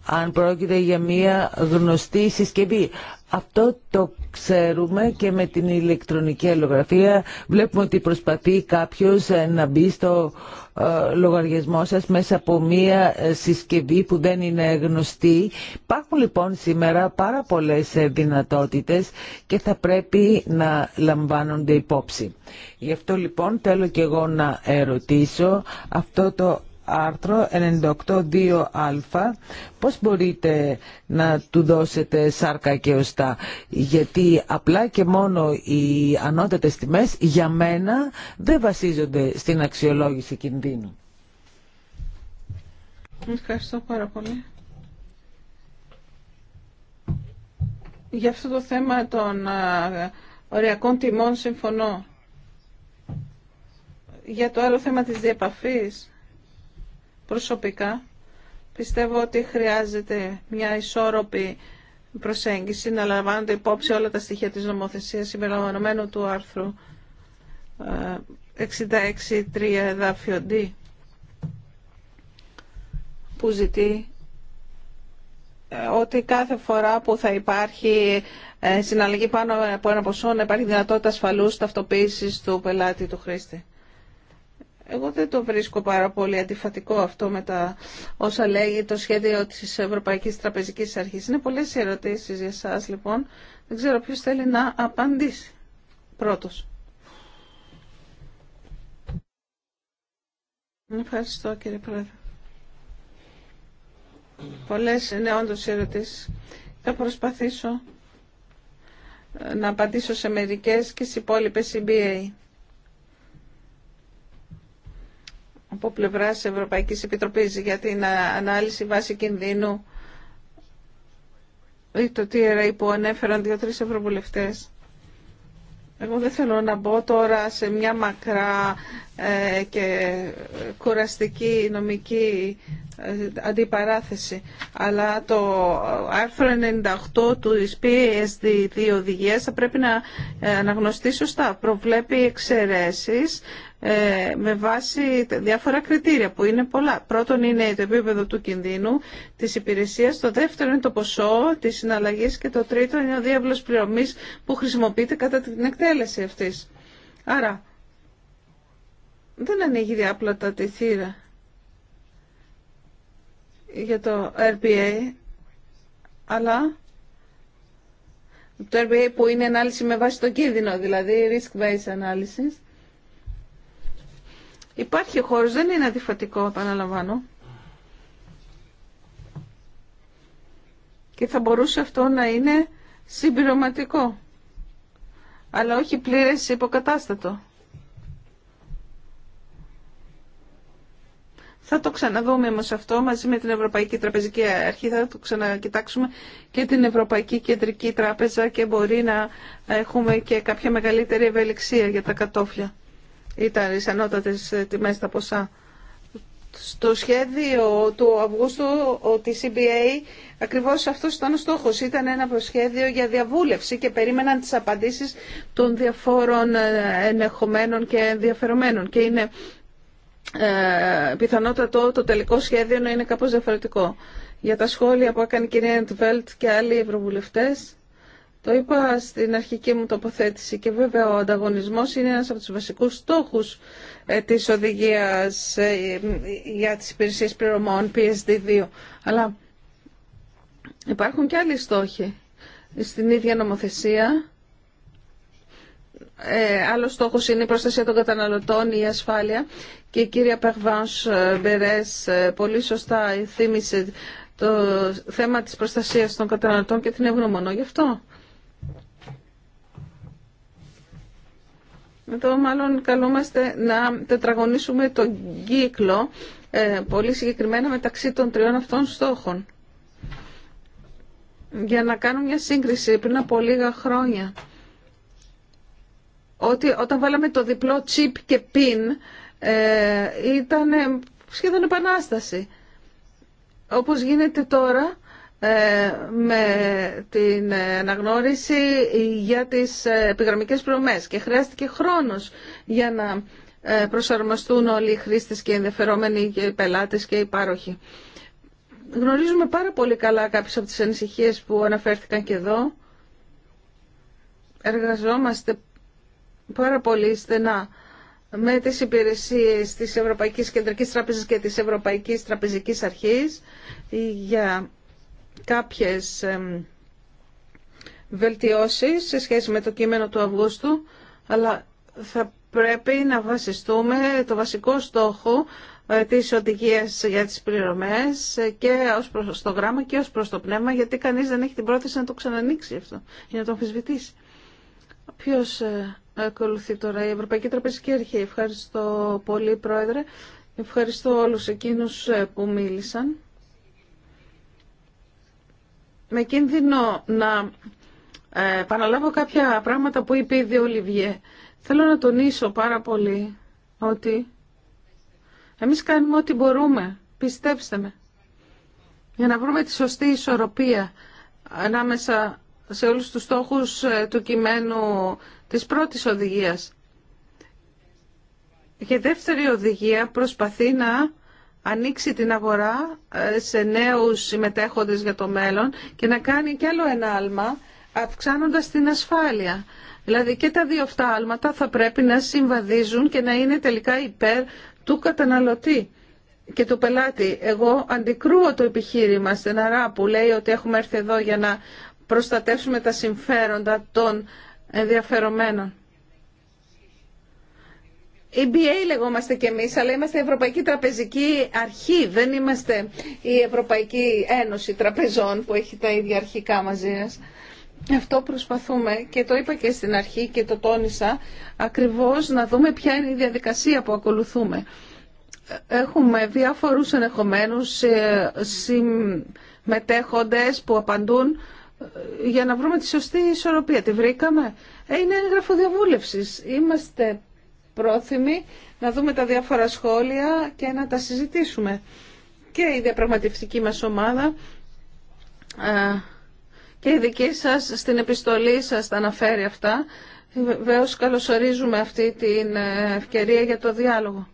Αν πρόκειται για μία γνωστή συσκευή, αυτό το ξέρουμε και με την ηλεκτρονική αλλογραφία. Βλέπουμε ότι προσπαθεί κάποιος ε, να μπει στο ε, λογαριασμό σας μέσα από μία ε, συσκευή που δεν είναι γνωστή. Υπάρχουν λοιπόν σήμερα πάρα πολλές δυνατότητες και θα πρέπει να λαμβάνονται υπόψη. Γι' αυτό λοιπόν θέλω και εγώ να ερωτήσω αυτό το άρθρο 98.2α πώς μπορείτε να του δώσετε σάρκα και οστά γιατί απλά και μόνο οι ανώτατες τιμές για μένα δεν βασίζονται στην αξιολόγηση κινδύνου. Ευχαριστώ πάρα πολύ. Για αυτό το θέμα των οριακών τιμών συμφωνώ. Για το άλλο θέμα της διαπαφής προσωπικά πιστεύω ότι χρειάζεται μια ισόρροπη προσέγγιση να λαμβάνονται υπόψη όλα τα στοιχεία της νομοθεσίας συμπεριλαμβανομένου του άρθρου 66.3 ε, εδάφιο που ζητεί ε, ότι κάθε φορά που θα υπάρχει ε, συναλλαγή πάνω από ένα ποσό να υπάρχει δυνατότητα ασφαλούς ταυτοποίησης του πελάτη του χρήστη. Εγώ δεν το βρίσκω πάρα πολύ αντιφατικό αυτό με τα όσα λέγει το σχέδιο της Ευρωπαϊκής Τραπεζικής Αρχής. Είναι πολλές ερωτήσεις για σας λοιπόν. Δεν ξέρω ποιος θέλει να απαντήσει πρώτος. Ευχαριστώ κύριε Πρόεδρε. Πολλές είναι όντως ερωτήσεις. Θα προσπαθήσω να απαντήσω σε μερικές και στις υπόλοιπες CBA. από πλευράς Ευρωπαϊκής Επιτροπής για την ε, ανάλυση βάση κινδύνου ή το TRA που ανέφεραν δύο-τρεις ευρωβουλευτές. Εγώ δεν θέλω να μπω τώρα σε μια μακρά ε, και κουραστική νομική ε, αντιπαράθεση. Αλλά το άρθρο 98 του PSD2 οδηγίας θα πρέπει να αναγνωστεί σωστά. Προβλέπει εξαιρέσεις ε, με βάση διάφορα κριτήρια που είναι πολλά. Πρώτον είναι το επίπεδο του κινδύνου της υπηρεσίας, το δεύτερο είναι το ποσό της συναλλαγής και το τρίτο είναι ο διάβλος πληρωμής που χρησιμοποιείται κατά την εκτέλεση αυτής. Άρα δεν ανοίγει διάπλατα τη θύρα για το RPA, αλλά το RPA που είναι ανάλυση με βάση το κίνδυνο, δηλαδή risk-based analysis, Υπάρχει χώρο δεν είναι αντιφατικό, επαναλαμβάνω. Και θα μπορούσε αυτό να είναι συμπληρωματικό, αλλά όχι πλήρες υποκατάστατο. Θα το ξαναδούμε όμως αυτό μαζί με την Ευρωπαϊκή Τραπεζική Αρχή, θα το ξανακοιτάξουμε και την Ευρωπαϊκή Κεντρική Τράπεζα και μπορεί να έχουμε και κάποια μεγαλύτερη ευελιξία για τα κατόφλια ήταν οι ανώτατες ε, τιμές τα ποσά. Στο σχέδιο του Αυγούστου τη CBA ακριβώς αυτός ήταν ο στόχος. Ήταν ένα προσχέδιο για διαβούλευση και περίμεναν τις απαντήσεις των διαφόρων ε, ενεχομένων και ενδιαφερομένων. Και είναι ε, πιθανότατο το τελικό σχέδιο να είναι κάπως διαφορετικό. Για τα σχόλια που έκανε η κυρία Εντβέλτ και άλλοι ευρωβουλευτές το είπα στην αρχική μου τοποθέτηση και βέβαια ο ανταγωνισμός είναι ένας από τους βασικούς στόχους ε, της οδηγίας ε, για τις υπηρεσίες πληρωμών PSD2. Αλλά υπάρχουν και άλλοι στόχοι στην ίδια νομοθεσία. Ε, άλλο στόχο είναι η προστασία των καταναλωτών, η ασφάλεια. Και η κυρία Περβάν ε, Μπερέ πολύ σωστά θύμισε το θέμα της προστασίας των καταναλωτών και την ευγνωμονώ γι' αυτό. Εδώ μάλλον καλούμαστε να τετραγωνίσουμε τον κύκλο ε, πολύ συγκεκριμένα μεταξύ των τριών αυτών στόχων. Για να κάνω μια σύγκριση πριν από λίγα χρόνια, ότι όταν βάλαμε το διπλό chip και πιν ε, ήταν σχεδόν επανάσταση. Όπως γίνεται τώρα ε, με την αναγνώριση για τις επιγραμμικές προμές και χρειάστηκε χρόνος για να ε, προσαρμοστούν όλοι οι χρήστες και οι ενδιαφερόμενοι και οι πελάτες και οι πάροχοι. Γνωρίζουμε πάρα πολύ καλά κάποιες από τις ανησυχίες που αναφέρθηκαν και εδώ. Εργαζόμαστε πάρα πολύ στενά με τις υπηρεσίες της Ευρωπαϊκής Κεντρικής Τράπεζας και της Ευρωπαϊκής Τραπεζικής Αρχής για κάποιες βελτιώσεις σε σχέση με το κείμενο του Αυγούστου, αλλά θα πρέπει να βασιστούμε το βασικό στόχο ε, της οδηγίας για τις πληρωμές ε, και ως προς το γράμμα και ως προς το πνεύμα, γιατί κανείς δεν έχει την πρόθεση να το ξανανοίξει αυτό, ή να το αμφισβητήσει. Ποιος ε, ακολουθεί τώρα, η Ευρωπαϊκή Τραπεζική Αρχή. Ευχαριστώ πολύ, Πρόεδρε. Ευχαριστώ όλους εκείνους που μίλησαν με κίνδυνο να ε, παραλάβω κάποια πράγματα που είπε ήδη ο Λιβιέ. Θέλω να τονίσω πάρα πολύ ότι εμείς κάνουμε ό,τι μπορούμε, πιστέψτε με, για να βρούμε τη σωστή ισορροπία ανάμεσα σε όλους τους στόχους ε, του κειμένου της πρώτης οδηγίας. Και δεύτερη οδηγία προσπαθεί να ανοίξει την αγορά ε, σε νέους συμμετέχοντες για το μέλλον και να κάνει κι άλλο ένα άλμα αυξάνοντας την ασφάλεια. Δηλαδή και τα δύο αυτά άλματα θα πρέπει να συμβαδίζουν και να είναι τελικά υπέρ του καταναλωτή και του πελάτη. Εγώ αντικρούω το επιχείρημα στεναρά που λέει ότι έχουμε έρθει εδώ για να προστατεύσουμε τα συμφέροντα των ενδιαφερομένων. EBA λεγόμαστε κι εμείς, αλλά είμαστε Ευρωπαϊκή Τραπεζική Αρχή, δεν είμαστε η Ευρωπαϊκή Ένωση Τραπεζών που έχει τα ίδια αρχικά μαζί μας. Αυτό προσπαθούμε και το είπα και στην αρχή και το τόνισα, ακριβώς να δούμε ποια είναι η διαδικασία που ακολουθούμε. Έχουμε διάφορους ενεχομένους ε, συμμετέχοντες που απαντούν ε, για να βρούμε τη σωστή ισορροπία. Τη βρήκαμε. Ε, είναι έγγραφο Είμαστε πρόθυμοι να δούμε τα διάφορα σχόλια και να τα συζητήσουμε. Και η διαπραγματευτική μας ομάδα και η δική σας στην επιστολή σας τα αναφέρει αυτά. Βεβαίω καλωσορίζουμε αυτή την ε, ευκαιρία για το διάλογο.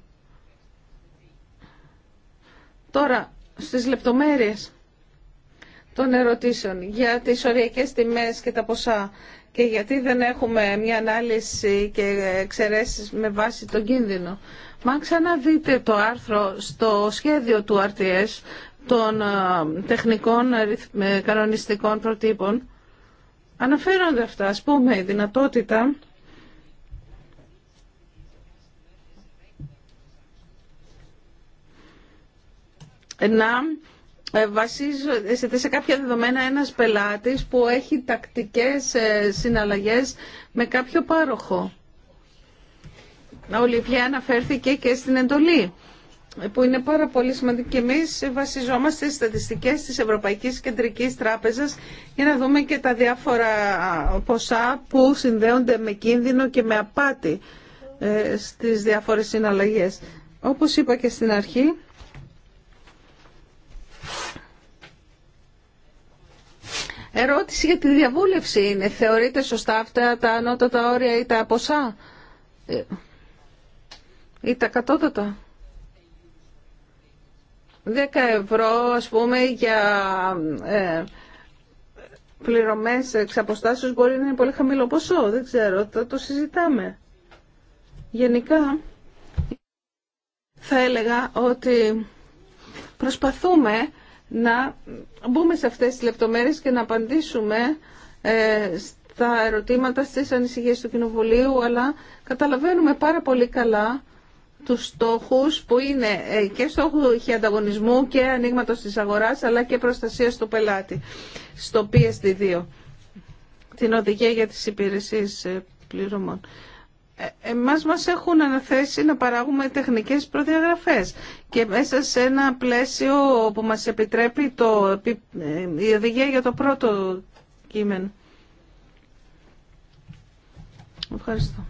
Τώρα, στις λεπτομέρειες των ερωτήσεων για τις οριακές τιμές και τα ποσά και γιατί δεν έχουμε μια ανάλυση και εξαιρέσει με βάση τον κίνδυνο. Μα ξαναδείτε το άρθρο στο σχέδιο του RTS των ε, τεχνικών ε, κανονιστικών προτύπων. Αναφέρονται αυτά, ας πούμε, η δυνατότητα να ε, βασίζεται σε κάποια δεδομένα ένας πελάτης που έχει τακτικές ε, συναλλαγές με κάποιο πάροχο. Ο Λιβιέ αναφέρθηκε και στην εντολή που είναι πάρα πολύ σημαντική και εμείς βασιζόμαστε στις στατιστικές της Ευρωπαϊκής Κεντρικής Τράπεζας για να δούμε και τα διάφορα ποσά που συνδέονται με κίνδυνο και με απάτη ε, στις διάφορες συναλλαγές. Όπως είπα και στην αρχή, Ερώτηση για τη διαβούλευση είναι. Θεωρείτε σωστά αυτά τα ανώτατα όρια ή τα ποσά ε, ή τα κατώτατα. 10 ευρώ ας πούμε για ε, πληρωμές εξ αποστάσεως μπορεί να είναι πολύ χαμηλό ποσό. Δεν ξέρω, θα το συζητάμε. Γενικά θα έλεγα ότι προσπαθούμε να μπούμε σε αυτές τις λεπτομέρειες και να απαντήσουμε ε, στα ερωτήματα, στις ανησυχίες του Κοινοβουλίου, αλλά καταλαβαίνουμε πάρα πολύ καλά τους στόχους που είναι ε, και στόχου ανταγωνισμού και ανοίγματο της αγοράς αλλά και προστασία του πελάτη, στο PSD2, την οδηγία για τις υπηρεσίες ε, πληρωμών. Ε, εμάς μας έχουν αναθέσει να παράγουμε τεχνικές προδιαγραφές και μέσα σε ένα πλαίσιο που μας επιτρέπει το, ε, η οδηγία για το πρώτο κείμενο. Ευχαριστώ.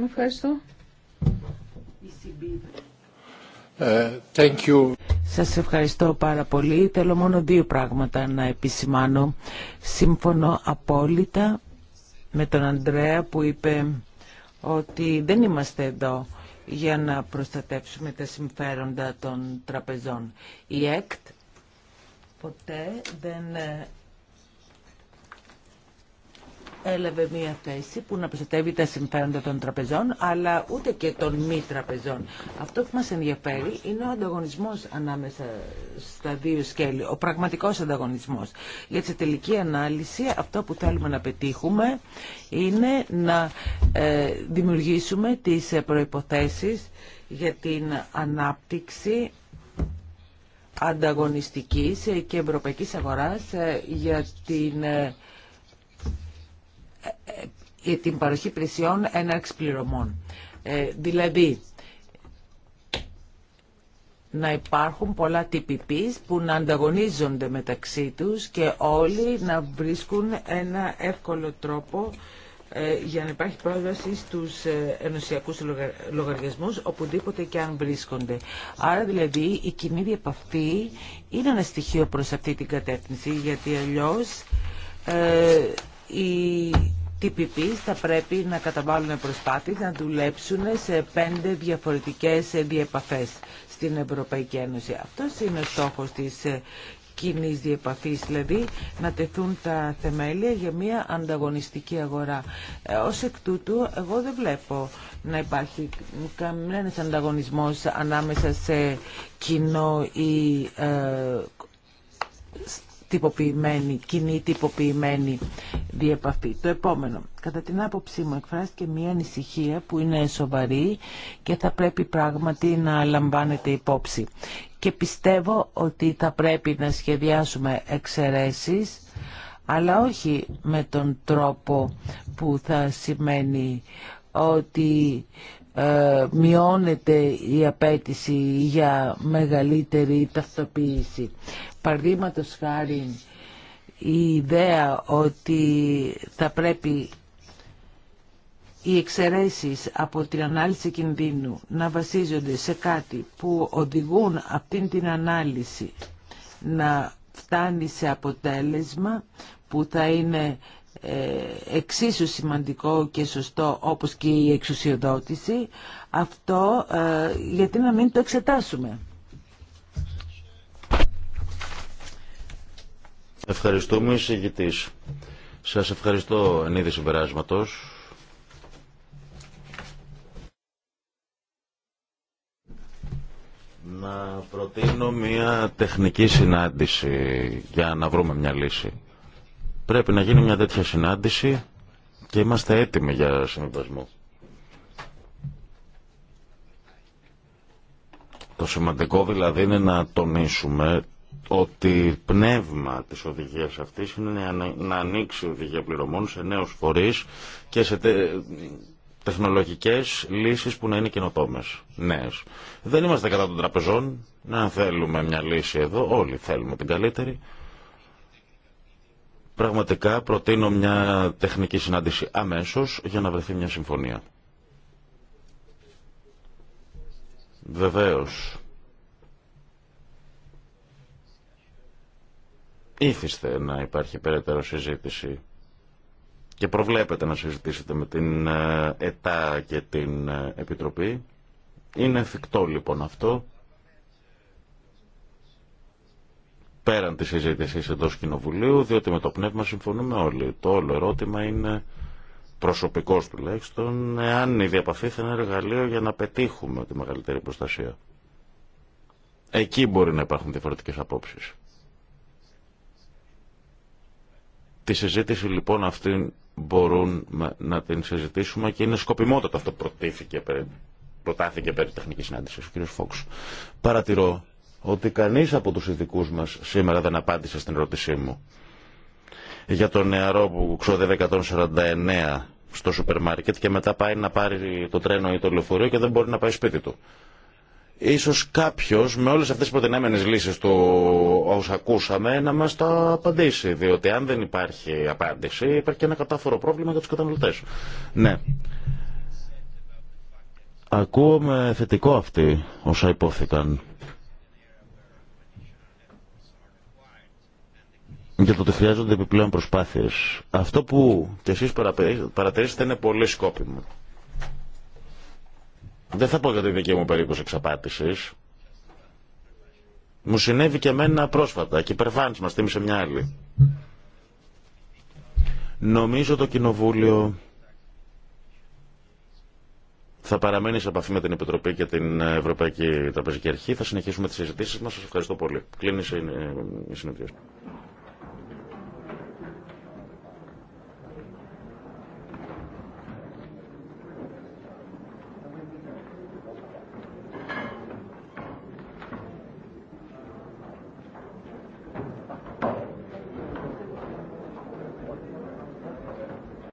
Ε, ευχαριστώ. Thank you. Σας ευχαριστώ πάρα πολύ. Θέλω μόνο δύο πράγματα να επισημάνω. Σύμφωνο απόλυτα με τον Αντρέα που είπε ότι δεν είμαστε εδώ για να προστατεύσουμε τα συμφέροντα των τραπεζών. Η ΕΚΤ ποτέ δεν ε, έλαβε μια θέση που να προστατεύει τα συμφέροντα των τραπεζών, αλλά ούτε και των μη τραπεζών. Αυτό που μας ενδιαφέρει είναι ο ανταγωνισμός ανάμεσα στα δύο σκέλη, ο πραγματικός ανταγωνισμός. Για τη τελική ανάλυση, αυτό που θέλουμε να πετύχουμε είναι να ε, δημιουργήσουμε τις προϋποθέσεις για την ανάπτυξη ανταγωνιστικής και ευρωπαϊκής αγοράς ε, για την ε, ε, ε, την παροχή πλησιών ένα πληρωμών. Ε, δηλαδή, να υπάρχουν πολλά TPPs που να ανταγωνίζονται μεταξύ τους και όλοι να βρίσκουν ένα εύκολο τρόπο ε, για να υπάρχει πρόσβαση στους ενωσιακούς λογαριασμούς οπουδήποτε και αν βρίσκονται. Άρα δηλαδή η κοινή διαπαυτή είναι ένα στοιχείο προς αυτή την κατεύθυνση γιατί αλλιώς οι TPP θα πρέπει να καταβάλουν προσπάθειες να δουλέψουν σε πέντε διαφορετικές διεπαφές στην Ευρωπαϊκή Ένωση. Αυτός είναι ο στόχος της κοινή διεπαφή, δηλαδή να τεθούν τα θεμέλια για μια ανταγωνιστική αγορά. Ε, Ω εκ τούτου, εγώ δεν βλέπω να υπάρχει κανένα ανταγωνισμός ανάμεσα σε κοινό ή ε, τυποποιημένη, κοινή τυποποιημένη διεπαφή. Το επόμενο. Κατά την άποψή μου εκφράστηκε μια ανησυχία που είναι σοβαρή και θα πρέπει πράγματι να λαμβάνεται υπόψη. Και πιστεύω ότι θα πρέπει να σχεδιάσουμε εξαιρέσεις αλλά όχι με τον τρόπο που θα σημαίνει ότι ε, μειώνεται η απέτηση για μεγαλύτερη ταυτοποίηση. Παραδείγματο χάρη η ιδέα ότι θα πρέπει οι εξαιρέσει από την ανάλυση κινδύνου να βασίζονται σε κάτι που οδηγούν αυτήν την ανάλυση να φτάνει σε αποτέλεσμα που θα είναι ε, εξίσου σημαντικό και σωστό όπως και η εξουσιοδότηση αυτό ε, γιατί να μην το εξετάσουμε. Ευχαριστούμε, εισηγητή. Σας ευχαριστώ εν είδη συμπεράσματο. Να προτείνω μια τεχνική συνάντηση για να βρούμε μια λύση. Πρέπει να γίνει μια τέτοια συνάντηση και είμαστε έτοιμοι για συμβασμό. Το σημαντικό δηλαδή είναι να τονίσουμε ότι πνεύμα της οδηγίας αυτής είναι να ανοίξει οδηγία πληρωμών σε νέους φορείς και σε τεχνολογικές λύσεις που να είναι καινοτόμες, νέες. Δεν είμαστε κατά των τραπεζών, να θέλουμε μια λύση εδώ, όλοι θέλουμε την καλύτερη. Πραγματικά προτείνω μια τεχνική συνάντηση αμέσως για να βρεθεί μια συμφωνία. Βεβαίως, ήθιστε να υπάρχει περαιτέρω συζήτηση και προβλέπετε να συζητήσετε με την ε, ΕΤΑ και την ε, Επιτροπή. Είναι εφικτό λοιπόν αυτό. Πέραν τη συζήτηση εντό Κοινοβουλίου, διότι με το πνεύμα συμφωνούμε όλοι. Το όλο ερώτημα είναι προσωπικό τουλάχιστον, εάν η διαπαφή θα είναι εργαλείο για να πετύχουμε τη μεγαλύτερη προστασία. Εκεί μπορεί να υπάρχουν διαφορετικέ απόψει. Τη συζήτηση λοιπόν αυτή μπορούν να την συζητήσουμε και είναι σκοπιμότατο αυτό που προτάθηκε περί τεχνικής συνάντησης. Ο κύριος Φόξ, παρατηρώ ότι κανείς από τους ειδικού μας σήμερα δεν απάντησε στην ερώτησή μου για τον νεαρό που ξόδευε 149 στο σούπερ μάρκετ και μετά πάει να πάρει το τρένο ή το λεωφορείο και δεν μπορεί να πάει σπίτι του. Ίσως κάποιος με όλες αυτές τις προτενέμενες λύσεις του όσα ακούσαμε να μας τα απαντήσει, διότι αν δεν υπάρχει απάντηση υπάρχει και ένα κατάφορο πρόβλημα για τους καταναλωτές. Ναι. Ακούω με θετικό αυτή όσα υπόθηκαν. για το ότι χρειάζονται επιπλέον προσπάθειες. Αυτό που κι εσείς παρατηρήσετε είναι πολύ σκόπιμο. Δεν θα πω για τη δική μου περίπτωση εξαπάτησης. Μου συνέβη και εμένα πρόσφατα και υπερβάνης μας θύμισε μια άλλη. Νομίζω το Κοινοβούλιο θα παραμένει σε επαφή με την Επιτροπή και την Ευρωπαϊκή Τραπεζική Αρχή. Θα συνεχίσουμε τις συζητήσεις μας. Σας ευχαριστώ πολύ. Κλείνει η συνεδρία.